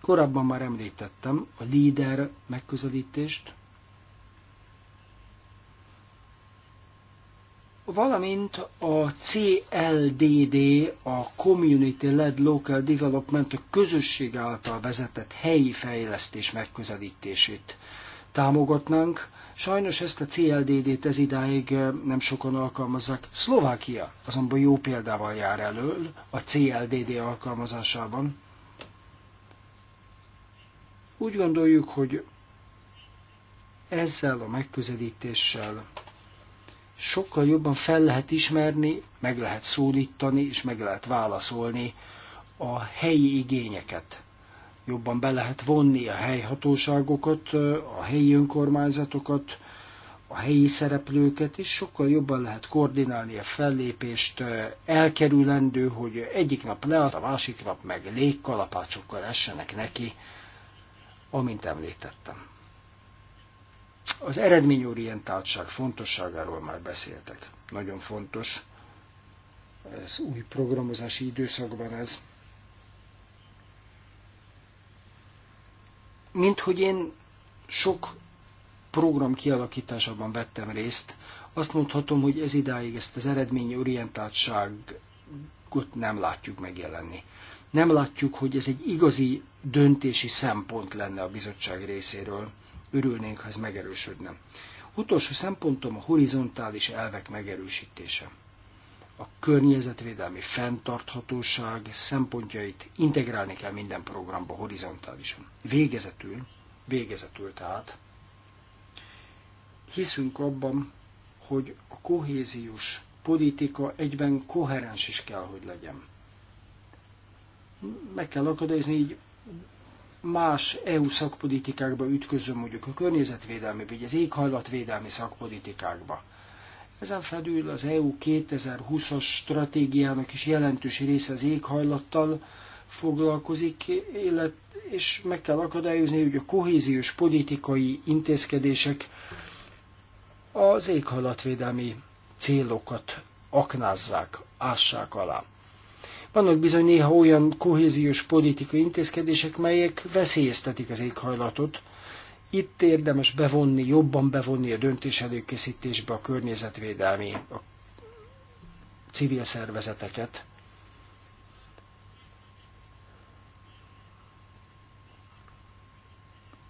Korábban már említettem a líder megközelítést, valamint a CLDD, a Community Led Local Development, a közösség által vezetett helyi fejlesztés megközelítését támogatnánk, Sajnos ezt a CLDD-t ez idáig nem sokan alkalmazzák. Szlovákia azonban jó példával jár elő a CLDD alkalmazásában. Úgy gondoljuk, hogy ezzel a megközelítéssel sokkal jobban fel lehet ismerni, meg lehet szólítani és meg lehet válaszolni a helyi igényeket jobban be lehet vonni a helyhatóságokat, a helyi önkormányzatokat, a helyi szereplőket, és sokkal jobban lehet koordinálni a fellépést, elkerülendő, hogy egyik nap le, a másik nap meg légkalapácsokkal essenek neki, amint említettem. Az eredményorientáltság fontosságáról már beszéltek. Nagyon fontos. Ez új programozási időszakban ez mint hogy én sok program kialakításában vettem részt, azt mondhatom, hogy ez idáig ezt az orientáltságot nem látjuk megjelenni. Nem látjuk, hogy ez egy igazi döntési szempont lenne a bizottság részéről. Örülnénk, ha ez megerősödne. Utolsó szempontom a horizontális elvek megerősítése a környezetvédelmi fenntarthatóság szempontjait integrálni kell minden programba horizontálisan. Végezetül, végezetül tehát, hiszünk abban, hogy a kohéziós politika egyben koherens is kell, hogy legyen. Meg kell akadályozni, így más EU szakpolitikákba ütközöm, mondjuk a környezetvédelmi, vagy az éghajlatvédelmi szakpolitikákba. Ezen felül az EU 2020-as stratégiának is jelentős része az éghajlattal foglalkozik, illet, és meg kell akadályozni, hogy a kohéziós politikai intézkedések az éghajlatvédelmi célokat aknázzák, ássák alá. Vannak bizony néha olyan kohéziós politikai intézkedések, melyek veszélyeztetik az éghajlatot, itt érdemes bevonni, jobban bevonni a döntés előkészítésbe a környezetvédelmi, a civil szervezeteket,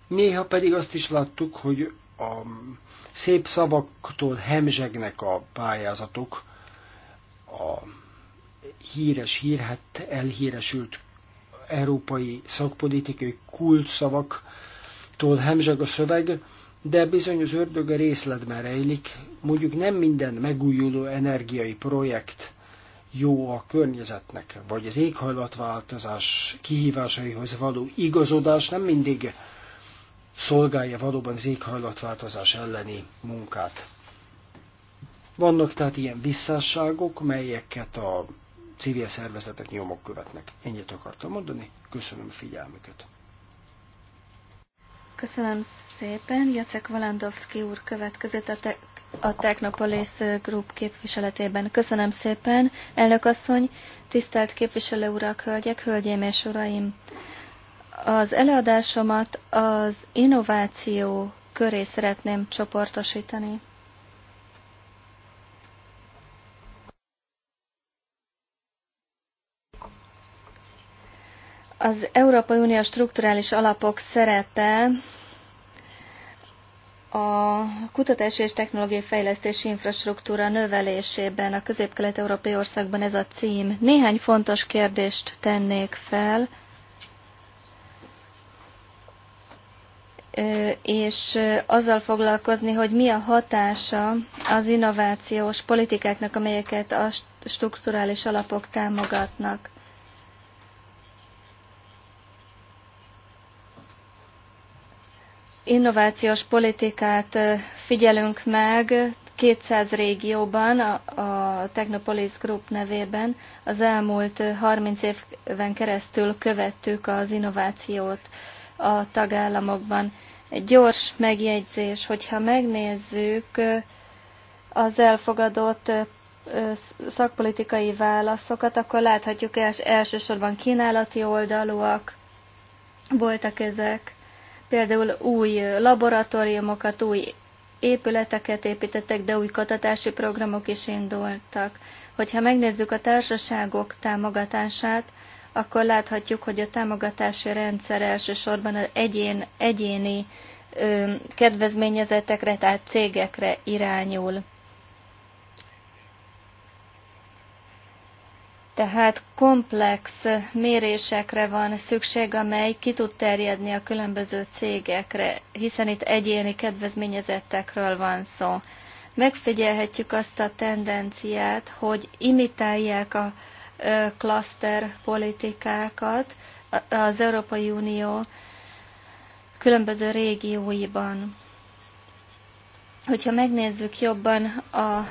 Néha pedig azt is láttuk, hogy a szép szavaktól hemzsegnek a pályázatok, a híres, hírhet elhíresült európai szakpolitikai kulcsszavak tól hemzseg a szöveg, de bizony az ördög a részletben rejlik. Mondjuk nem minden megújuló energiai projekt jó a környezetnek, vagy az éghajlatváltozás kihívásaihoz való igazodás nem mindig szolgálja valóban az éghajlatváltozás elleni munkát. Vannak tehát ilyen visszásságok, melyeket a civil szervezetek nyomok követnek. Ennyit akartam mondani, köszönöm a figyelmüket. Köszönöm szépen. Jacek Valandowski úr következett a, te a Technopolis Group képviseletében. Köszönöm szépen, elnök asszony, tisztelt képviselő urak, hölgyek, hölgyeim és uraim. Az előadásomat az innováció köré szeretném csoportosítani. Az Európai Unió strukturális alapok szerepe a kutatási és technológiai fejlesztési infrastruktúra növelésében a közép-kelet-európai országban ez a cím. Néhány fontos kérdést tennék fel, és azzal foglalkozni, hogy mi a hatása az innovációs politikáknak, amelyeket a strukturális alapok támogatnak. innovációs politikát figyelünk meg 200 régióban a Technopolis Group nevében. Az elmúlt 30 évben keresztül követtük az innovációt a tagállamokban. Egy gyors megjegyzés, hogyha megnézzük az elfogadott szakpolitikai válaszokat, akkor láthatjuk, hogy elsősorban kínálati oldalúak voltak ezek, Például új laboratóriumokat, új épületeket építettek, de új kutatási programok is indultak. Hogyha megnézzük a társaságok támogatását, akkor láthatjuk, hogy a támogatási rendszer elsősorban az egyén, egyéni ö, kedvezményezetekre, tehát cégekre irányul. Tehát komplex mérésekre van szükség, amely ki tud terjedni a különböző cégekre, hiszen itt egyéni kedvezményezettekről van szó. Megfigyelhetjük azt a tendenciát, hogy imitálják a klaszter politikákat az Európai Unió különböző régióiban. Hogyha megnézzük jobban a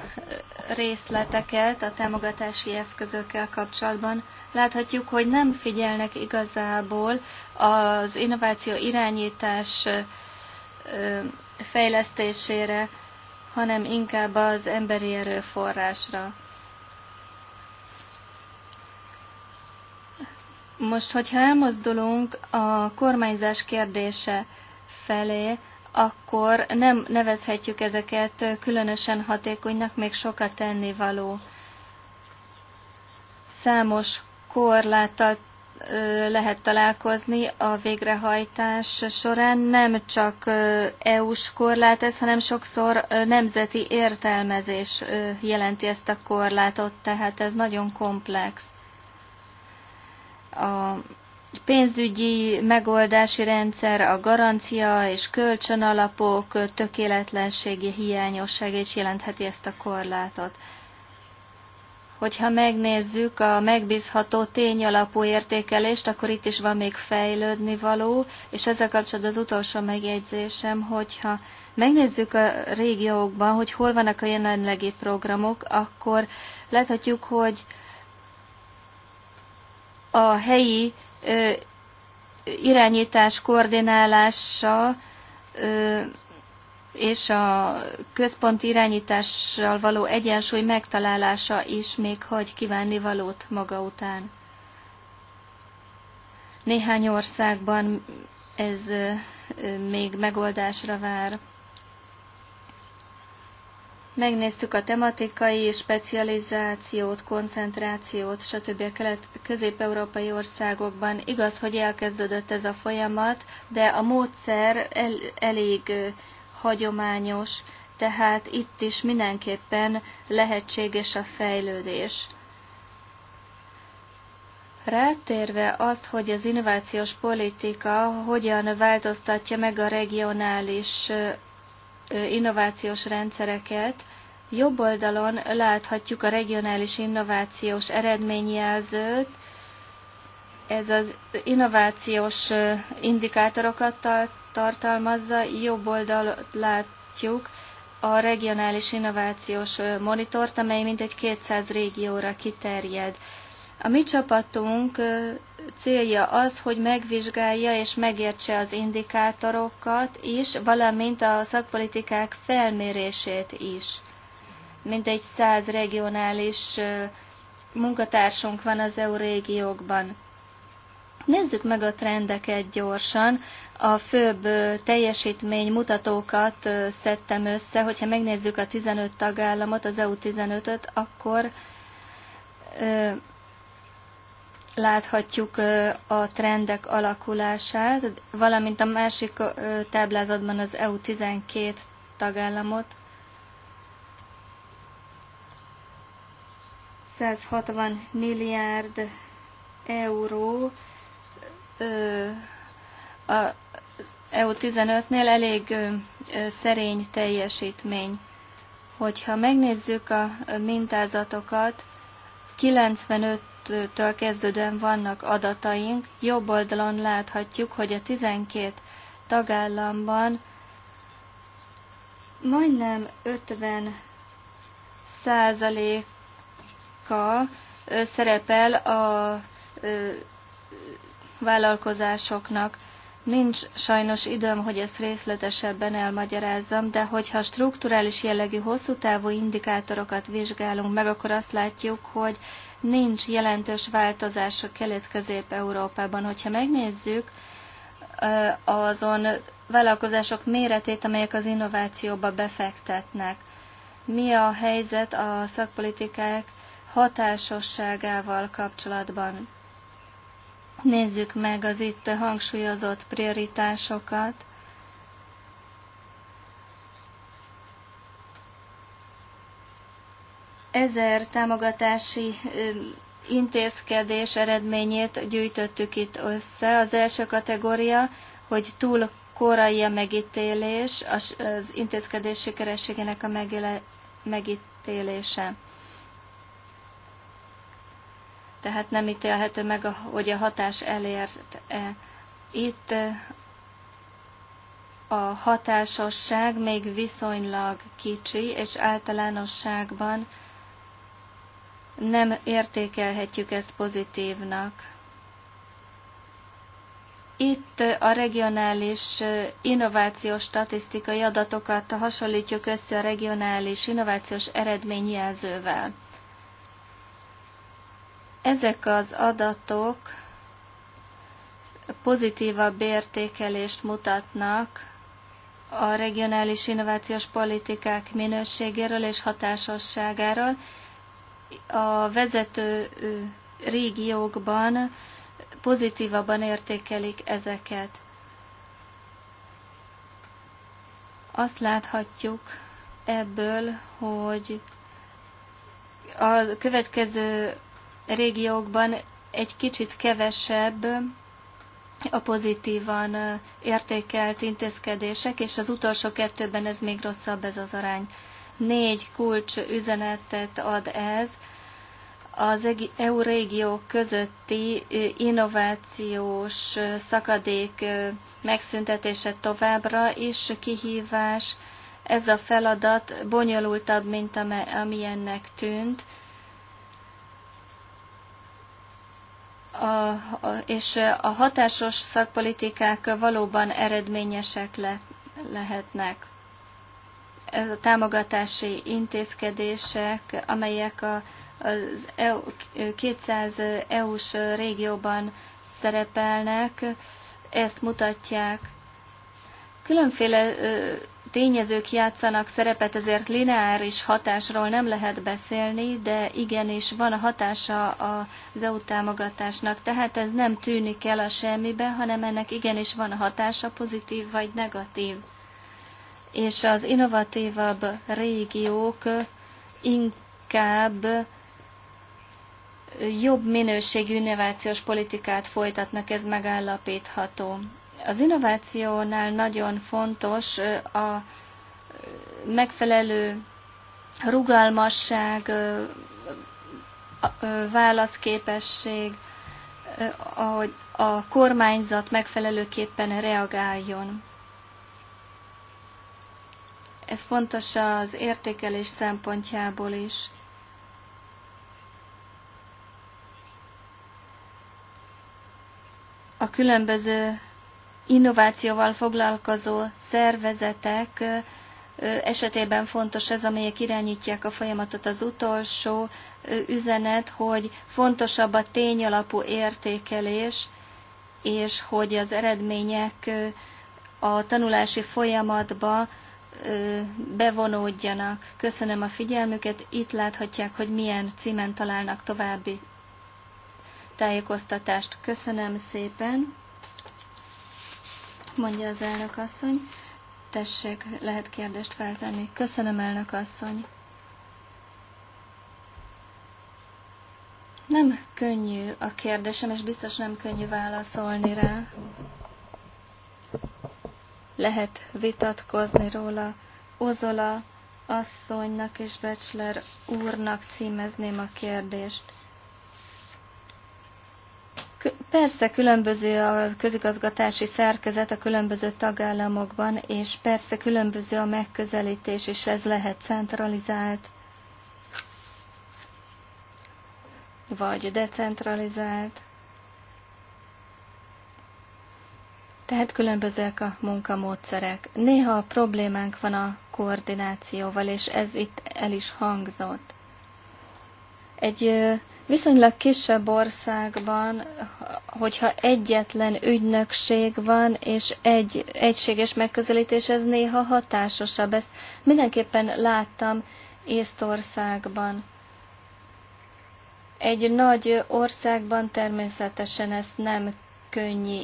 részleteket a támogatási eszközökkel kapcsolatban, láthatjuk, hogy nem figyelnek igazából az innováció irányítás fejlesztésére, hanem inkább az emberi erőforrásra. Most, hogyha elmozdulunk a kormányzás kérdése felé, akkor nem nevezhetjük ezeket különösen hatékonynak, még sokat tennivaló. Számos korláttal lehet találkozni a végrehajtás során. Nem csak EU-s korlát ez, hanem sokszor nemzeti értelmezés jelenti ezt a korlátot, tehát ez nagyon komplex. A pénzügyi megoldási rendszer, a garancia és kölcsönalapok tökéletlensége hiányossága is jelentheti ezt a korlátot. Hogyha megnézzük a megbízható tényalapú értékelést, akkor itt is van még fejlődni való, és ezzel kapcsolatban az utolsó megjegyzésem, hogyha megnézzük a régiókban, hogy hol vannak a jelenlegi programok, akkor láthatjuk, hogy a helyi irányítás koordinálása és a központi irányítással való egyensúly megtalálása is még hagy kívánni valót maga után. Néhány országban ez még megoldásra vár. Megnéztük a tematikai specializációt, koncentrációt, stb. a közép európai országokban. Igaz, hogy elkezdődött ez a folyamat, de a módszer el, elég hagyományos, tehát itt is mindenképpen lehetséges a fejlődés. Rátérve azt, hogy az innovációs politika hogyan változtatja meg a regionális innovációs rendszereket, jobb oldalon láthatjuk a regionális innovációs eredményjelzőt, ez az innovációs indikátorokat tartalmazza, jobb oldalt látjuk a regionális innovációs monitort, amely mintegy 200 régióra kiterjed. A mi csapatunk célja az, hogy megvizsgálja és megértse az indikátorokat is, valamint a szakpolitikák felmérését is. Mindegy száz regionális munkatársunk van az EU régiókban. Nézzük meg a trendeket gyorsan. A főbb teljesítmény mutatókat szedtem össze, hogyha megnézzük a 15 tagállamot, az EU 15-öt, akkor láthatjuk a trendek alakulását, valamint a másik táblázatban az EU 12 tagállamot. 160 milliárd euró a EU15-nél elég szerény teljesítmény. Hogyha megnézzük a mintázatokat, 95 től kezdődően vannak adataink. Jobb oldalon láthatjuk, hogy a 12 tagállamban majdnem 50 százaléka szerepel a vállalkozásoknak. Nincs sajnos időm, hogy ezt részletesebben elmagyarázzam, de hogyha strukturális jellegű hosszú távú indikátorokat vizsgálunk meg, akkor azt látjuk, hogy nincs jelentős változás a Kelet-Közép-Európában. Hogyha megnézzük azon vállalkozások méretét, amelyek az innovációba befektetnek, mi a helyzet a szakpolitikák hatásosságával kapcsolatban. Nézzük meg az itt hangsúlyozott prioritásokat, ezer támogatási intézkedés eredményét gyűjtöttük itt össze. Az első kategória, hogy túl korai a megítélés, az intézkedés sikerességének a megítélése. Tehát nem ítélhető meg, hogy a hatás elért. -e. Itt a hatásosság még viszonylag kicsi, és általánosságban nem értékelhetjük ezt pozitívnak. Itt a regionális innovációs statisztikai adatokat hasonlítjuk össze a regionális innovációs eredményjelzővel. Ezek az adatok pozitívabb értékelést mutatnak a regionális innovációs politikák minőségéről és hatásosságáról, a vezető régiókban pozitívabban értékelik ezeket. Azt láthatjuk ebből, hogy a következő régiókban egy kicsit kevesebb a pozitívan értékelt intézkedések, és az utolsó kettőben ez még rosszabb ez az arány négy kulcs üzenetet ad ez az EU régiók közötti innovációs szakadék megszüntetése továbbra is kihívás. Ez a feladat bonyolultabb, mint amilyennek tűnt. a, és a hatásos szakpolitikák valóban eredményesek le, lehetnek ez a támogatási intézkedések, amelyek a, az EU, 200 EU-s régióban szerepelnek, ezt mutatják. Különféle tényezők játszanak szerepet, ezért lineáris hatásról nem lehet beszélni, de igenis van a hatása az EU támogatásnak, tehát ez nem tűnik el a semmibe, hanem ennek igenis van a hatása, pozitív vagy negatív és az innovatívabb régiók inkább jobb minőségű innovációs politikát folytatnak, ez megállapítható. Az innovációnál nagyon fontos a megfelelő rugalmasság, válaszképesség, ahogy a kormányzat megfelelőképpen reagáljon. Ez fontos az értékelés szempontjából is. A különböző innovációval foglalkozó szervezetek esetében fontos ez, amelyek irányítják a folyamatot. Az utolsó üzenet, hogy fontosabb a tényalapú értékelés, és hogy az eredmények a tanulási folyamatba bevonódjanak. Köszönöm a figyelmüket, itt láthatják, hogy milyen címen találnak további tájékoztatást. Köszönöm szépen, mondja az elnök asszony. Tessék, lehet kérdést feltenni. Köszönöm, elnök asszony. Nem könnyű a kérdésem, és biztos nem könnyű válaszolni rá lehet vitatkozni róla. Ozola asszonynak és Becsler úrnak címezném a kérdést. Persze különböző a közigazgatási szerkezet a különböző tagállamokban, és persze különböző a megközelítés, és ez lehet centralizált, vagy decentralizált. Tehát különbözőek a munkamódszerek. Néha a problémánk van a koordinációval, és ez itt el is hangzott. Egy viszonylag kisebb országban, hogyha egyetlen ügynökség van, és egy egységes megközelítés, ez néha hatásosabb. Ezt mindenképpen láttam Észtországban. Egy nagy országban természetesen ezt nem könnyű,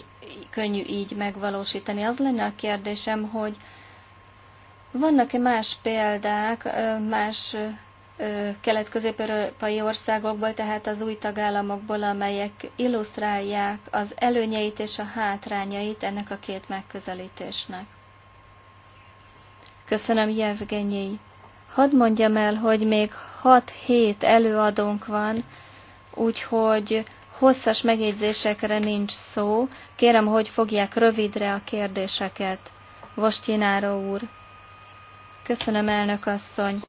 könnyű így megvalósítani. Az lenne a kérdésem, hogy vannak-e más példák más kelet-közép-európai országokból, tehát az új tagállamokból, amelyek illusztrálják az előnyeit és a hátrányait ennek a két megközelítésnek? Köszönöm, Jevgenyi. Hadd mondjam el, hogy még 6-7 előadónk van, úgyhogy hosszas megjegyzésekre nincs szó. Kérem, hogy fogják rövidre a kérdéseket. Vostinára úr. Köszönöm, elnök asszony.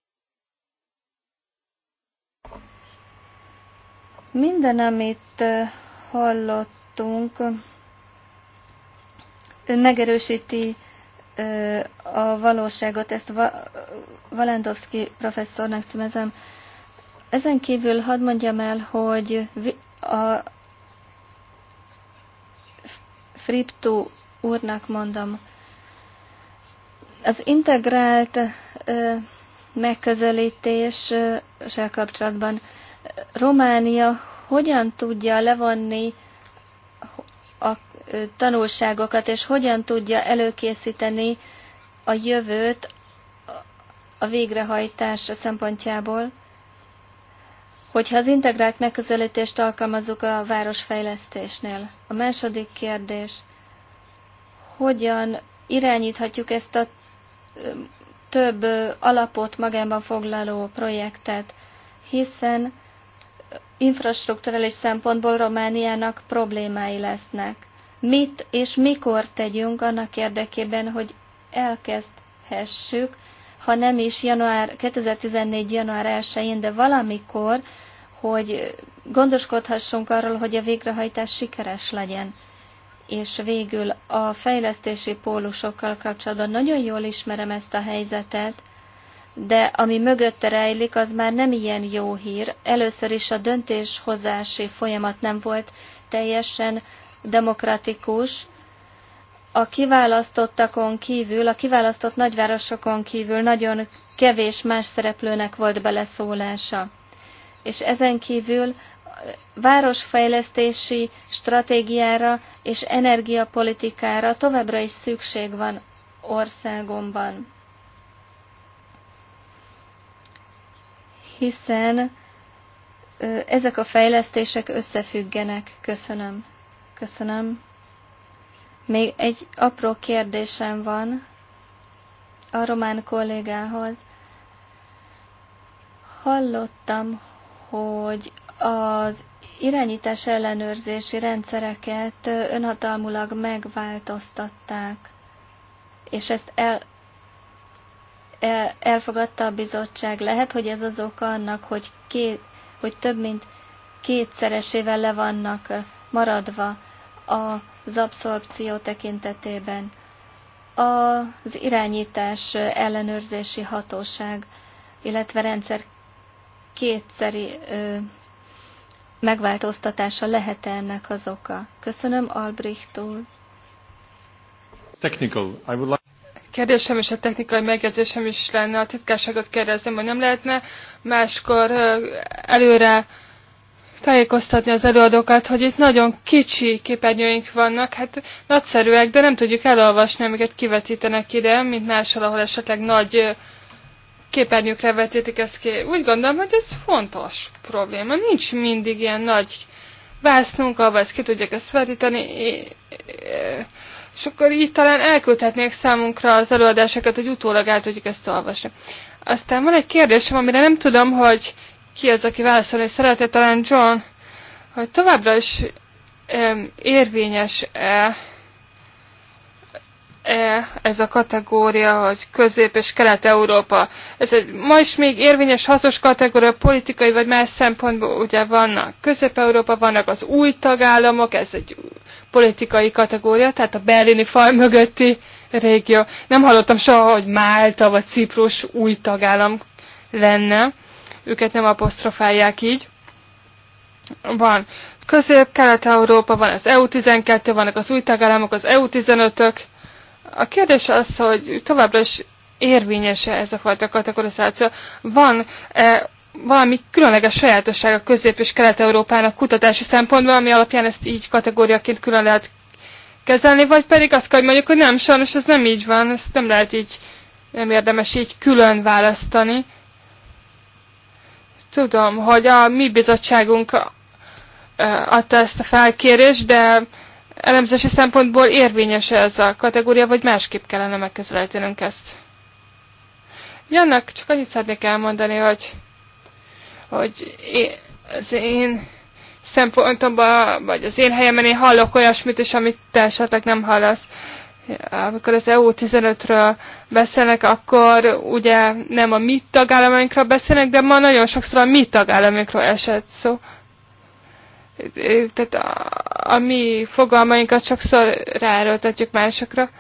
Minden, amit hallottunk, megerősíti a valóságot. Ezt Valendowski professzornak címezem. Ezen kívül hadd mondjam el, hogy a Fripto úrnak mondom, az integrált megközelítéssel kapcsolatban Románia hogyan tudja levonni a tanulságokat, és hogyan tudja előkészíteni a jövőt a végrehajtás szempontjából hogyha az integrált megközelítést alkalmazzuk a városfejlesztésnél. A második kérdés, hogyan irányíthatjuk ezt a több alapot magában foglaló projektet, hiszen infrastruktúrális szempontból Romániának problémái lesznek. Mit és mikor tegyünk annak érdekében, hogy elkezdhessük, ha nem is január 2014. január 1-én, de valamikor hogy gondoskodhassunk arról, hogy a végrehajtás sikeres legyen. És végül a fejlesztési pólusokkal kapcsolatban nagyon jól ismerem ezt a helyzetet, de ami mögötte rejlik, az már nem ilyen jó hír. Először is a döntéshozási folyamat nem volt teljesen demokratikus. A kiválasztottakon kívül, a kiválasztott nagyvárosokon kívül nagyon kevés más szereplőnek volt beleszólása és ezen kívül városfejlesztési stratégiára és energiapolitikára továbbra is szükség van országomban. Hiszen ezek a fejlesztések összefüggenek. Köszönöm. Köszönöm. Még egy apró kérdésem van a román kollégához. Hallottam, hogy az irányítás ellenőrzési rendszereket önhatalmulag megváltoztatták, és ezt el, el, elfogadta a bizottság. Lehet, hogy ez az oka annak, hogy, két, hogy több mint kétszeresével le vannak maradva az abszorpció tekintetében. Az irányítás ellenőrzési hatóság, illetve rendszer kétszeri ö, megváltoztatása lehet -e ennek az oka? Köszönöm, Albrecht úr. Technical. I would like... Kérdésem és a technikai megjegyzésem is lenne, a titkárságot kérdezem, hogy nem lehetne máskor előre tájékoztatni az előadókat, hogy itt nagyon kicsi képernyőink vannak, hát nagyszerűek, de nem tudjuk elolvasni, amiket kivetítenek ide, mint máshol, ahol esetleg nagy képernyőkre vetítik ezt ki. Úgy gondolom, hogy ez fontos probléma. Nincs mindig ilyen nagy vásznunk, ahol ezt ki tudják ezt vetíteni. És akkor így talán elküldhetnék számunkra az előadásokat, hogy utólag el tudjuk ezt olvasni. Aztán van egy kérdésem, amire nem tudom, hogy ki az, aki válaszolni szeretett, talán John, hogy továbbra is érvényes-e E, ez a kategória, hogy Közép- és Kelet-Európa. Ez egy ma is még érvényes, hasznos kategória, politikai vagy más szempontból ugye vannak Közép-Európa, vannak az új tagállamok, ez egy politikai kategória, tehát a berlini fal mögötti régió. Nem hallottam soha, hogy Málta vagy Ciprus új tagállam lenne. Őket nem apostrofálják így. Van Közép-Kelet-Európa, van az EU-12, vannak az új tagállamok, az EU-15-ök, a kérdés az, hogy továbbra is -e ez a fajta kategorizáció. Van -e valami különleges sajátosság a közép- és kelet-európának kutatási szempontból, ami alapján ezt így kategóriaként külön lehet kezelni, vagy pedig azt kell, hogy mondjuk, hogy nem, sajnos ez nem így van, ezt nem lehet így, nem érdemes így külön választani. Tudom, hogy a mi bizottságunk e, adta ezt a felkérést, de elemzési szempontból érvényes -e ez a kategória, vagy másképp kellene megközelítenünk ezt? Jannak csak annyit szeretnék elmondani, hogy, hogy én, az én szempontomban, vagy az én helyemen én hallok olyasmit is, amit te esetleg nem hallasz. Amikor az EU15-ről beszélnek, akkor ugye nem a mi tagállamainkra beszélnek, de ma nagyon sokszor a mi tagállamainkról esett szó. Szóval tehát a, a mi fogalmainkat sokszor ráerőltetjük másokra,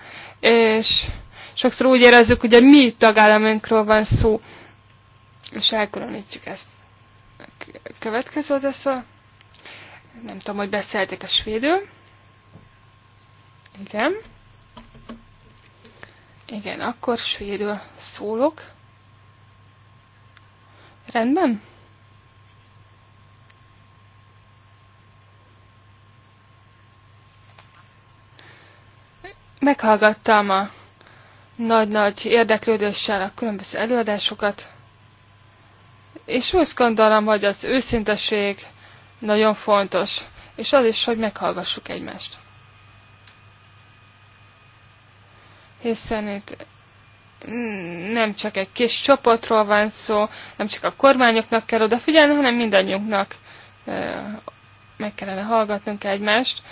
és sokszor úgy érezzük, hogy a mi tagállamunkról van szó, és elkülönítjük ezt. Következő az eszó. Nem tudom, hogy beszéltek a svédül. Igen. Igen, akkor svédül szólok. Rendben? meghallgattam a nagy-nagy érdeklődéssel a különböző előadásokat, és úgy gondolom, hogy az őszinteség nagyon fontos, és az is, hogy meghallgassuk egymást. Hiszen itt nem csak egy kis csoportról van szó, nem csak a kormányoknak kell odafigyelni, hanem mindannyiunknak meg kellene hallgatnunk egymást,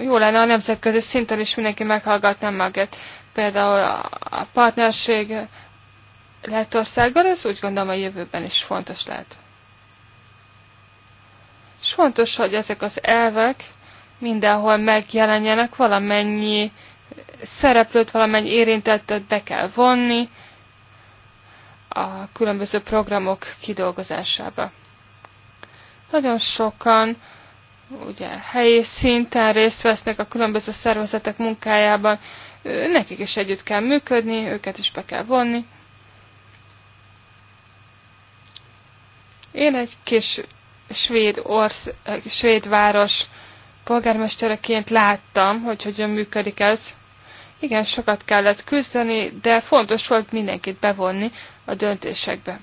jó lenne a nemzetközi szinten is mindenki meghallgatná magát. Például a partnerség Lettországgal, ez úgy gondolom a jövőben is fontos lehet. És fontos, hogy ezek az elvek mindenhol megjelenjenek, valamennyi szereplőt, valamennyi érintettet be kell vonni a különböző programok kidolgozásába. Nagyon sokan ugye helyi szinten részt vesznek a különböző szervezetek munkájában, nekik is együtt kell működni, őket is be kell vonni. Én egy kis svéd, orsz, svéd város polgármestereként láttam, hogy hogyan működik ez. Igen, sokat kellett küzdeni, de fontos volt mindenkit bevonni a döntésekbe.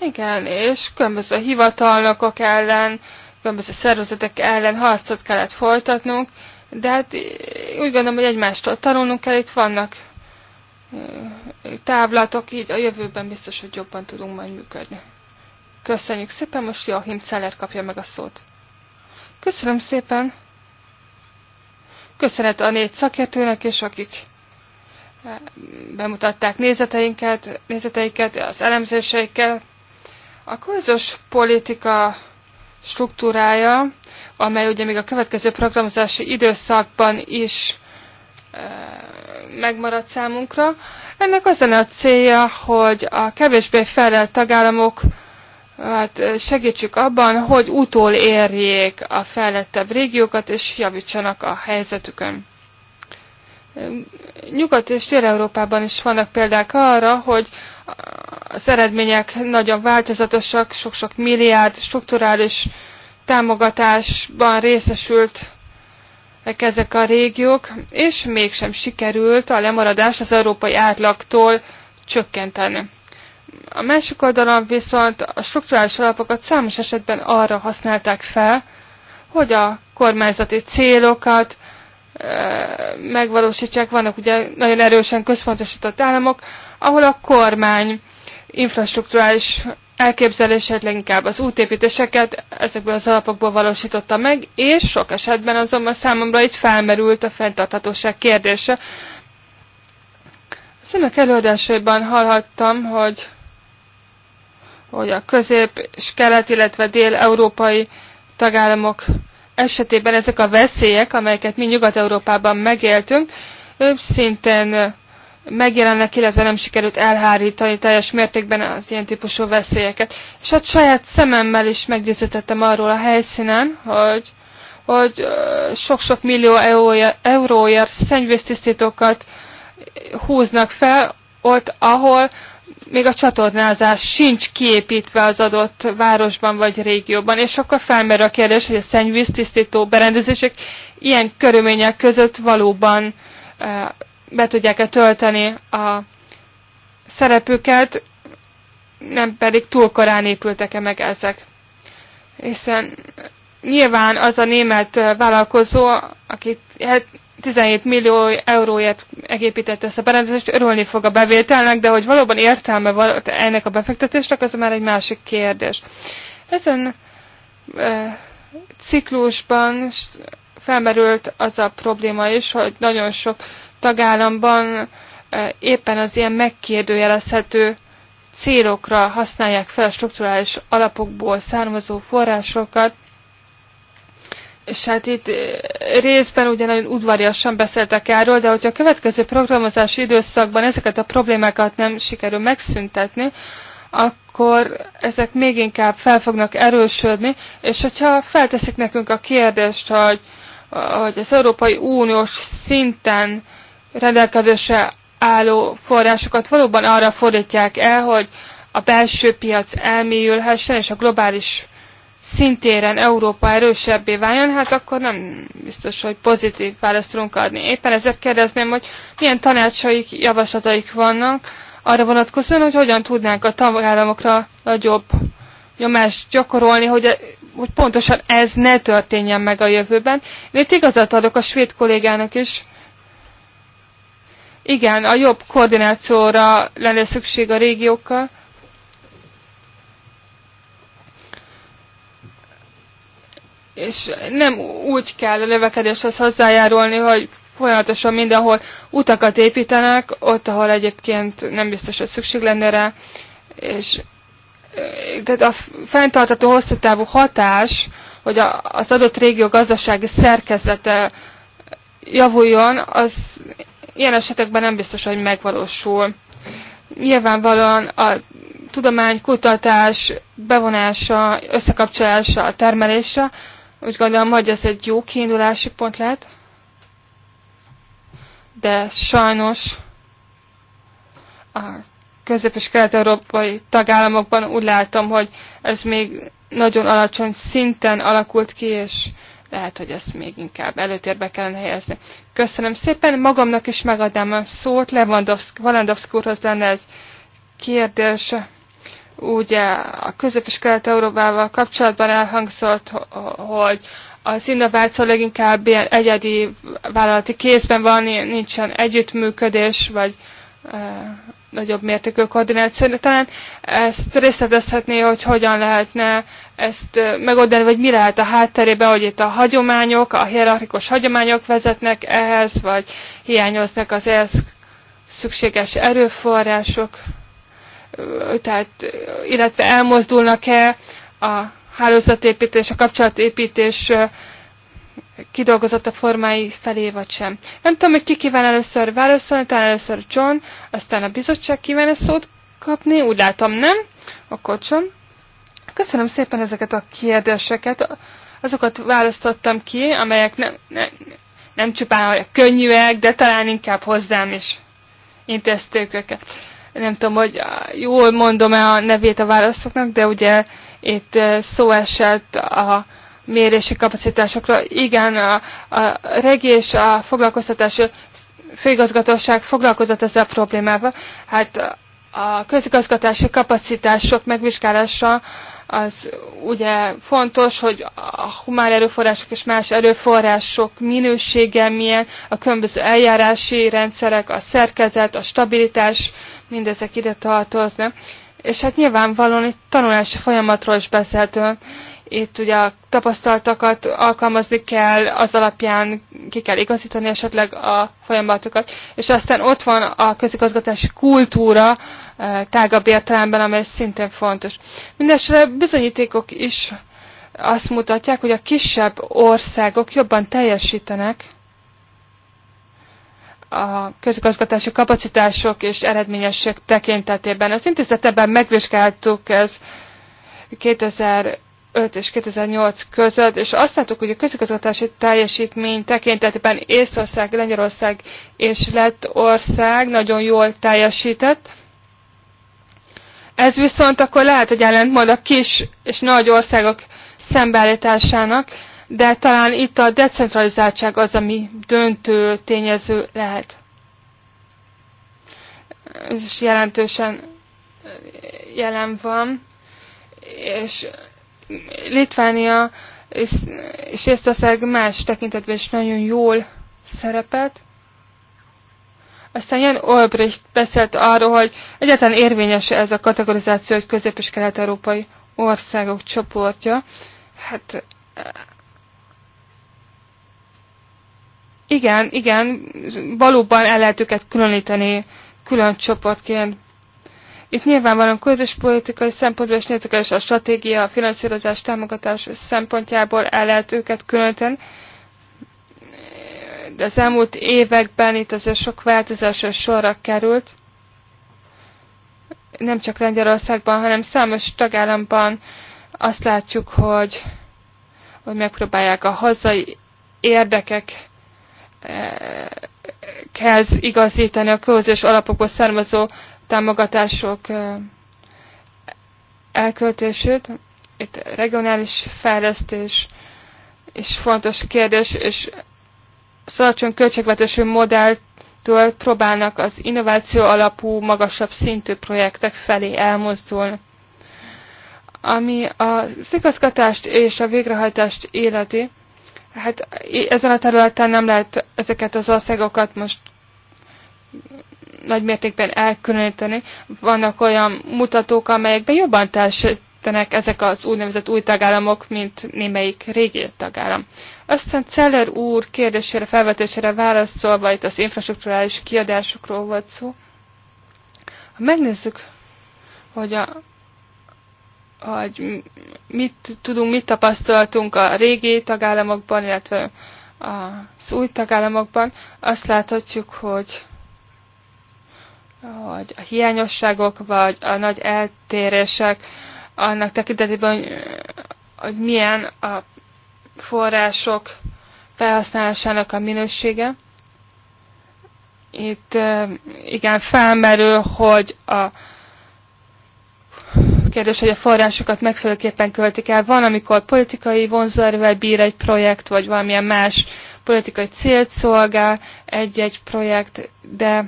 Igen, és különböző hivatalnokok ellen, különböző szervezetek ellen harcot kellett folytatnunk, de hát úgy gondolom, hogy egymástól tanulnunk kell, itt vannak távlatok, így a jövőben biztos, hogy jobban tudunk majd működni. Köszönjük szépen, most Joachim Celler kapja meg a szót. Köszönöm szépen! Köszönet a négy szakértőnek, és akik bemutatták nézeteinket, nézeteiket, az elemzéseiket. A kohéziós politika struktúrája, amely ugye még a következő programozási időszakban is e, megmaradt számunkra. Ennek az lenne a célja, hogy a kevésbé felelt tagállamok hát segítsük abban, hogy utól érjék a fejlettebb régiókat, és javítsanak a helyzetükön. Nyugat és Dél-Európában is vannak példák arra, hogy az eredmények nagyon változatosak, sok-sok milliárd strukturális támogatásban részesült ezek a régiók, és mégsem sikerült a lemaradás az európai átlagtól csökkenteni. A másik oldalon viszont a strukturális alapokat számos esetben arra használták fel, hogy a kormányzati célokat eh, megvalósítsák. Vannak ugye nagyon erősen központosított államok, ahol a kormány infrastruktúrális elképzelését leginkább az útépítéseket ezekből az alapokból valósította meg, és sok esetben azonban számomra itt felmerült a fenntarthatóság kérdése. Az önök előadásaiban hallhattam, hogy, hogy a közép és kelet, illetve dél-európai tagállamok esetében ezek a veszélyek, amelyeket mi Nyugat-Európában megéltünk, szintén megjelennek, illetve nem sikerült elhárítani teljes mértékben az ilyen típusú veszélyeket. És hát saját szememmel is meggyőződhettem arról a helyszínen, hogy hogy sok-sok millió euróért szennyvíztisztítókat húznak fel ott, ahol még a csatornázás sincs kiépítve az adott városban vagy régióban, és akkor felmerül a kérdés, hogy a szennyvíztisztító berendezések ilyen körülmények között valóban be tudják-e tölteni a szerepüket, nem pedig túl korán épültek-e meg ezek. Hiszen nyilván az a német vállalkozó, aki 17 hát millió euróért megépítette ezt a berendezést, örülni fog a bevételnek, de hogy valóban értelme van ennek a befektetésnek, az már egy másik kérdés. Ezen ciklusban felmerült az a probléma is, hogy nagyon sok tagállamban eh, éppen az ilyen megkérdőjelezhető célokra használják fel a strukturális alapokból származó forrásokat, és hát itt eh, részben ugye nagyon udvariasan beszéltek erről, de hogyha a következő programozási időszakban ezeket a problémákat nem sikerül megszüntetni, akkor ezek még inkább fel fognak erősödni, és hogyha felteszik nekünk a kérdést, hogy, hogy az Európai Uniós szinten rendelkezésre álló forrásokat valóban arra fordítják el, hogy a belső piac elmélyülhessen, és a globális szintéren Európa erősebbé váljon, hát akkor nem biztos, hogy pozitív választ tudunk adni. Éppen ezért kérdezném, hogy milyen tanácsaik, javaslataik vannak arra vonatkozóan, hogy hogyan tudnánk a tagállamokra nagyobb nyomást gyakorolni, hogy, hogy pontosan ez ne történjen meg a jövőben. Én itt igazat adok a svéd kollégának is, igen, a jobb koordinációra lenne szükség a régiókkal. És nem úgy kell a növekedéshez hozzájárulni, hogy folyamatosan mindenhol utakat építenek, ott, ahol egyébként nem biztos, hogy szükség lenne rá. És eh, tehát a fenntartató hosszú távú hatás, hogy az adott régió gazdasági szerkezete javuljon, az ilyen esetekben nem biztos, hogy megvalósul. Nyilvánvalóan a tudomány, kutatás bevonása, összekapcsolása a termelése, úgy gondolom, hogy ez egy jó kiindulási pont lehet, de sajnos a közép- és kelet-európai tagállamokban úgy látom, hogy ez még nagyon alacsony szinten alakult ki, és lehet, hogy ezt még inkább előtérbe kellene helyezni. Köszönöm szépen, magamnak is megadnám a szót, Lewandowski úrhoz lenne egy kérdés. Ugye a közép- és kelet-európával kapcsolatban elhangzott, hogy az innováció leginkább ilyen egyedi vállalati kézben van, nincsen együttműködés, vagy nagyobb mértékű koordinációra. Talán ezt részletezhetné, hogy hogyan lehetne ezt megoldani, vagy mi lehet a hátterében, hogy itt a hagyományok, a hierarchikus hagyományok vezetnek ehhez, vagy hiányoznak az ehhez szükséges erőforrások, tehát, illetve elmozdulnak-e a hálózatépítés, a kapcsolatépítés kidolgozott a formái felé, vagy sem. Nem tudom, hogy ki kíván először válaszolni, talán először John, aztán a bizottság kíván a szót kapni, úgy látom nem, akkor John. Köszönöm szépen ezeket a kérdéseket, azokat választottam ki, amelyek nem, nem, nem csupán könnyűek, de talán inkább hozzám is intézték őket. Nem tudom, hogy jól mondom-e a nevét a válaszoknak, de ugye itt eh, szó esett a mérési kapacitásokra. Igen, a, a regi és a foglalkoztatás, főigazgatóság foglalkozott ezzel a problémával. Hát a közigazgatási kapacitások megvizsgálása az ugye fontos, hogy a humán erőforrások és más erőforrások minősége milyen, a különböző eljárási rendszerek, a szerkezet, a stabilitás, mindezek ide tartoznak. És hát nyilvánvalóan egy tanulási folyamatról is beszélhetünk itt ugye a tapasztaltakat alkalmazni kell, az alapján ki kell igazítani esetleg a folyamatokat. És aztán ott van a közigazgatási kultúra eh, tágabb értelemben, amely szintén fontos. Mindenesetre bizonyítékok is azt mutatják, hogy a kisebb országok jobban teljesítenek a közigazgatási kapacitások és eredményesség tekintetében. Az intézetben megvizsgáltuk ez 2000 és 2008 között, és azt láttuk, hogy a közigazgatási teljesítmény tekintetében Észország, Lengyelország és Lettország nagyon jól teljesített. Ez viszont akkor lehet, hogy ellentmond a kis és nagy országok szembeállításának, de talán itt a decentralizáltság az, ami döntő tényező lehet. Ez is jelentősen jelen van, és Litvánia és, Észtország más tekintetben is nagyon jól szerepelt. Aztán Jan Olbricht beszélt arról, hogy egyáltalán érvényes -e ez a kategorizáció, hogy közép- és kelet-európai országok csoportja. Hát igen, igen, valóban el lehet őket különíteni külön csoportként, itt nyilvánvalóan közös politikai szempontból is nézzük el, és a stratégia, a finanszírozás, támogatás szempontjából el lehet őket különíteni. De az elmúlt években itt azért sok változásra sorra került. Nem csak Lengyelországban, hanem számos tagállamban azt látjuk, hogy, hogy megpróbálják a hazai érdekek eh, igazítani a közös alapokból származó támogatások elköltését. Itt regionális fejlesztés is fontos kérdés, és szalacsony költségvetésű modelltől próbálnak az innováció alapú, magasabb szintű projektek felé elmozdulni. Ami a igazgatást és a végrehajtást életi, hát ezen a területen nem lehet ezeket az országokat most nagy mértékben elkülöníteni. Vannak olyan mutatók, amelyekben jobban teljesítenek ezek az úgynevezett új tagállamok, mint némelyik régi tagállam. Aztán Celler úr kérdésére, felvetésére válaszolva, itt az infrastruktúrális kiadásokról volt szó. Ha megnézzük, hogy a hogy mit tudunk, mit tapasztaltunk a régi tagállamokban, illetve az új tagállamokban, azt láthatjuk, hogy hogy a hiányosságok, vagy a nagy eltérések annak tekintetében, hogy, hogy milyen a források felhasználásának a minősége. Itt igen, felmerül, hogy a kérdés, hogy a forrásokat megfelelőképpen költik el. Van, amikor politikai vonzóerővel bír egy projekt, vagy valamilyen más politikai célt szolgál egy-egy projekt, de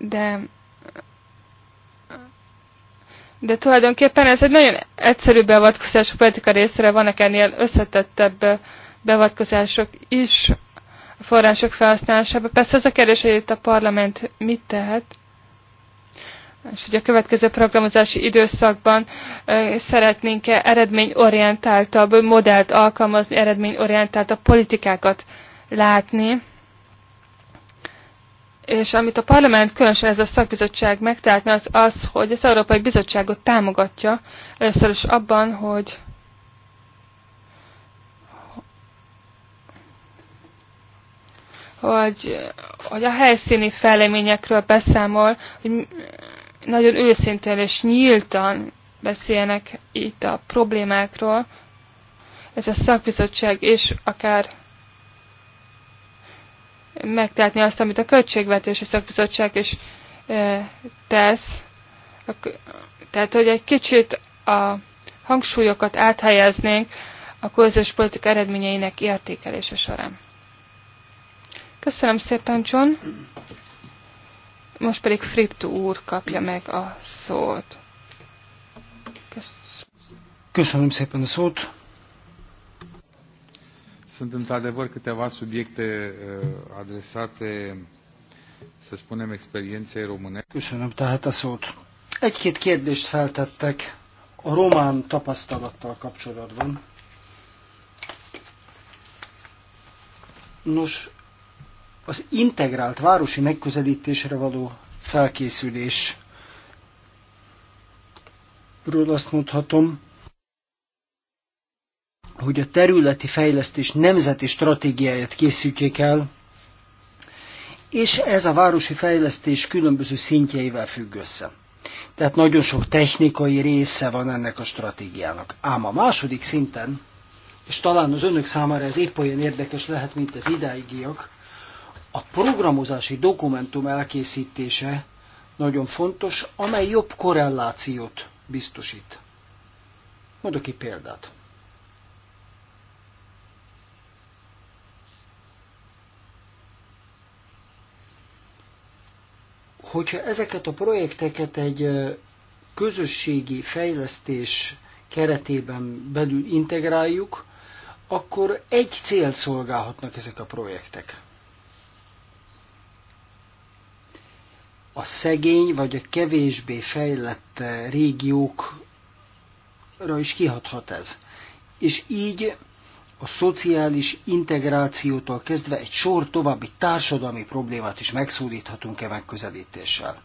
de de tulajdonképpen ez egy nagyon egyszerű beavatkozás a politika részére, vannak ennél összetettebb beavatkozások is a források felhasználásában. Persze az a kérdés, hogy itt a parlament mit tehet, és hogy a következő programozási időszakban szeretnénk-e eredményorientáltabb modellt alkalmazni, eredményorientáltabb politikákat látni és amit a parlament, különösen ez a szakbizottság megtehetne, az az, hogy az Európai Bizottságot támogatja először is abban, hogy hogy, hogy a helyszíni fejleményekről beszámol, hogy nagyon őszintén és nyíltan beszélnek itt a problémákról. Ez a szakbizottság és akár megtehetni azt, amit a Költségvetési Szakbizottság is tesz. Tehát, hogy egy kicsit a hangsúlyokat áthelyeznénk a közös politika eredményeinek értékelése során. Köszönöm szépen, John. Most pedig Friptu úr kapja meg a szót. Köszönöm, Köszönöm szépen a szót. Sunt într-adevăr câteva subiecte uh, adresate, să spunem, experienței române. Köszönöm tehát a szót. Egy-két kérdést feltettek a román tapasztalattal kapcsolatban. Nos, az integrált városi megközelítésre való felkészülésről azt mondhatom, hogy a területi fejlesztés nemzeti stratégiáját készítjék el, és ez a városi fejlesztés különböző szintjeivel függ össze. Tehát nagyon sok technikai része van ennek a stratégiának. Ám a második szinten, és talán az önök számára ez épp olyan érdekes lehet, mint az idáigiak, a programozási dokumentum elkészítése nagyon fontos, amely jobb korrelációt biztosít. Mondok egy példát. hogyha ezeket a projekteket egy közösségi fejlesztés keretében belül integráljuk, akkor egy célt szolgálhatnak ezek a projektek. A szegény vagy a kevésbé fejlett régiókra is kihathat ez. És így a szociális integrációtól kezdve egy sor további társadalmi problémát is megszólíthatunk-e megközelítéssel.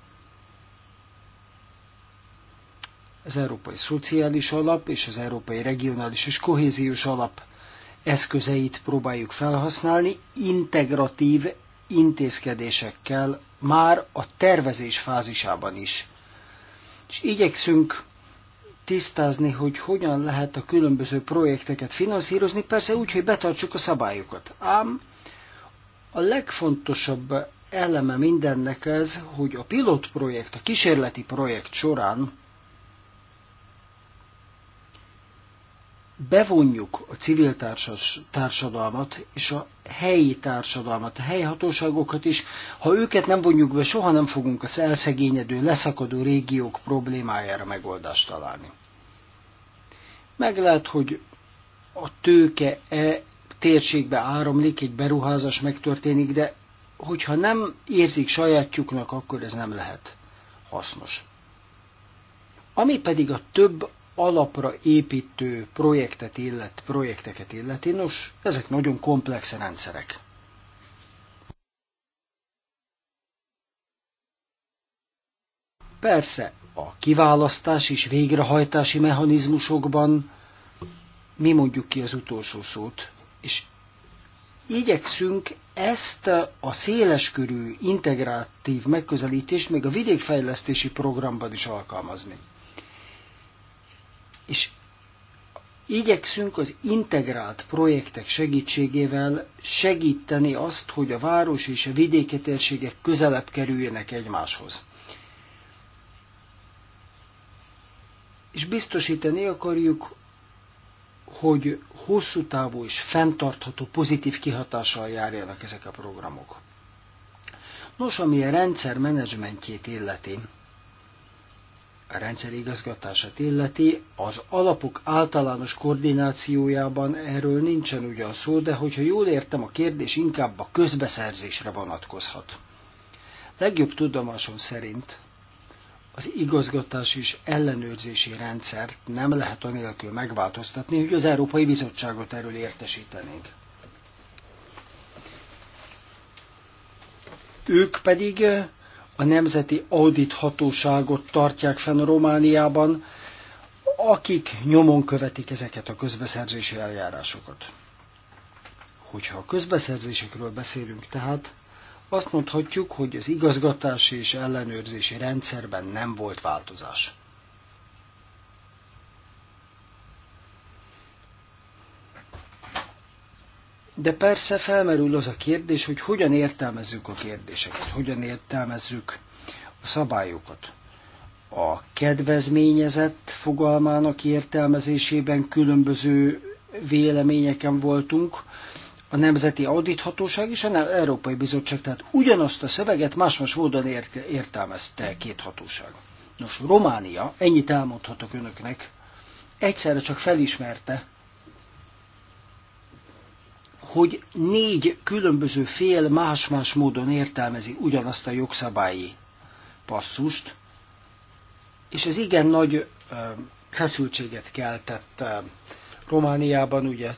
Az Európai Szociális Alap és az Európai Regionális és Kohéziós Alap eszközeit próbáljuk felhasználni integratív intézkedésekkel már a tervezés fázisában is. És igyekszünk tisztázni, hogy hogyan lehet a különböző projekteket finanszírozni, persze úgy, hogy betartsuk a szabályokat. Ám a legfontosabb eleme mindennek ez, hogy a pilot projekt, a kísérleti projekt során bevonjuk a civil társas, társadalmat és a helyi társadalmat, a helyi hatóságokat is, ha őket nem vonjuk be, soha nem fogunk az elszegényedő, leszakadó régiók problémájára megoldást találni. Meg lehet, hogy a tőke e térségbe áramlik, egy beruházás megtörténik, de hogyha nem érzik sajátjuknak, akkor ez nem lehet hasznos. Ami pedig a több alapra építő projektet illet, projekteket illeti, nos, ezek nagyon komplex rendszerek. Persze, a kiválasztás és végrehajtási mechanizmusokban mi mondjuk ki az utolsó szót, és igyekszünk ezt a széleskörű integratív megközelítést még a vidékfejlesztési programban is alkalmazni. És igyekszünk az integrált projektek segítségével segíteni azt, hogy a város és a vidéki térségek közelebb kerüljenek egymáshoz. És biztosítani akarjuk, hogy hosszú távú és fenntartható pozitív kihatással járjanak ezek a programok. Nos, ami a rendszer menedzsmentjét illeti, rendszer igazgatását illeti, az alapok általános koordinációjában erről nincsen ugyan szó, de hogyha jól értem, a kérdés inkább a közbeszerzésre vonatkozhat. Legjobb tudomásom szerint az igazgatás és ellenőrzési rendszert nem lehet anélkül megváltoztatni, hogy az Európai Bizottságot erről értesítenénk. Ők pedig a Nemzeti Audit Hatóságot tartják fenn Romániában, akik nyomon követik ezeket a közbeszerzési eljárásokat. Hogyha a közbeszerzésekről beszélünk tehát, azt mondhatjuk, hogy az igazgatási és ellenőrzési rendszerben nem volt változás. De persze felmerül az a kérdés, hogy hogyan értelmezzük a kérdéseket, hogyan értelmezzük a szabályokat. A kedvezményezett fogalmának értelmezésében különböző véleményeken voltunk, a Nemzeti Audithatóság és a Európai Bizottság, tehát ugyanazt a szöveget más-más módon értelmezte két hatóság. Nos, Románia, ennyit elmondhatok önöknek, egyszerre csak felismerte, hogy négy különböző fél más-más módon értelmezi ugyanazt a jogszabályi passzust, és ez igen nagy feszültséget keltett Romániában, ugye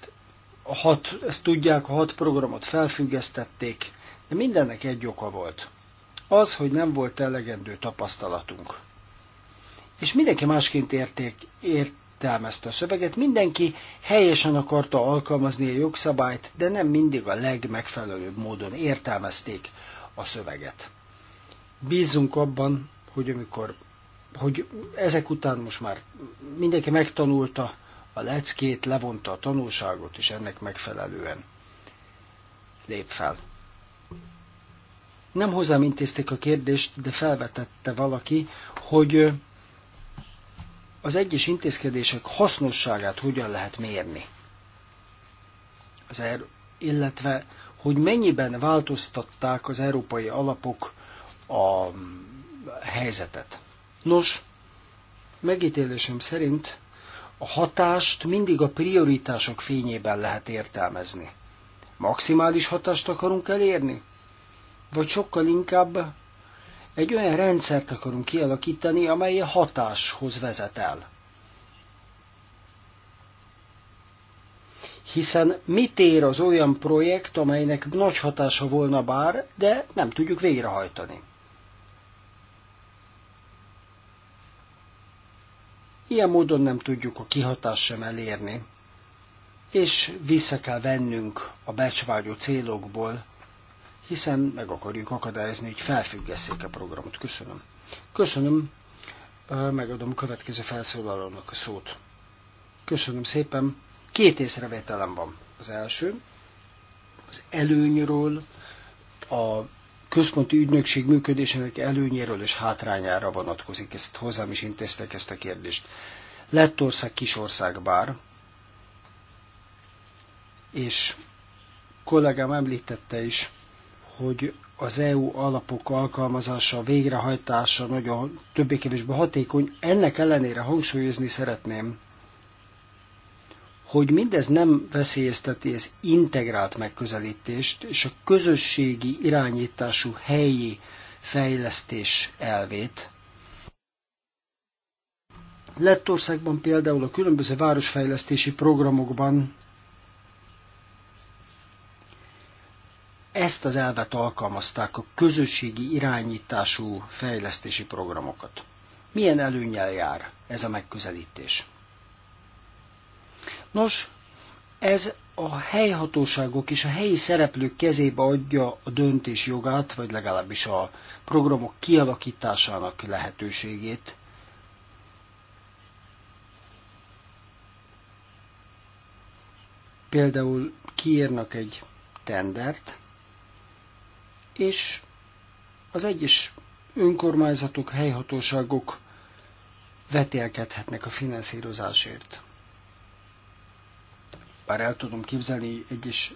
a hat, ezt tudják, a hat programot felfüggesztették, de mindennek egy oka volt. Az, hogy nem volt elegendő tapasztalatunk. És mindenki másként érték, ért, értelmezte a szöveget. Mindenki helyesen akarta alkalmazni a jogszabályt, de nem mindig a legmegfelelőbb módon értelmezték a szöveget. Bízunk abban, hogy amikor hogy ezek után most már mindenki megtanulta a leckét, levonta a tanulságot, és ennek megfelelően lép fel. Nem hozzám intézték a kérdést, de felvetette valaki, hogy az egyes intézkedések hasznosságát hogyan lehet mérni. Az er, illetve, hogy mennyiben változtatták az európai alapok a mm, helyzetet. Nos, megítélésem szerint a hatást mindig a prioritások fényében lehet értelmezni. Maximális hatást akarunk elérni? Vagy sokkal inkább egy olyan rendszert akarunk kialakítani, amely a hatáshoz vezet el. Hiszen mit ér az olyan projekt, amelynek nagy hatása volna bár, de nem tudjuk végrehajtani? Ilyen módon nem tudjuk a kihatást sem elérni, és vissza kell vennünk a becsvágyó célokból hiszen meg akarjuk akadályozni, hogy felfüggesszék a programot. Köszönöm. Köszönöm, megadom a következő felszólalónak a szót. Köszönöm szépen. Két észrevételem van. Az első, az előnyről, a központi ügynökség működésének előnyéről és hátrányára vonatkozik. Ezt hozzám is intéztek ezt a kérdést. Lettország kisország bár, és kollégám említette is, hogy az EU alapok alkalmazása, végrehajtása nagyon többé-kevésbé hatékony. Ennek ellenére hangsúlyozni szeretném, hogy mindez nem veszélyezteti az integrált megközelítést és a közösségi irányítású helyi fejlesztés elvét. Lettországban például a különböző városfejlesztési programokban ezt az elvet alkalmazták a közösségi irányítású fejlesztési programokat. Milyen előnyel jár ez a megközelítés? Nos, ez a helyhatóságok és a helyi szereplők kezébe adja a döntés jogát, vagy legalábbis a programok kialakításának lehetőségét. Például kiírnak egy tendert, és az egyes önkormányzatok, helyhatóságok vetélkedhetnek a finanszírozásért. Bár el tudom képzelni egyes,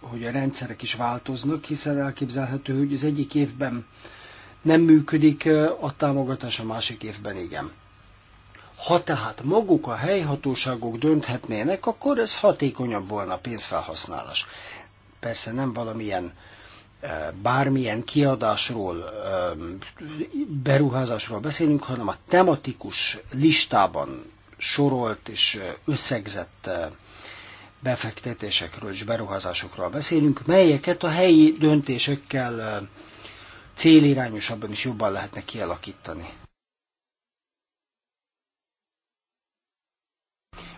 hogy a rendszerek is változnak, hiszen elképzelhető, hogy az egyik évben nem működik a támogatás, a másik évben igen. Ha tehát maguk a helyhatóságok dönthetnének, akkor ez hatékonyabb volna a pénzfelhasználás. Persze nem valamilyen bármilyen kiadásról, beruházásról beszélünk, hanem a tematikus listában sorolt és összegzett befektetésekről és beruházásokról beszélünk, melyeket a helyi döntésekkel célirányosabban is jobban lehetne kialakítani.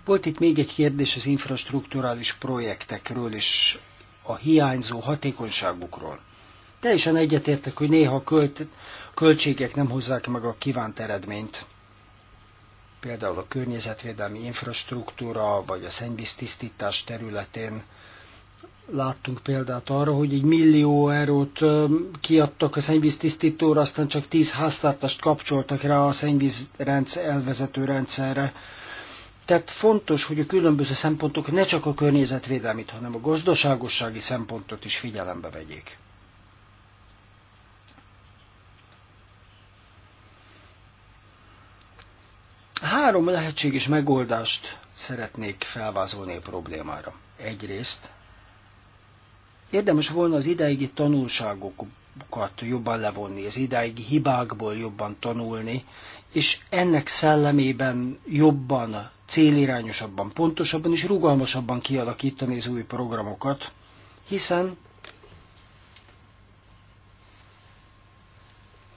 Volt itt még egy kérdés az infrastruktúrális projektekről és a hiányzó hatékonyságukról. Teljesen egyetértek, hogy néha a költ, költségek nem hozzák meg a kívánt eredményt. Például a környezetvédelmi infrastruktúra, vagy a szennyvíztisztítás területén láttunk példát arra, hogy egy millió eurót kiadtak a szennyvíztisztítóra, aztán csak tíz háztartást kapcsoltak rá a szennyvízrendszer elvezető rendszerre tehát fontos, hogy a különböző szempontok ne csak a környezetvédelmit, hanem a gazdaságossági szempontot is figyelembe vegyék. Három lehetséges megoldást szeretnék felvázolni a problémára. Egyrészt érdemes volna az ideigi tanulságokat jobban levonni, az ideigi hibákból jobban tanulni, és ennek szellemében jobban célirányosabban, pontosabban és rugalmasabban kialakítani az új programokat, hiszen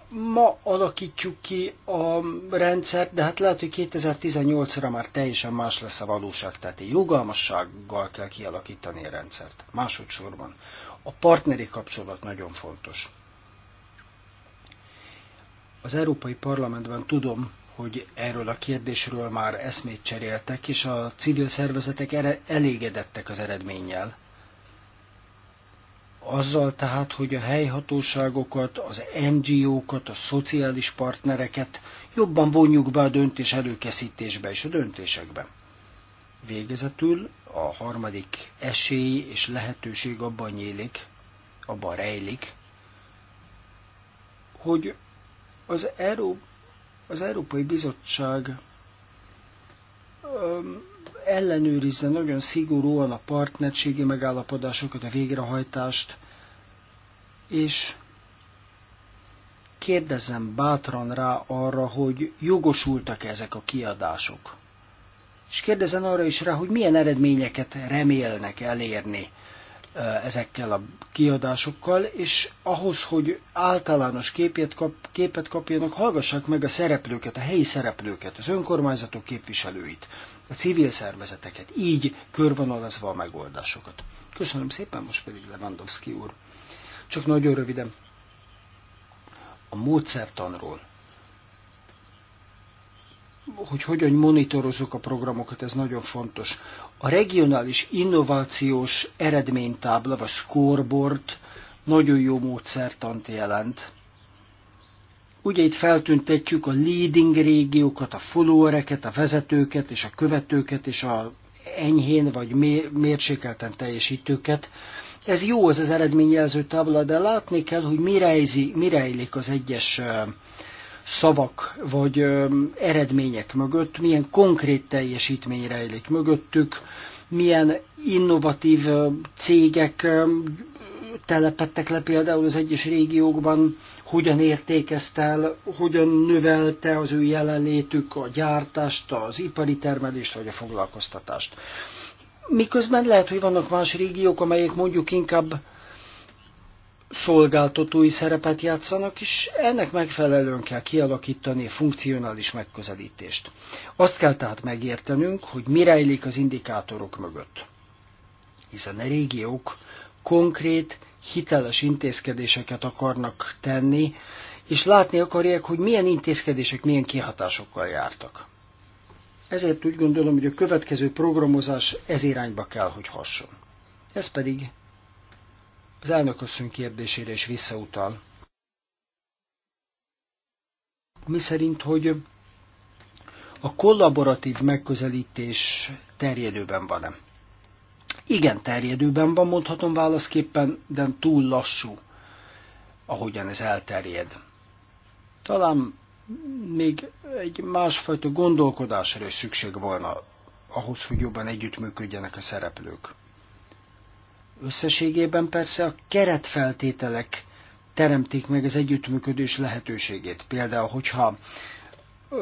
ma alakítjuk ki a rendszert, de hát lehet, hogy 2018-ra már teljesen más lesz a valóság, tehát egy rugalmassággal kell kialakítani a rendszert. Másodszorban a partneri kapcsolat nagyon fontos. Az Európai Parlamentben tudom, hogy erről a kérdésről már eszmét cseréltek, és a civil szervezetek elégedettek az eredménnyel. Azzal tehát, hogy a helyhatóságokat, az NGO-kat, a szociális partnereket jobban vonjuk be a döntés előkészítésbe és a döntésekbe. Végezetül a harmadik esély és lehetőség abban nyílik, abban rejlik, hogy az Európa az Európai Bizottság ellenőrizze nagyon szigorúan a partnerségi megállapodásokat, a végrehajtást, és kérdezem bátran rá arra, hogy jogosultak -e ezek a kiadások. És kérdezem arra is rá, hogy milyen eredményeket remélnek elérni Eh, ezekkel a kiadásokkal, és ahhoz, hogy általános képet, kap, képet kapjanak, hallgassák meg a szereplőket, a helyi szereplőket, az önkormányzatok képviselőit, a civil szervezeteket, így körvonalazva a megoldásokat. Köszönöm szépen, most pedig Lewandowski úr. Csak nagyon röviden. A módszertanról hogy hogyan monitorozzuk a programokat, ez nagyon fontos. A regionális innovációs eredménytábla, vagy scoreboard nagyon jó módszertant jelent. Ugye itt feltüntetjük a leading régiókat, a followereket, a vezetőket és a követőket és a enyhén vagy mérsékelten teljesítőket. Ez jó az az eredményjelző tábla, de látni kell, hogy mire, ejzi, mire élik az egyes szavak vagy eredmények mögött, milyen konkrét teljesítmény rejlik mögöttük, milyen innovatív cégek telepettek le például az egyes régiókban, hogyan értékezte el, hogyan növelte az ő jelenlétük a gyártást, az ipari termelést vagy a foglalkoztatást. Miközben lehet, hogy vannak más régiók, amelyek mondjuk inkább szolgáltatói szerepet játszanak, és ennek megfelelően kell kialakítani a funkcionális megközelítést. Azt kell tehát megértenünk, hogy mi rejlik az indikátorok mögött. Hiszen a régiók konkrét, hiteles intézkedéseket akarnak tenni, és látni akarják, hogy milyen intézkedések milyen kihatásokkal jártak. Ezért úgy gondolom, hogy a következő programozás ez irányba kell, hogy hasson. Ez pedig az elnökösszön kérdésére is visszautal. Mi szerint, hogy a kollaboratív megközelítés terjedőben van-e? Igen, terjedőben van, mondhatom válaszképpen, de túl lassú, ahogyan ez elterjed. Talán még egy másfajta gondolkodásra is szükség volna ahhoz, hogy jobban együttműködjenek a szereplők. Összességében persze a keretfeltételek teremtik meg az együttműködés lehetőségét. Például, hogyha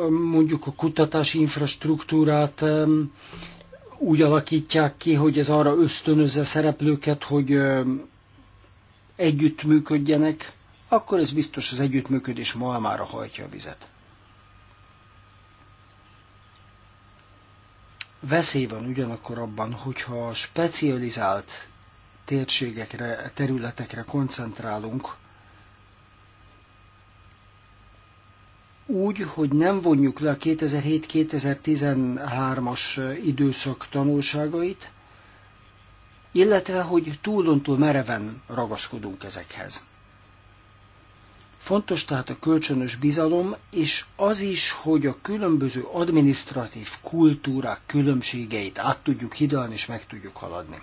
mondjuk a kutatási infrastruktúrát úgy alakítják ki, hogy ez arra ösztönözze szereplőket, hogy együttműködjenek, akkor ez biztos az együttműködés malmára hajtja a vizet. Veszély van ugyanakkor abban, hogyha specializált térségekre, területekre koncentrálunk, úgy, hogy nem vonjuk le a 2007-2013-as időszak tanulságait, illetve hogy túlontúl mereven ragaszkodunk ezekhez. Fontos tehát a kölcsönös bizalom, és az is, hogy a különböző administratív kultúrák különbségeit át tudjuk hidalni és meg tudjuk haladni.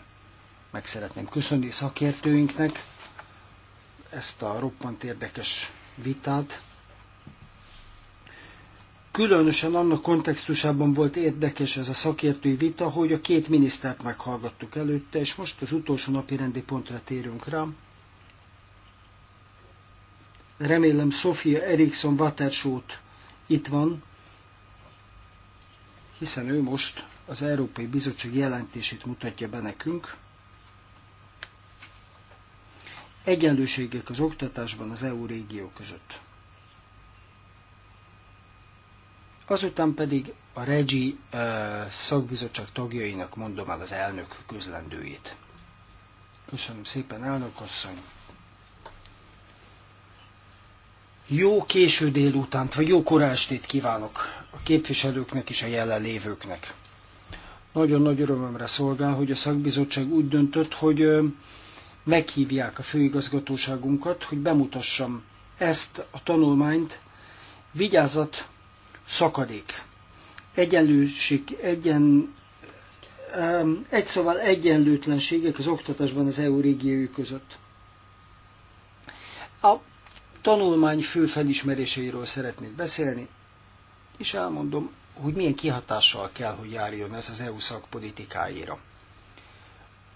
Meg szeretném köszönni szakértőinknek ezt a roppant érdekes vitát. Különösen annak kontextusában volt érdekes ez a szakértői vita, hogy a két minisztert meghallgattuk előtte, és most az utolsó napi rendi pontra térünk rá. Remélem Sofia Eriksson Watershoot itt van, hiszen ő most az Európai Bizottság jelentését mutatja be nekünk egyenlőségek az oktatásban az EU régió között. Azután pedig a Regi eh, szakbizottság tagjainak mondom el az elnök közlendőjét. Köszönöm szépen, elnök asszony! Jó késő délutánt, vagy jó korástét kívánok a képviselőknek és a jelenlévőknek. Nagyon nagy örömömre szolgál, hogy a szakbizottság úgy döntött, hogy eh, meghívják a főigazgatóságunkat, hogy bemutassam ezt a tanulmányt. Vigyázat, szakadék. Egyenlőség, egyen, egy szóval egyenlőtlenségek az oktatásban az EU régiói között. A tanulmány fő felismeréseiről szeretnék beszélni, és elmondom, hogy milyen kihatással kell, hogy járjon ez az EU szakpolitikáira.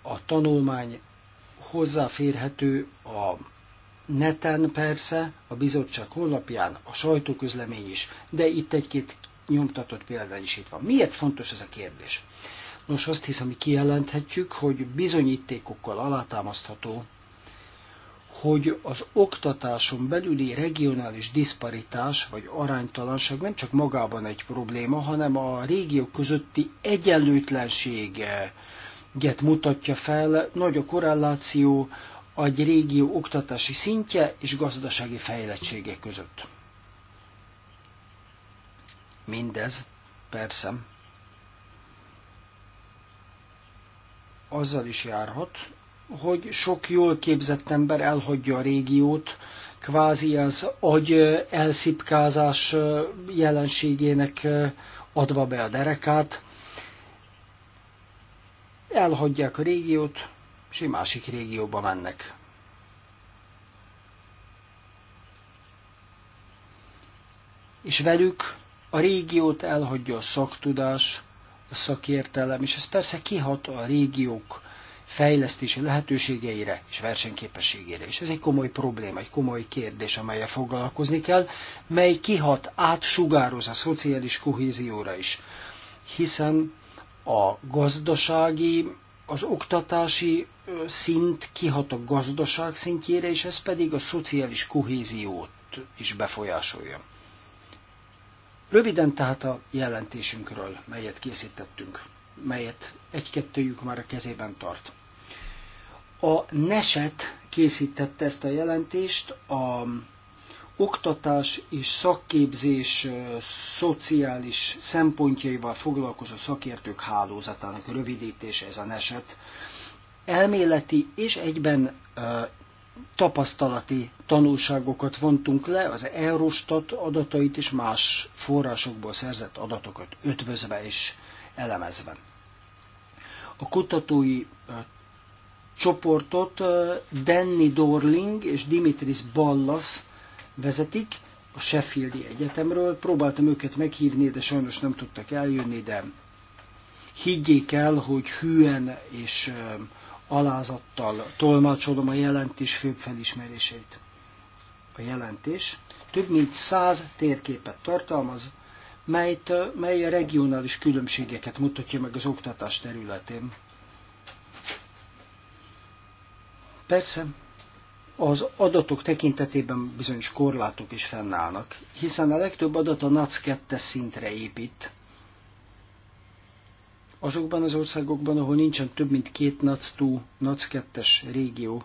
A tanulmány hozzáférhető a neten persze, a bizottság honlapján, a sajtóközlemény is, de itt egy-két nyomtatott példány is itt van. Miért fontos ez a kérdés? Nos, azt hiszem, hogy kijelenthetjük, hogy bizonyítékokkal alátámasztható, hogy az oktatáson belüli regionális diszparitás vagy aránytalanság nem csak magában egy probléma, hanem a régiók közötti egyenlőtlenség get mutatja fel, nagy a korreláció a régió oktatási szintje és gazdasági fejlettsége között. Mindez, persze, azzal is járhat, hogy sok jól képzett ember elhagyja a régiót, kvázi az agy elszipkázás jelenségének adva be a derekát, elhagyják a régiót, és egy másik régióba mennek. És velük a régiót elhagyja a szaktudás, a szakértelem, és ez persze kihat a régiók fejlesztési lehetőségeire és versenyképességére. És ez egy komoly probléma, egy komoly kérdés, amelyel foglalkozni kell, mely kihat, átsugároz a szociális kohézióra is. Hiszen a gazdasági, az oktatási szint kihat a gazdaság szintjére, és ez pedig a szociális kohéziót is befolyásolja. Röviden tehát a jelentésünkről, melyet készítettünk, melyet egy-kettőjük már a kezében tart. A Neset készítette ezt a jelentést, a oktatás és szakképzés szociális szempontjaival foglalkozó szakértők hálózatának rövidítése ez a neset. Elméleti és egyben tapasztalati tanulságokat vontunk le, az Eurostat adatait és más forrásokból szerzett adatokat ötvözve és elemezve. A kutatói csoportot Danny Dorling és Dimitris Ballas vezetik, a Sheffieldi Egyetemről. Próbáltam őket meghívni, de sajnos nem tudtak eljönni, de higgyék el, hogy hűen és alázattal tolmácsolom a jelentés főbb felismeréseit. A jelentés több mint száz térképet tartalmaz, melyet, mely a regionális különbségeket mutatja meg az oktatás területén. Persze, az adatok tekintetében bizonyos korlátok is fennállnak, hiszen a legtöbb adat a NAC 2 szintre épít. Azokban az országokban, ahol nincsen több mint két NAC2, NAC2-es régió,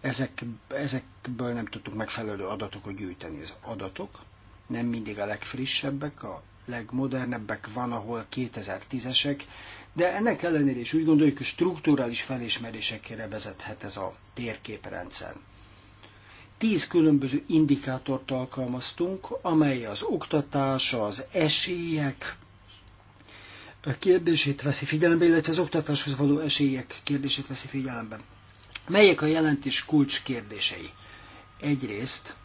ezek, ezekből nem tudtuk megfelelő adatokat gyűjteni. Az adatok nem mindig a legfrissebbek, a legmodernebbek, van, ahol 2010-esek, de ennek ellenére is úgy gondoljuk, hogy strukturális felismerésekre vezethet ez a térképrendszer tíz különböző indikátort alkalmaztunk, amely az oktatás, az esélyek kérdését veszi figyelembe, illetve az oktatáshoz való esélyek kérdését veszi figyelembe. Melyek a jelentés kulcs kérdései? Egyrészt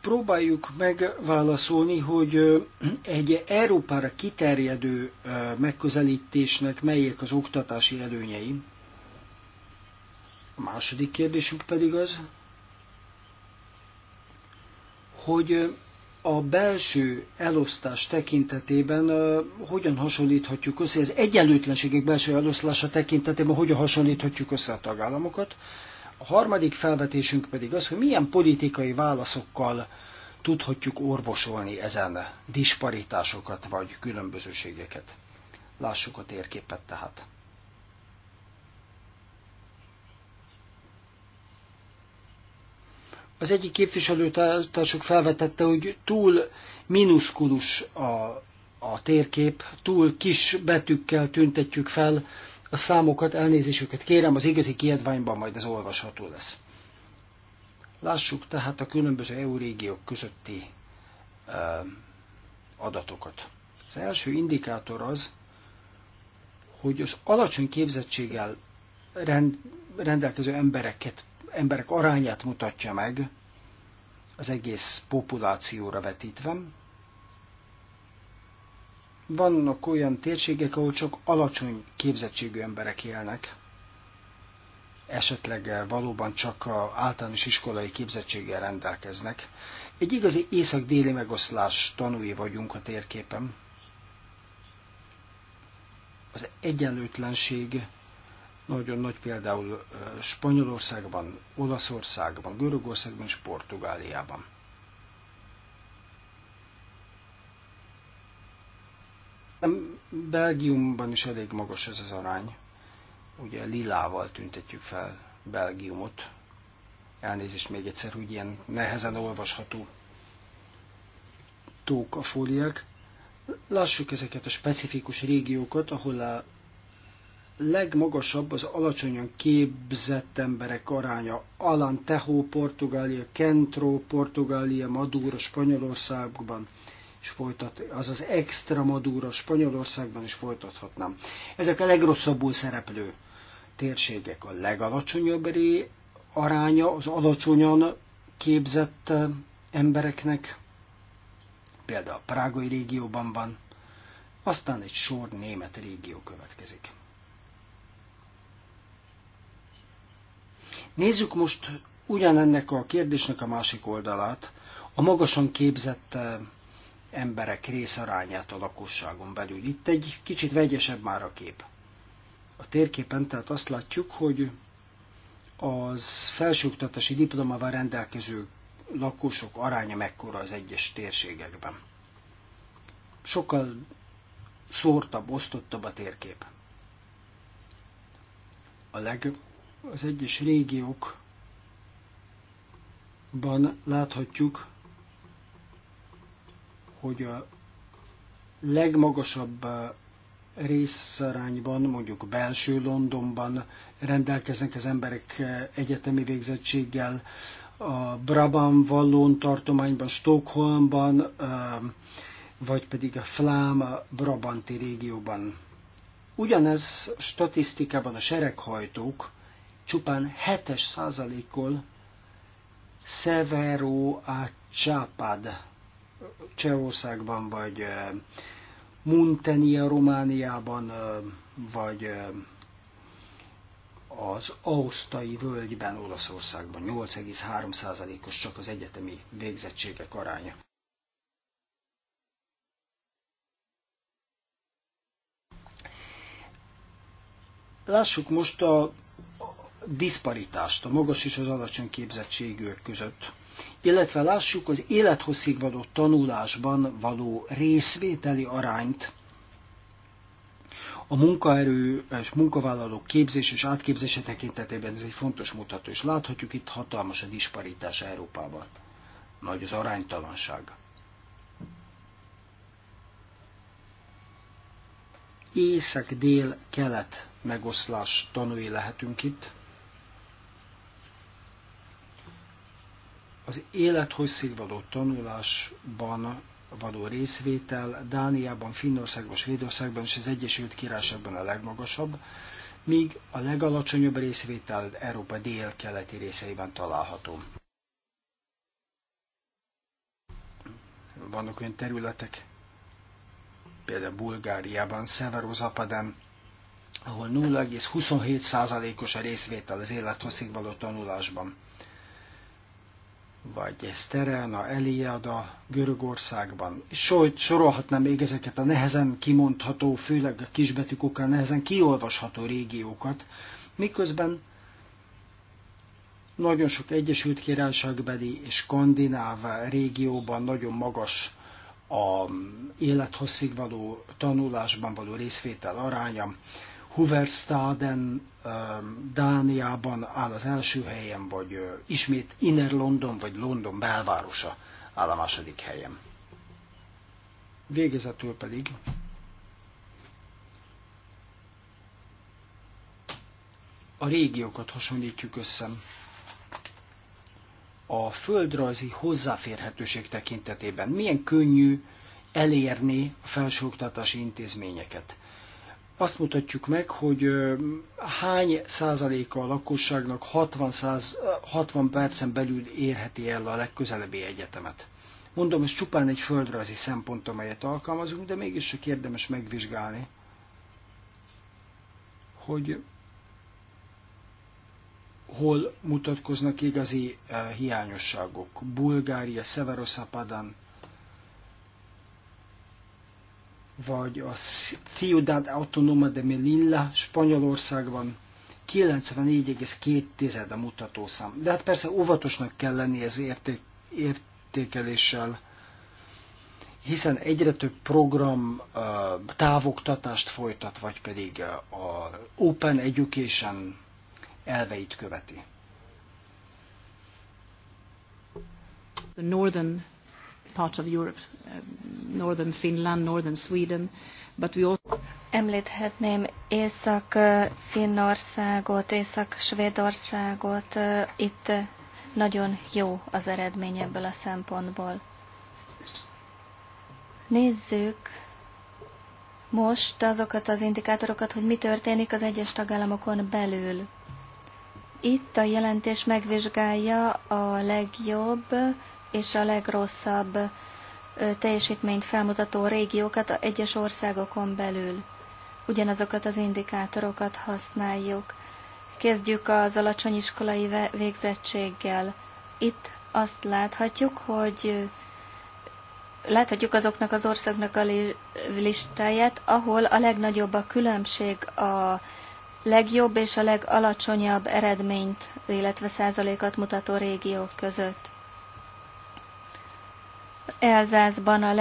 próbáljuk megválaszolni, hogy egy Európára kiterjedő megközelítésnek melyek az oktatási előnyei, a második kérdésünk pedig az, hogy a belső elosztás tekintetében hogyan hasonlíthatjuk össze, az egyenlőtlenségek belső eloszlása tekintetében hogyan hasonlíthatjuk össze a tagállamokat. A harmadik felvetésünk pedig az, hogy milyen politikai válaszokkal tudhatjuk orvosolni ezen disparitásokat vagy különbözőségeket. Lássuk a térképet tehát. Az egyik képviselőtársuk felvetette, hogy túl minuskulus a, a térkép, túl kis betűkkel tüntetjük fel a számokat, elnézésüket kérem, az igazi kiadványban majd ez olvasható lesz. Lássuk tehát a különböző EU régiók közötti ö, adatokat. Az első indikátor az, hogy az alacsony képzettséggel rend, rendelkező embereket emberek arányát mutatja meg, az egész populációra vetítve. Vannak olyan térségek, ahol csak alacsony képzettségű emberek élnek, esetleg eh, valóban csak a általános iskolai képzettséggel rendelkeznek. Egy igazi észak-déli megoszlás tanúi vagyunk a térképen. Az egyenlőtlenség nagyon nagy például Spanyolországban, Olaszországban, Görögországban és Portugáliában. Belgiumban is elég magas ez az arány. Ugye lilával tüntetjük fel Belgiumot. Elnézést még egyszer, hogy ilyen nehezen olvasható tók a fóliák. Lássuk ezeket a specifikus régiókat, ahol a legmagasabb az alacsonyan képzett emberek aránya. Alan Tehó, Portugália, Kentro, Portugália, Maduro, Spanyolországban és folytat, azaz extra Maduro, Spanyolországban is folytathatnám. Ezek a legrosszabbul szereplő térségek. A legalacsonyabb aránya az alacsonyan képzett eh, embereknek, például a prágai régióban van, aztán egy sor német régió következik. Nézzük most ugyanennek a kérdésnek a másik oldalát, a magasan képzett eh, emberek részarányát a lakosságon belül. Itt egy kicsit vegyesebb már a kép. A térképen tehát azt látjuk, hogy az felsőoktatási diplomával rendelkező lakosok aránya mekkora az egyes térségekben. Sokkal szórtabb, osztottabb a térkép. A leg az egyes régiókban láthatjuk, hogy a legmagasabb eh, részarányban, mondjuk belső Londonban rendelkeznek az emberek eh, egyetemi végzettséggel, a Brabant Vallon tartományban, Stockholmban, eh, vagy pedig a Flám Brabanti régióban. Ugyanez statisztikában a sereghajtók csupán 7-es százalékkal Severo a Csápad Csehországban, vagy Muntenia Romániában, vagy az Ausztai völgyben Olaszországban 8,3%-os csak az egyetemi végzettségek aránya. Lássuk most a diszparitást a magas és az alacsony képzettségűek között, illetve lássuk az élethosszig való tanulásban való részvételi arányt, a munkaerő és munkavállaló képzés és átképzése tekintetében ez egy fontos mutató, és láthatjuk itt hatalmas a disparitás Európában. Nagy az aránytalanság. Észak-dél-kelet megoszlás tanúi lehetünk itt. az élethosszig való tanulásban való részvétel Dániában, Finnországban, Svédországban és az Egyesült Királyságban a legmagasabb, míg a legalacsonyabb részvétel Európa dél-keleti részeiben található. Vannak olyan területek, például Bulgáriában, Szeverozapadán, ahol 0,27%-os a részvétel az élethosszig való tanulásban vagy Szterelna, Eliada, Görögországban. Sőt, sorolhatnám még ezeket a nehezen kimondható, főleg a kisbetűk okán nehezen kiolvasható régiókat, miközben nagyon sok Egyesült Királyságbeli és Skandináv régióban nagyon magas a élethosszig való tanulásban való részvétel aránya. Hoverstaden Dániában áll az első helyen, vagy ismét Inner London, vagy London belvárosa áll a második helyen. Végezetül pedig a régiókat hasonlítjuk össze. A földrajzi hozzáférhetőség tekintetében milyen könnyű elérni a felsőoktatási intézményeket azt mutatjuk meg, hogy hány százaléka a lakosságnak 60, 100, 60 percen belül érheti el a legközelebbi egyetemet. Mondom, ez csupán egy földrajzi szempont, amelyet alkalmazunk, de mégis csak érdemes megvizsgálni, hogy hol mutatkoznak igazi hiányosságok. Bulgária, Severosapadan, vagy a Ciudad Autónoma de Melilla Spanyolországban 94,2 a mutatószám. De hát persze óvatosnak kell lenni ez érték, értékeléssel, hiszen egyre több program uh, távoktatást folytat, vagy pedig a Open Education elveit követi. The northern parts of Europe, um, northern Finland, northern Sweden, but we also... Említhetném Észak-Finnországot, uh, Észak-Svédországot, uh, itt uh, nagyon jó az eredmény ebből a szempontból. Nézzük most azokat az indikátorokat, hogy mi történik az egyes tagállamokon belül. Itt a jelentés megvizsgálja a legjobb és a legrosszabb teljesítményt felmutató régiókat egyes országokon belül. Ugyanazokat az indikátorokat használjuk. Kezdjük az alacsony iskolai végzettséggel. Itt azt láthatjuk, hogy láthatjuk azoknak az országnak a listáját, ahol a legnagyobb a különbség a legjobb és a legalacsonyabb eredményt, illetve százalékat mutató régiók között. Elzászban a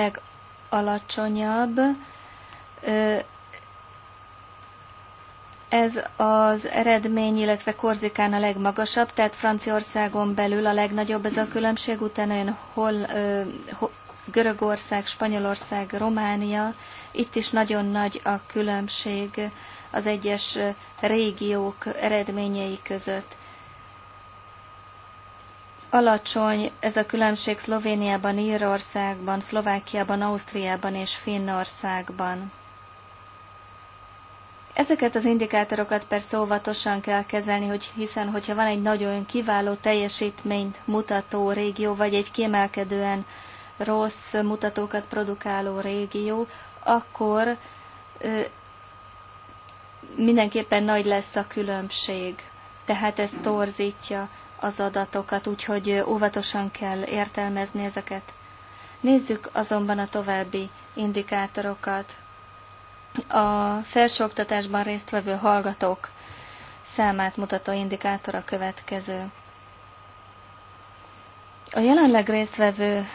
legalacsonyabb. Ez az eredmény, illetve Korzikán a legmagasabb, tehát Franciaországon belül a legnagyobb ez a különbség, utána jön hol, ö, ho, Görögország, Spanyolország, Románia. Itt is nagyon nagy a különbség az egyes régiók eredményei között. Alacsony ez a különbség Szlovéniában, Írországban, Szlovákiában, Ausztriában és Finnországban. Ezeket az indikátorokat persze óvatosan kell kezelni, hogy hiszen hogyha van egy nagyon kiváló teljesítményt mutató régió, vagy egy kiemelkedően rossz mutatókat produkáló régió, akkor ö, mindenképpen nagy lesz a különbség. Tehát ez torzítja az adatokat, úgyhogy óvatosan kell értelmezni ezeket. Nézzük azonban a további indikátorokat. A felsőoktatásban résztvevő hallgatók számát mutató indikátor a következő. A jelenleg résztvevő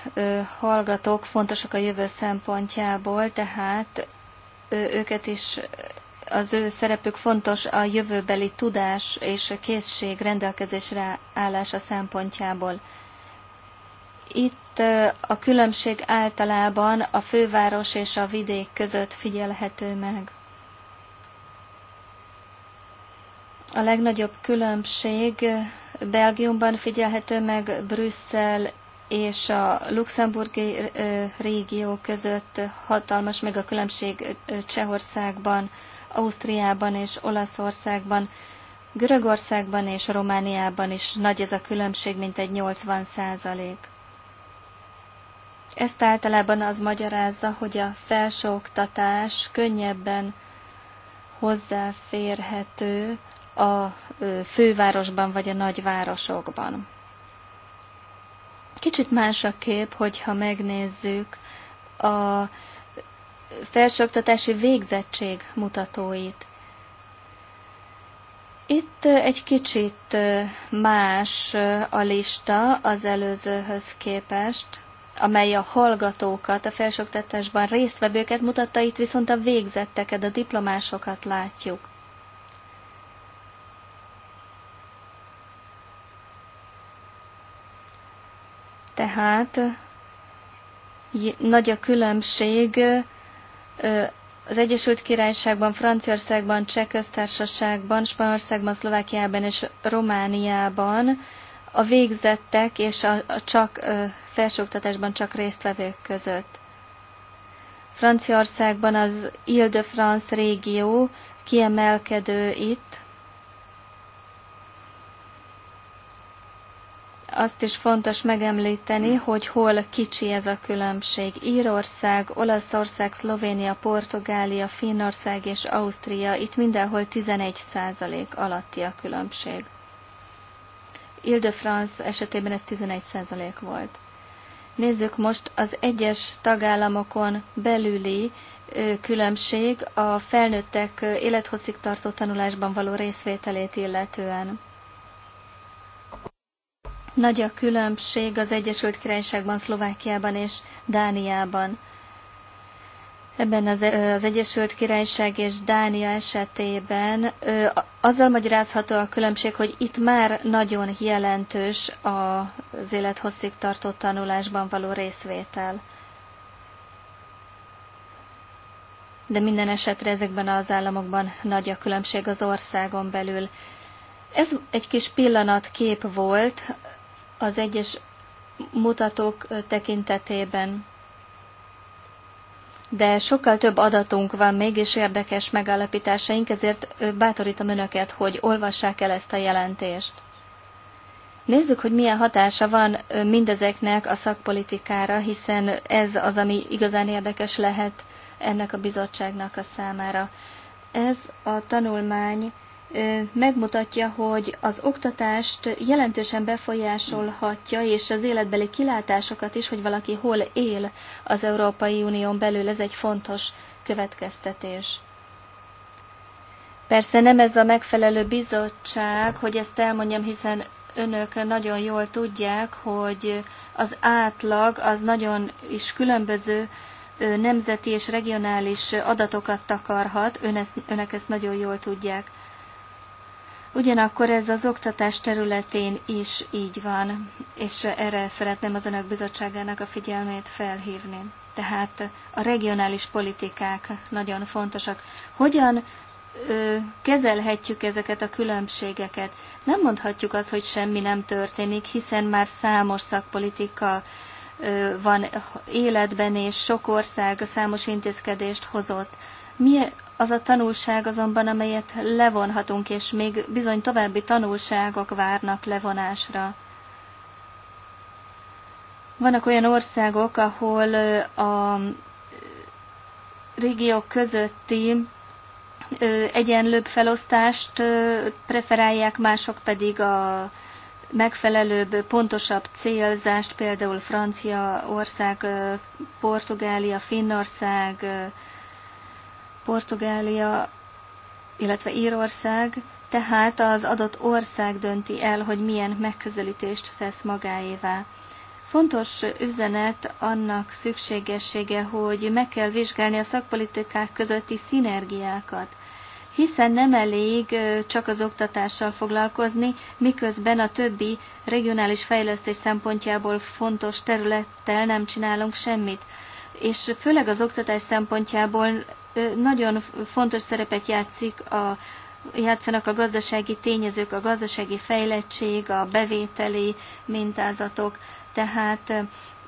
hallgatók fontosak a jövő szempontjából, tehát őket is az ő szerepük fontos a jövőbeli tudás és készség rendelkezésre állása szempontjából. Itt a különbség általában a főváros és a vidék között figyelhető meg. A legnagyobb különbség Belgiumban figyelhető meg Brüsszel és a luxemburgi régió között hatalmas meg a különbség Csehországban. Ausztriában és Olaszországban, Görögországban és Romániában is nagy ez a különbség, mint egy 80 százalék. Ezt általában az magyarázza, hogy a felsőoktatás könnyebben hozzáférhető a fővárosban vagy a nagyvárosokban. Kicsit más a kép, hogyha megnézzük a felsőoktatási végzettség mutatóit. Itt egy kicsit más a lista az előzőhöz képest, amely a hallgatókat, a felsőoktatásban résztvevőket mutatta, itt viszont a végzetteket, a diplomásokat látjuk. Tehát nagy a különbség az Egyesült Királyságban, Franciaországban, Cseh köztársaságban, Spanyolországban, Szlovákiában és Romániában a végzettek és a, a csak felsőoktatásban csak résztvevők között. Franciaországban az Ile-de-France régió kiemelkedő itt, Azt is fontos megemlíteni, hogy hol kicsi ez a különbség. Írország, Olaszország, Szlovénia, Portugália, Finnország és Ausztria, itt mindenhol 11 százalék alatti a különbség. Ile-de-France esetében ez 11 százalék volt. Nézzük most az egyes tagállamokon belüli különbség a felnőttek élethosszígtartó tartó tanulásban való részvételét illetően. Nagy a különbség az Egyesült Királyságban, Szlovákiában és Dániában. Ebben az, az Egyesült Királyság és Dánia esetében azzal magyarázható a különbség, hogy itt már nagyon jelentős az élethosszig tartó tanulásban való részvétel. De minden esetre ezekben az államokban nagy a különbség az országon belül. Ez egy kis pillanatkép volt az egyes mutatók tekintetében. De sokkal több adatunk van még, és érdekes megállapításaink, ezért bátorítom Önöket, hogy olvassák el ezt a jelentést. Nézzük, hogy milyen hatása van mindezeknek a szakpolitikára, hiszen ez az, ami igazán érdekes lehet ennek a bizottságnak a számára. Ez a tanulmány megmutatja, hogy az oktatást jelentősen befolyásolhatja, és az életbeli kilátásokat is, hogy valaki hol él az Európai Unión belül, ez egy fontos következtetés. Persze nem ez a megfelelő bizottság, hogy ezt elmondjam, hiszen önök nagyon jól tudják, hogy az átlag az nagyon is különböző nemzeti és regionális adatokat takarhat, ön ezt, önök ezt nagyon jól tudják. Ugyanakkor ez az oktatás területén is így van, és erre szeretném az Önök Bizottságának a figyelmét felhívni. Tehát a regionális politikák nagyon fontosak. Hogyan ö, kezelhetjük ezeket a különbségeket? Nem mondhatjuk azt, hogy semmi nem történik, hiszen már számos szakpolitika ö, van életben, és sok ország számos intézkedést hozott. Mi az a tanulság azonban, amelyet levonhatunk, és még bizony további tanulságok várnak levonásra? Vannak olyan országok, ahol a régiók közötti egyenlőbb felosztást preferálják, mások pedig a megfelelőbb, pontosabb célzást, például Francia ország, Portugália, Finnország, Portugália, illetve Írország, tehát az adott ország dönti el, hogy milyen megközelítést tesz magáévá. Fontos üzenet annak szükségessége, hogy meg kell vizsgálni a szakpolitikák közötti szinergiákat, hiszen nem elég csak az oktatással foglalkozni, miközben a többi regionális fejlesztés szempontjából fontos területtel nem csinálunk semmit és főleg az oktatás szempontjából nagyon fontos szerepet játszik a, játszanak a gazdasági tényezők, a gazdasági fejlettség, a bevételi mintázatok, tehát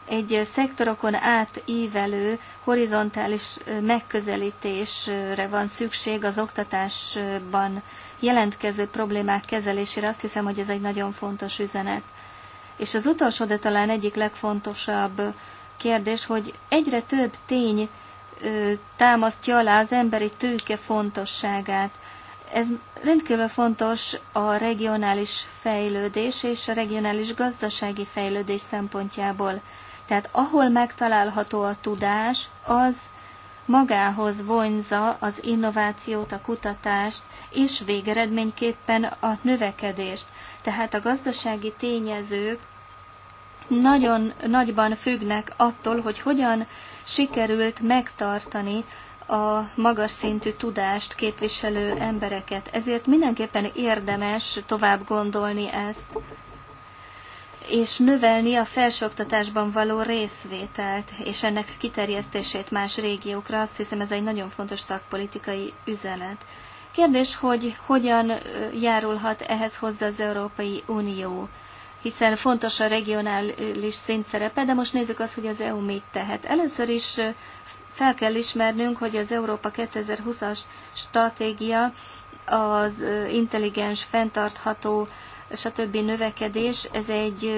egy szektorokon átívelő, horizontális megközelítésre van szükség az oktatásban jelentkező problémák kezelésére. Azt hiszem, hogy ez egy nagyon fontos üzenet. És az utolsó, de talán egyik legfontosabb kérdés, hogy egyre több tény ö, támasztja alá az emberi tőke fontosságát. Ez rendkívül fontos a regionális fejlődés és a regionális gazdasági fejlődés szempontjából. Tehát ahol megtalálható a tudás, az magához vonza az innovációt, a kutatást, és végeredményképpen a növekedést. Tehát a gazdasági tényezők nagyon nagyban függnek attól, hogy hogyan sikerült megtartani a magas szintű tudást képviselő embereket. Ezért mindenképpen érdemes tovább gondolni ezt, és növelni a felsőoktatásban való részvételt, és ennek kiterjesztését más régiókra. Azt hiszem ez egy nagyon fontos szakpolitikai üzenet. Kérdés, hogy hogyan járulhat ehhez hozzá az Európai Unió hiszen fontos a regionális szint szerepe, de most nézzük azt, hogy az EU mit tehet. Először is fel kell ismernünk, hogy az Európa 2020-as stratégia az intelligens, fenntartható, stb. növekedés, ez egy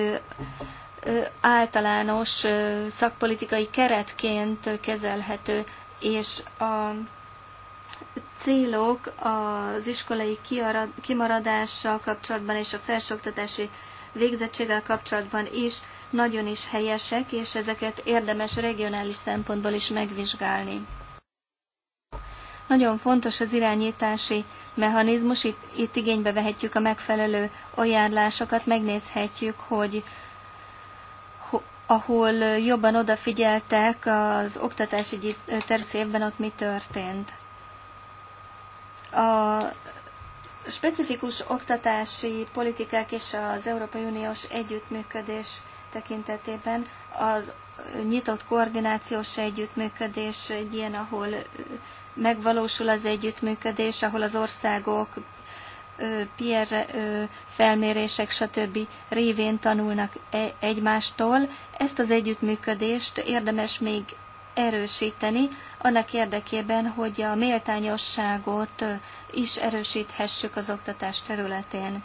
általános szakpolitikai keretként kezelhető, és a célok az iskolai kimaradással kapcsolatban és a felsőoktatási végzettséggel kapcsolatban is nagyon is helyesek, és ezeket érdemes regionális szempontból is megvizsgálni. Nagyon fontos az irányítási mechanizmus, itt, itt igénybe vehetjük a megfelelő ajánlásokat, megnézhetjük, hogy ahol jobban odafigyeltek az oktatási tervszévben, ott mi történt. A specifikus oktatási politikák és az Európai Uniós együttműködés tekintetében az nyitott koordinációs együttműködés egy ilyen, ahol megvalósul az együttműködés, ahol az országok PR felmérések, stb. révén tanulnak e-, egymástól. Ezt az együttműködést érdemes még erősíteni, annak érdekében, hogy a méltányosságot is erősíthessük az oktatás területén.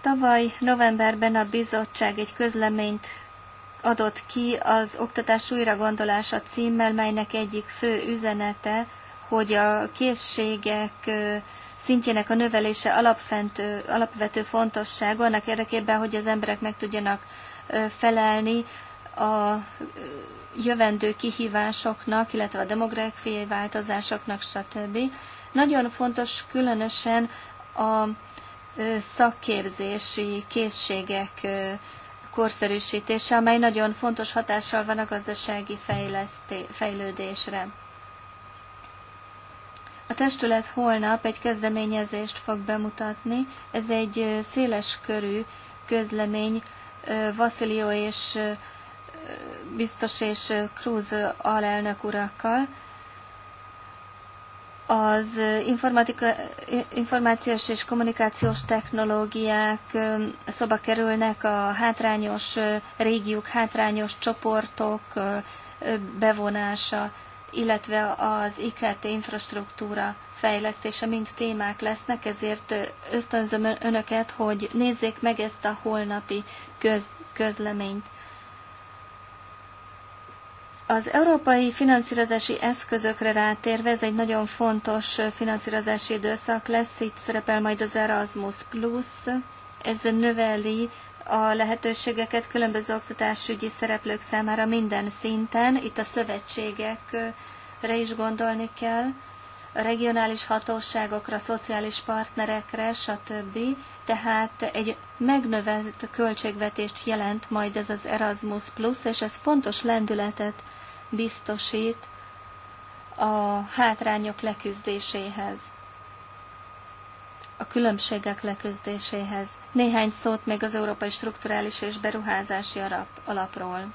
Tavaly novemberben a bizottság egy közleményt adott ki az Oktatás újragondolása címmel, melynek egyik fő üzenete, hogy a készségek szintjének a növelése alapfent, alapvető fontosság, annak érdekében, hogy az emberek meg tudjanak felelni a jövendő kihívásoknak, illetve a demográfiai változásoknak, stb. Nagyon fontos különösen a szakképzési készségek korszerűsítése, amely nagyon fontos hatással van a gazdasági fejlődésre. A testület holnap egy kezdeményezést fog bemutatni. Ez egy széles körű közlemény Vasilio és biztos és Krúz alelnök urakkal. Az információs és kommunikációs technológiák szoba kerülnek a hátrányos régiók, hátrányos csoportok bevonása, illetve az IKT infrastruktúra fejlesztése mind témák lesznek, ezért ösztönzöm önöket, hogy nézzék meg ezt a holnapi köz, közleményt. Az európai finanszírozási eszközökre rátérve, ez egy nagyon fontos finanszírozási időszak lesz, itt szerepel majd az Erasmus Plus, ez növeli a lehetőségeket különböző oktatásügyi szereplők számára minden szinten, itt a szövetségekre is gondolni kell, regionális hatóságokra, szociális partnerekre, stb. Tehát egy megnövelt költségvetést jelent majd ez az Erasmus Plus, és ez fontos lendületet biztosít a hátrányok leküzdéséhez, a különbségek leküzdéséhez. Néhány szót még az Európai Strukturális és Beruházási Alapról.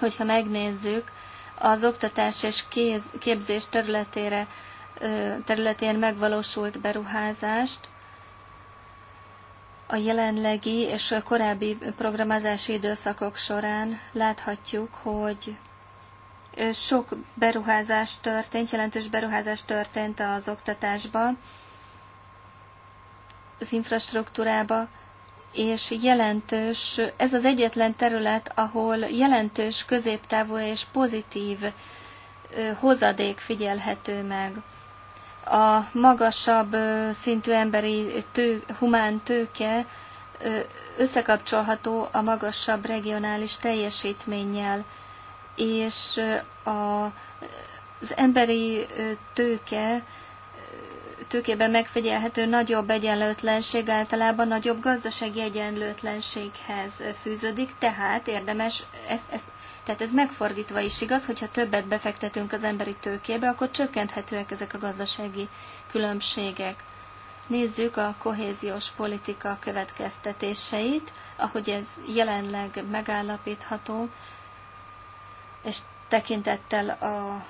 Hogyha megnézzük, az oktatás és képzés területére, területén megvalósult beruházást a jelenlegi és a korábbi programozási időszakok során láthatjuk, hogy sok beruházás történt, jelentős beruházás történt az oktatásba, az infrastruktúrába, és jelentős, ez az egyetlen terület, ahol jelentős középtávú és pozitív hozadék figyelhető meg. A magasabb szintű emberi tő, humán tőke összekapcsolható a magasabb regionális teljesítménnyel, és a, az emberi tőke tőkében megfigyelhető nagyobb egyenlőtlenség általában nagyobb gazdasági egyenlőtlenséghez fűződik, tehát érdemes, ez, ez, tehát ez megfordítva is igaz, hogyha többet befektetünk az emberi tőkébe, akkor csökkenthetőek ezek a gazdasági különbségek. Nézzük a kohéziós politika következtetéseit, ahogy ez jelenleg megállapítható, és tekintettel a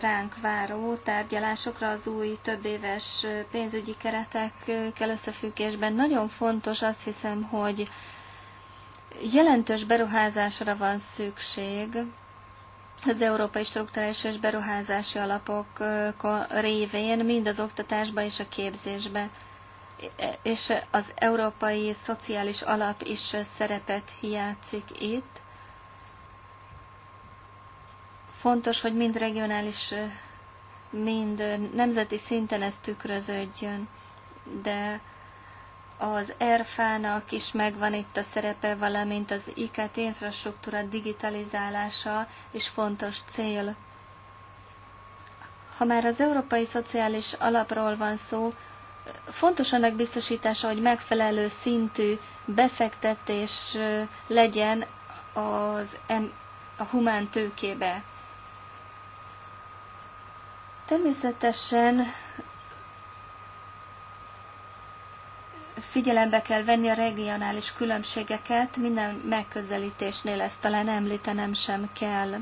ránk váró tárgyalásokra az új többéves pénzügyi keretekkel összefüggésben. Nagyon fontos azt hiszem, hogy jelentős beruházásra van szükség az Európai Strukturális és Beruházási Alapok révén, mind az oktatásba és a képzésbe. E, és az Európai Szociális Alap is szerepet játszik itt Fontos, hogy mind regionális, mind nemzeti szinten ez tükröződjön, de az ERFA-nak is megvan itt a szerepe, valamint az IKT infrastruktúra digitalizálása is fontos cél. Ha már az Európai Szociális Alapról van szó, fontos annak biztosítása, hogy megfelelő szintű befektetés legyen az a humán tőkébe. Természetesen figyelembe kell venni a regionális különbségeket, minden megközelítésnél ezt talán említenem sem kell.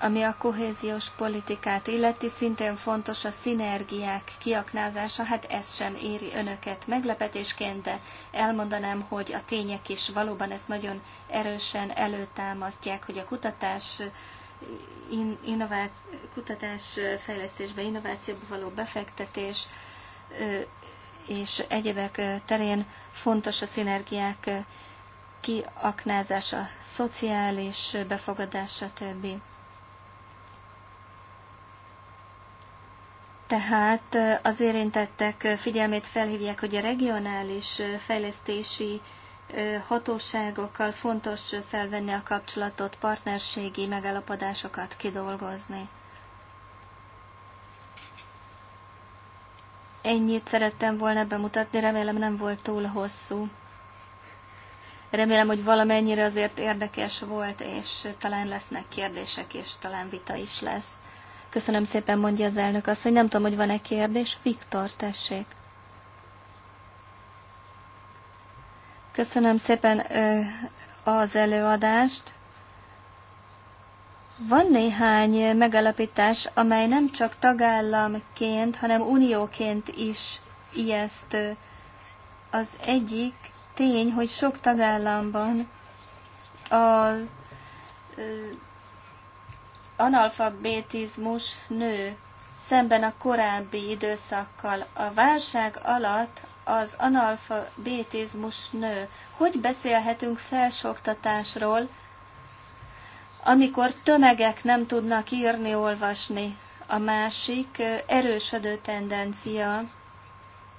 Ami a kohéziós politikát illeti, szintén fontos a szinergiák kiaknázása, hát ez sem éri önöket meglepetésként, de elmondanám, hogy a tények is valóban ezt nagyon erősen előtámasztják, hogy a kutatás in, innováció, kutatás, fejlesztésbe, innovációba való befektetés és egyebek terén fontos a szinergiák kiaknázása, szociális befogadása, többi. Tehát az érintettek figyelmét felhívják, hogy a regionális fejlesztési hatóságokkal fontos felvenni a kapcsolatot, partnerségi megállapodásokat kidolgozni. Ennyit szerettem volna bemutatni, remélem nem volt túl hosszú. Remélem, hogy valamennyire azért érdekes volt, és talán lesznek kérdések, és talán vita is lesz. Köszönöm szépen, mondja az elnök azt, hogy nem tudom, hogy van-e kérdés. Viktor, tessék. Köszönöm szépen az előadást. Van néhány megalapítás, amely nem csak tagállamként, hanem unióként is ijesztő. Az egyik tény, hogy sok tagállamban a analfabetizmus nő szemben a korábbi időszakkal. A válság alatt az analfabétizmus nő. Hogy beszélhetünk felsoktatásról, amikor tömegek nem tudnak írni, olvasni? A másik erősödő tendencia,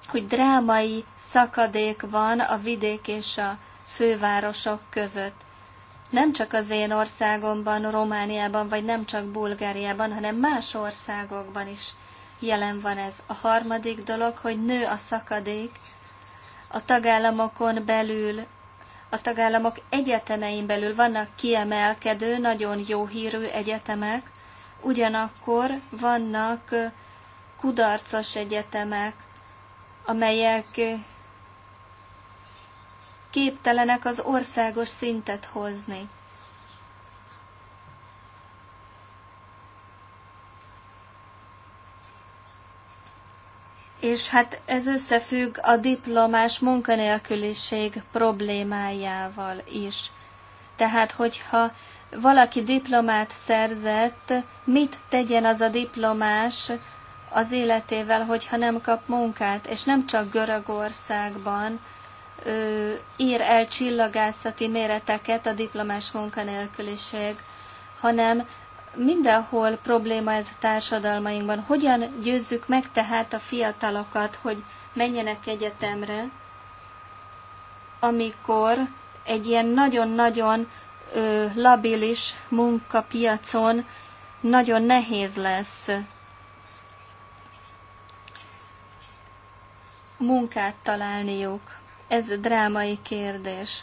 hogy drámai szakadék van a vidék és a fővárosok között. Nem csak az én országomban, Romániában, vagy nem csak Bulgáriában, hanem más országokban is jelen van ez. A harmadik dolog, hogy nő a szakadék a tagállamokon belül, a tagállamok egyetemein belül vannak kiemelkedő, nagyon jó hírű egyetemek, ugyanakkor vannak kudarcos egyetemek, amelyek képtelenek az országos szintet hozni. és hát ez összefügg a diplomás munkanélküliség problémájával is. Tehát, hogyha valaki diplomát szerzett, mit tegyen az a diplomás az életével, hogyha nem kap munkát, és nem csak Görögországban ő, ér el csillagászati méreteket a diplomás munkanélküliség, hanem mindenhol probléma ez a társadalmainkban. Hogyan győzzük meg tehát a fiatalokat, hogy menjenek egyetemre, amikor egy ilyen nagyon-nagyon labilis munkapiacon nagyon nehéz lesz munkát találniuk. Ez drámai kérdés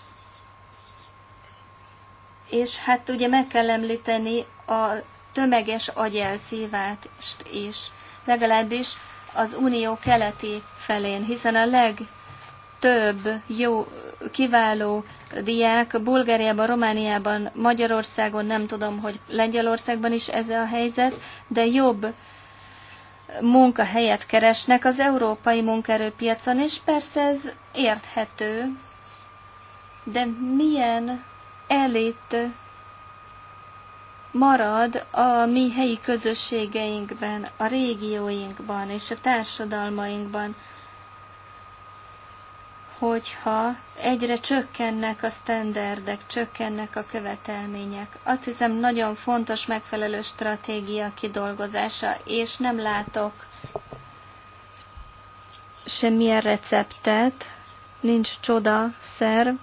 és hát ugye meg kell említeni a tömeges agyelszívást is, legalábbis az unió keleti felén, hiszen a legtöbb jó, kiváló diák Bulgáriában, Romániában, Magyarországon, nem tudom, hogy Lengyelországban is ez a helyzet, de jobb munkahelyet keresnek az európai munkaerőpiacon, és persze ez érthető, de milyen elit marad a mi helyi közösségeinkben, a régióinkban és a társadalmainkban, hogyha egyre csökkennek a sztenderdek, csökkennek a követelmények. Azt hiszem nagyon fontos megfelelő stratégia kidolgozása, és nem látok semmilyen receptet, nincs csoda szerv,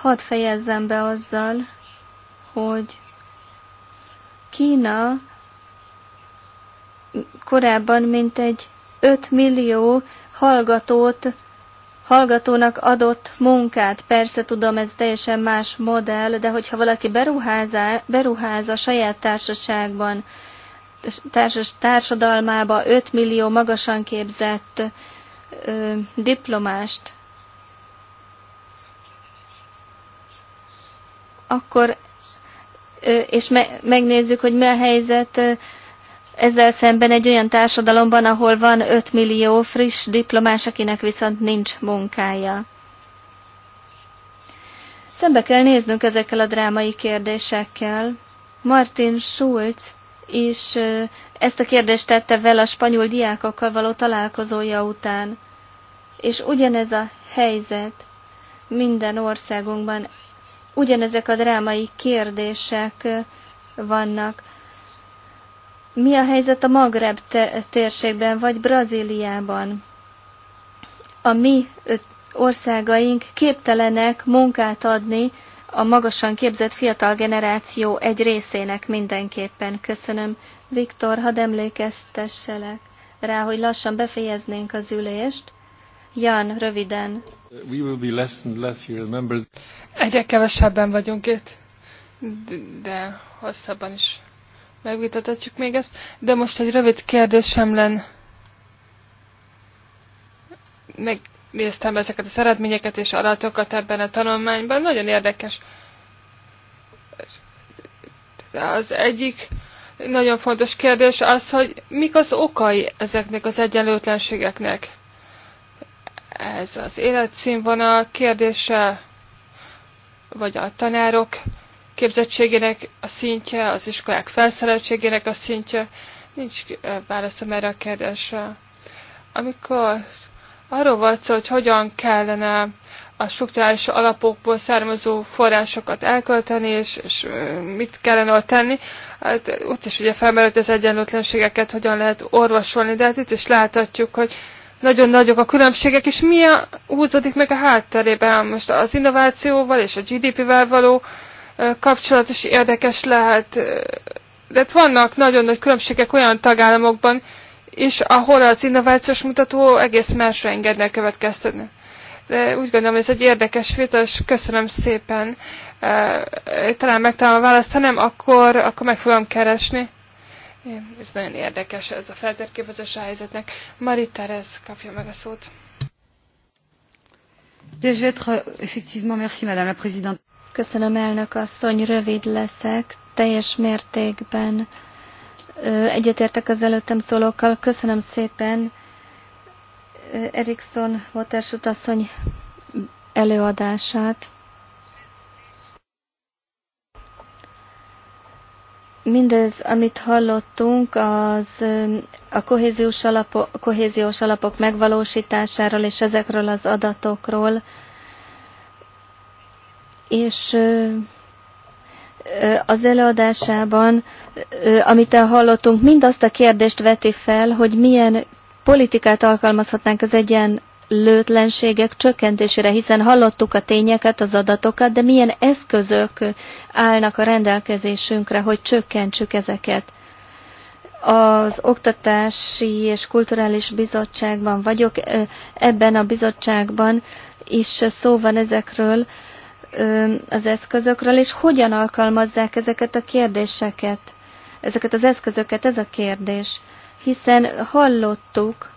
Hadd fejezzem be azzal, hogy Kína korábban mint egy 5 millió hallgatót, hallgatónak adott munkát. Persze tudom, ez teljesen más modell, de hogyha valaki beruházá, beruház a saját társaságban, társas, társadalmába 5 millió magasan képzett ö, diplomást, akkor és megnézzük, hogy mi a helyzet ezzel szemben egy olyan társadalomban, ahol van 5 millió friss diplomás, akinek viszont nincs munkája. Szembe kell néznünk ezekkel a drámai kérdésekkel. Martin Schulz is ezt a kérdést tette vele a spanyol diákokkal való találkozója után. És ugyanez a helyzet minden országunkban ugyanezek a drámai kérdések vannak. Mi a helyzet a Magreb térségben, vagy Brazíliában? A mi országaink képtelenek munkát adni a magasan képzett fiatal generáció egy részének mindenképpen. Köszönöm, Viktor, hadd emlékeztesselek rá, hogy lassan befejeznénk az ülést. Jan, röviden. We will be less and less here, remember. Egyre kevesebben vagyunk itt, de hosszabban is megvitatjuk még ezt. De most egy rövid kérdésem lenne. Megnéztem ezeket az eredményeket és adatokat ebben a tanulmányban. Nagyon érdekes. Az egyik nagyon fontos kérdés az, hogy mik az okai ezeknek az egyenlőtlenségeknek ez az életszínvonal kérdése, vagy a tanárok képzettségének a szintje, az iskolák felszereltségének a szintje. Nincs válaszom erre a kérdésre. Amikor arról volt szó, hogy hogyan kellene a struktúrális alapokból származó forrásokat elkölteni, és, és mit kellene ott tenni. Hát, ott is ugye felmerült az egyenlőtlenségeket, hogyan lehet orvosolni, de hát itt is láthatjuk, hogy nagyon nagyok a különbségek, és mi a, húzódik meg a hátterében most az innovációval és a GDP-vel való kapcsolatos érdekes lehet. De hát vannak nagyon nagy különbségek olyan tagállamokban és ahol az innovációs mutató egész másra engednek következtetni. De úgy gondolom, hogy ez egy érdekes vita, és köszönöm szépen. Talán megtalálom a választ, ha nem, akkor, akkor meg fogom keresni. Ez nagyon érdekes, ez a feltérképezés a helyzetnek. Marie Terez kapja meg a szót. Köszönöm, elnök asszony, rövid leszek, teljes mértékben egyetértek az előttem szólókkal. Köszönöm szépen Erikson Waters asszony előadását. Mindez, amit hallottunk, az um, a kohéziós, alapok, kohéziós alapok megvalósításáról és ezekről az adatokról, és az előadásában, amit hallottunk, azt a kérdést veti fel, hogy milyen politikát alkalmazhatnánk az egyen lőtlenségek csökkentésére, hiszen hallottuk a tényeket, az adatokat, de milyen eszközök állnak a rendelkezésünkre, hogy csökkentsük ezeket. Az Oktatási és Kulturális Bizottságban vagyok, ebben a bizottságban is szó van ezekről az eszközökről, és hogyan alkalmazzák ezeket a kérdéseket, ezeket az eszközöket, ez a kérdés. Hiszen hallottuk,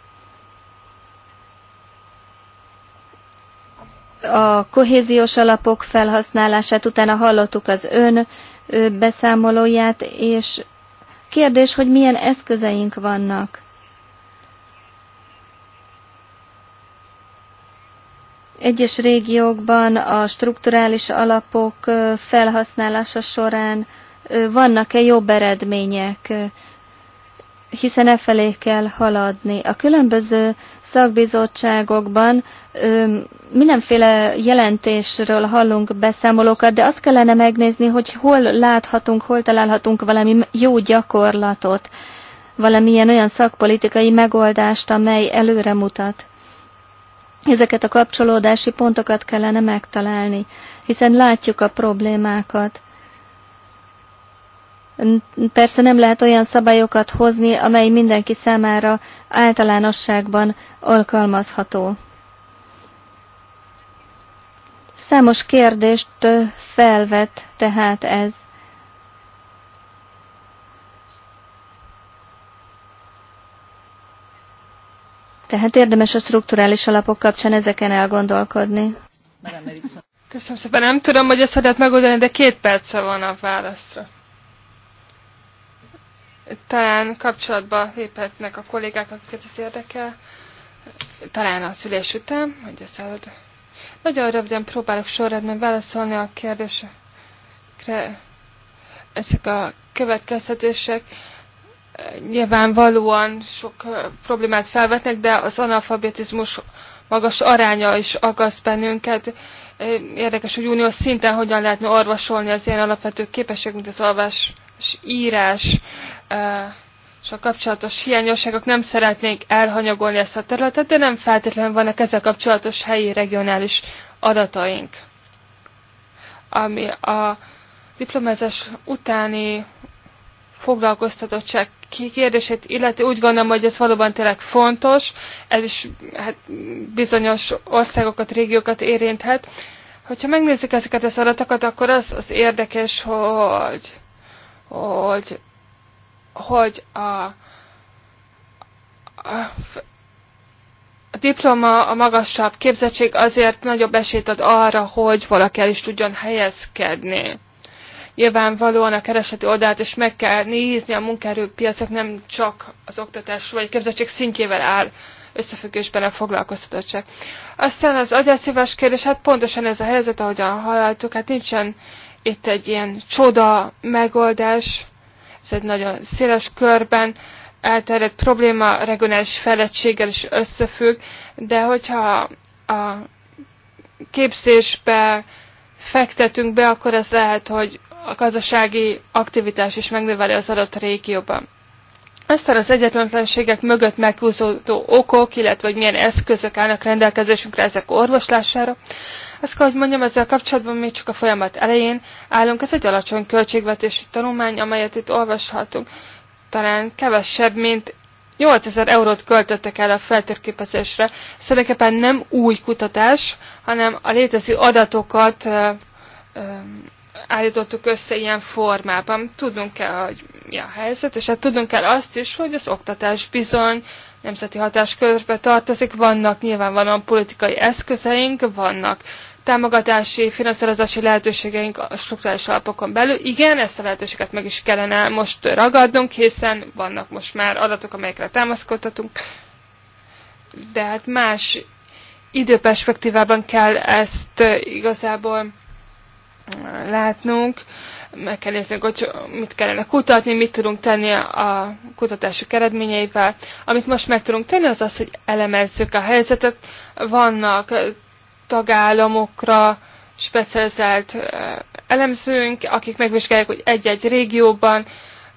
a kohéziós alapok felhasználását, utána hallottuk az ön beszámolóját, és kérdés, hogy milyen eszközeink vannak. Egyes régiókban a strukturális alapok felhasználása során vannak-e jobb eredmények, hiszen e felé kell haladni. A különböző szakbizottságokban ö, mindenféle jelentésről hallunk beszámolókat, de azt kellene megnézni, hogy hol láthatunk, hol találhatunk valami jó gyakorlatot, valamilyen olyan szakpolitikai megoldást, amely előre mutat. Ezeket a kapcsolódási pontokat kellene megtalálni, hiszen látjuk a problémákat. Persze nem lehet olyan szabályokat hozni, amely mindenki számára általánosságban alkalmazható. Számos kérdést felvet tehát ez. Tehát érdemes a strukturális alapok kapcsán ezeken elgondolkodni. Köszönöm szépen, nem tudom, hogy ezt hogy lehet megoldani, de két perce van a válaszra talán kapcsolatba léphetnek a kollégák, akiket ez érdekel, talán a szülés után, hogy ez előtt. Nagyon röviden próbálok sorrendben válaszolni a kérdésekre. Ezek a következtetések nyilvánvalóan sok problémát felvetnek, de az analfabetizmus magas aránya is aggaszt bennünket. Érdekes, hogy uniós szinten hogyan lehetne orvosolni az ilyen alapvető képesség, mint az alvás és írás és a kapcsolatos hiányosságok nem szeretnék elhanyagolni ezt a területet, de nem feltétlenül vannak ezzel kapcsolatos helyi regionális adataink. Ami a diplomázás utáni foglalkoztatottság kérdését illeti, úgy gondolom, hogy ez valóban tényleg fontos, ez is hát, bizonyos országokat, régiókat érinthet. Hogyha megnézzük ezeket az adatokat, akkor az az érdekes, hogy hogy, hogy a, a, a diploma, a magasabb képzettség azért nagyobb esélyt ad arra, hogy valaki el is tudjon helyezkedni. Nyilvánvalóan a kereseti oldalt is meg kell nézni, a munkaerőpiacok nem csak az oktatás vagy a képzettség szintjével áll összefüggésben a foglalkoztatottság. Aztán az agyászívás kérdés, hát pontosan ez a helyzet, ahogyan hallottuk, hát nincsen itt egy ilyen csoda megoldás, ez egy nagyon széles körben elterjedt probléma regionális fejlettséggel is összefügg, de hogyha a képzésbe fektetünk be, akkor ez lehet, hogy a gazdasági aktivitás is megnöveli az adott régióban. Aztán az egyetlenségek mögött meghúzódó okok, illetve hogy milyen eszközök állnak rendelkezésünkre ezek orvoslására. Azt kell, hogy mondjam, ezzel kapcsolatban még csak a folyamat elején állunk. Ez egy alacsony költségvetési tanulmány, amelyet itt olvashatunk. Talán kevesebb, mint 8000 eurót költöttek el a feltérképezésre. Ez nem új kutatás, hanem a létező adatokat állítottuk össze ilyen formában. Tudnunk kell, hogy mi a helyzet, és hát tudnunk kell azt is, hogy az oktatás bizony nemzeti hatáskörbe tartozik, vannak nyilvánvalóan politikai eszközeink, vannak támogatási, finanszírozási lehetőségeink a struktúrális alapokon belül. Igen, ezt a lehetőséget meg is kellene most ragadnunk, hiszen vannak most már adatok, amelyekre támaszkodhatunk, de hát más időperspektívában kell ezt eh, igazából látnunk, meg kell néznünk, hogy mit kellene kutatni, mit tudunk tenni a kutatások eredményeivel. Amit most meg tudunk tenni, az az, hogy elemezzük a helyzetet. Vannak tagállamokra specializált elemzőnk, akik megvizsgálják, hogy egy-egy régióban,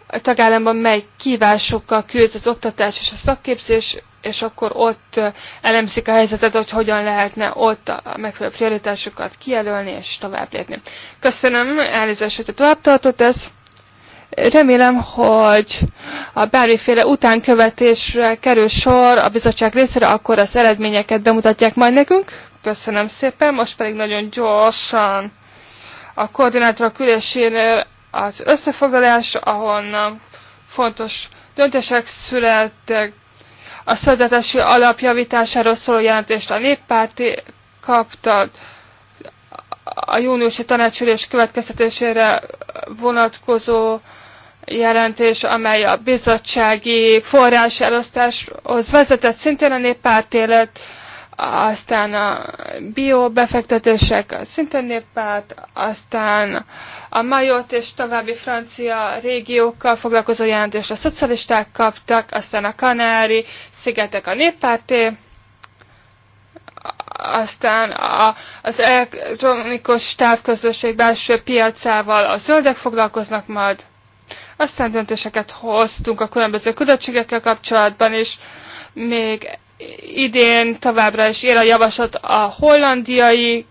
a tagállamban mely kívásokkal küld az oktatás és a szakképzés, és akkor ott elemzik a helyzetet, hogy hogyan lehetne ott a megfelelő prioritásokat kijelölni és tovább lépni. Köszönöm, elnézést, hogy tovább tartott ez. Remélem, hogy a bármiféle utánkövetésre kerül sor a bizottság részére, akkor az eredményeket bemutatják majd nekünk. Köszönöm szépen, most pedig nagyon gyorsan a koordinátor külésénél az összefoglalás, ahonnan fontos döntések születtek, a szövetségi alapjavításáról szóló jelentést a néppárti kapta, a júniusi tanácsülés következtetésére vonatkozó jelentés, amely a bizottsági forrás elosztáshoz vezetett, szintén a néppárt élet, aztán a biobefektetések, szintén néppárt, aztán a Majot és további francia régiókkal foglalkozó jelentést a szocialisták kaptak, aztán a Kanári, szigetek a néppárté, aztán a, az elektronikus távközlösség belső piacával a zöldek foglalkoznak majd, aztán döntéseket hoztunk a különböző küldöttségekkel kapcsolatban is, még idén továbbra is él a javaslat a hollandiai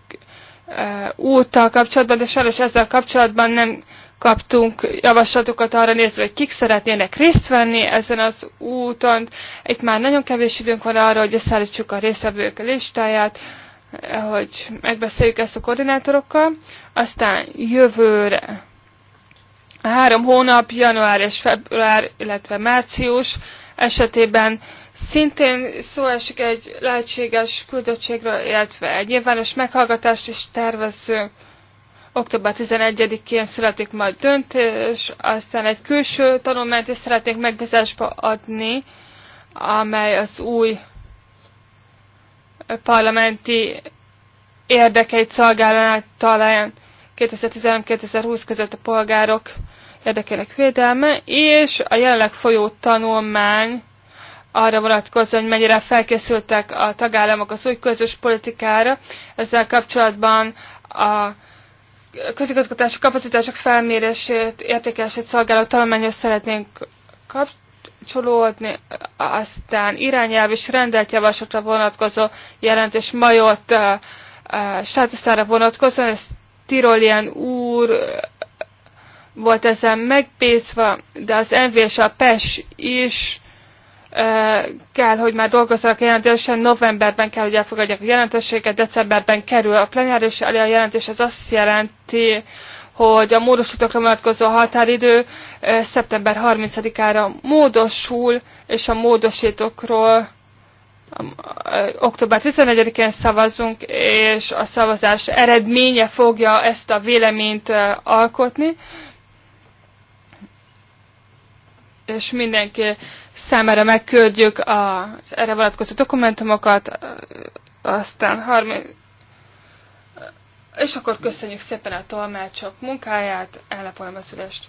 úttal kapcsolatban, de sajnos ezzel kapcsolatban nem kaptunk javaslatokat arra nézve, hogy kik szeretnének részt venni ezen az úton. Itt már nagyon kevés időnk van arra, hogy összeállítsuk a részvevők listáját, hogy megbeszéljük ezt a koordinátorokkal. Aztán jövőre a három hónap, január és február, illetve március esetében Szintén szó esik egy lehetséges küldöttségről, illetve egy nyilvános meghallgatást is tervezünk. Október 11-én születik majd döntés, aztán egy külső tanulmányt is szeretnénk megbízásba adni, amely az új parlamenti érdekeit szolgálaná talán 2013-2020 között a polgárok érdekének védelme, és a jelenleg folyó tanulmány arra vonatkozóan, hogy mennyire felkészültek a tagállamok az új közös politikára. Ezzel kapcsolatban a közigazgatási kapacitások felmérését, értékelését szolgáló tanulmányhoz szeretnénk kapcsolódni, aztán irányelv és rendelt javaslatra vonatkozó jelentés majott státusztára vonatkozóan, ez Tirolien úr volt ezen megbízva, de az MV és a PES is kell, hogy már dolgozzanak a jelentésen, novemberben kell, hogy elfogadják a jelentőséget, decemberben kerül a plenáris elé a jelentés, ez azt jelenti, hogy a módosítókra vonatkozó határidő szeptember 30-ára módosul, és a módosítókról október 11-én szavazunk, és a szavazás eredménye fogja ezt a véleményt alkotni és mindenki számára megküldjük az erre vonatkozó dokumentumokat, aztán 30, és akkor köszönjük szépen a tolmácsok munkáját, állapolom az ülést.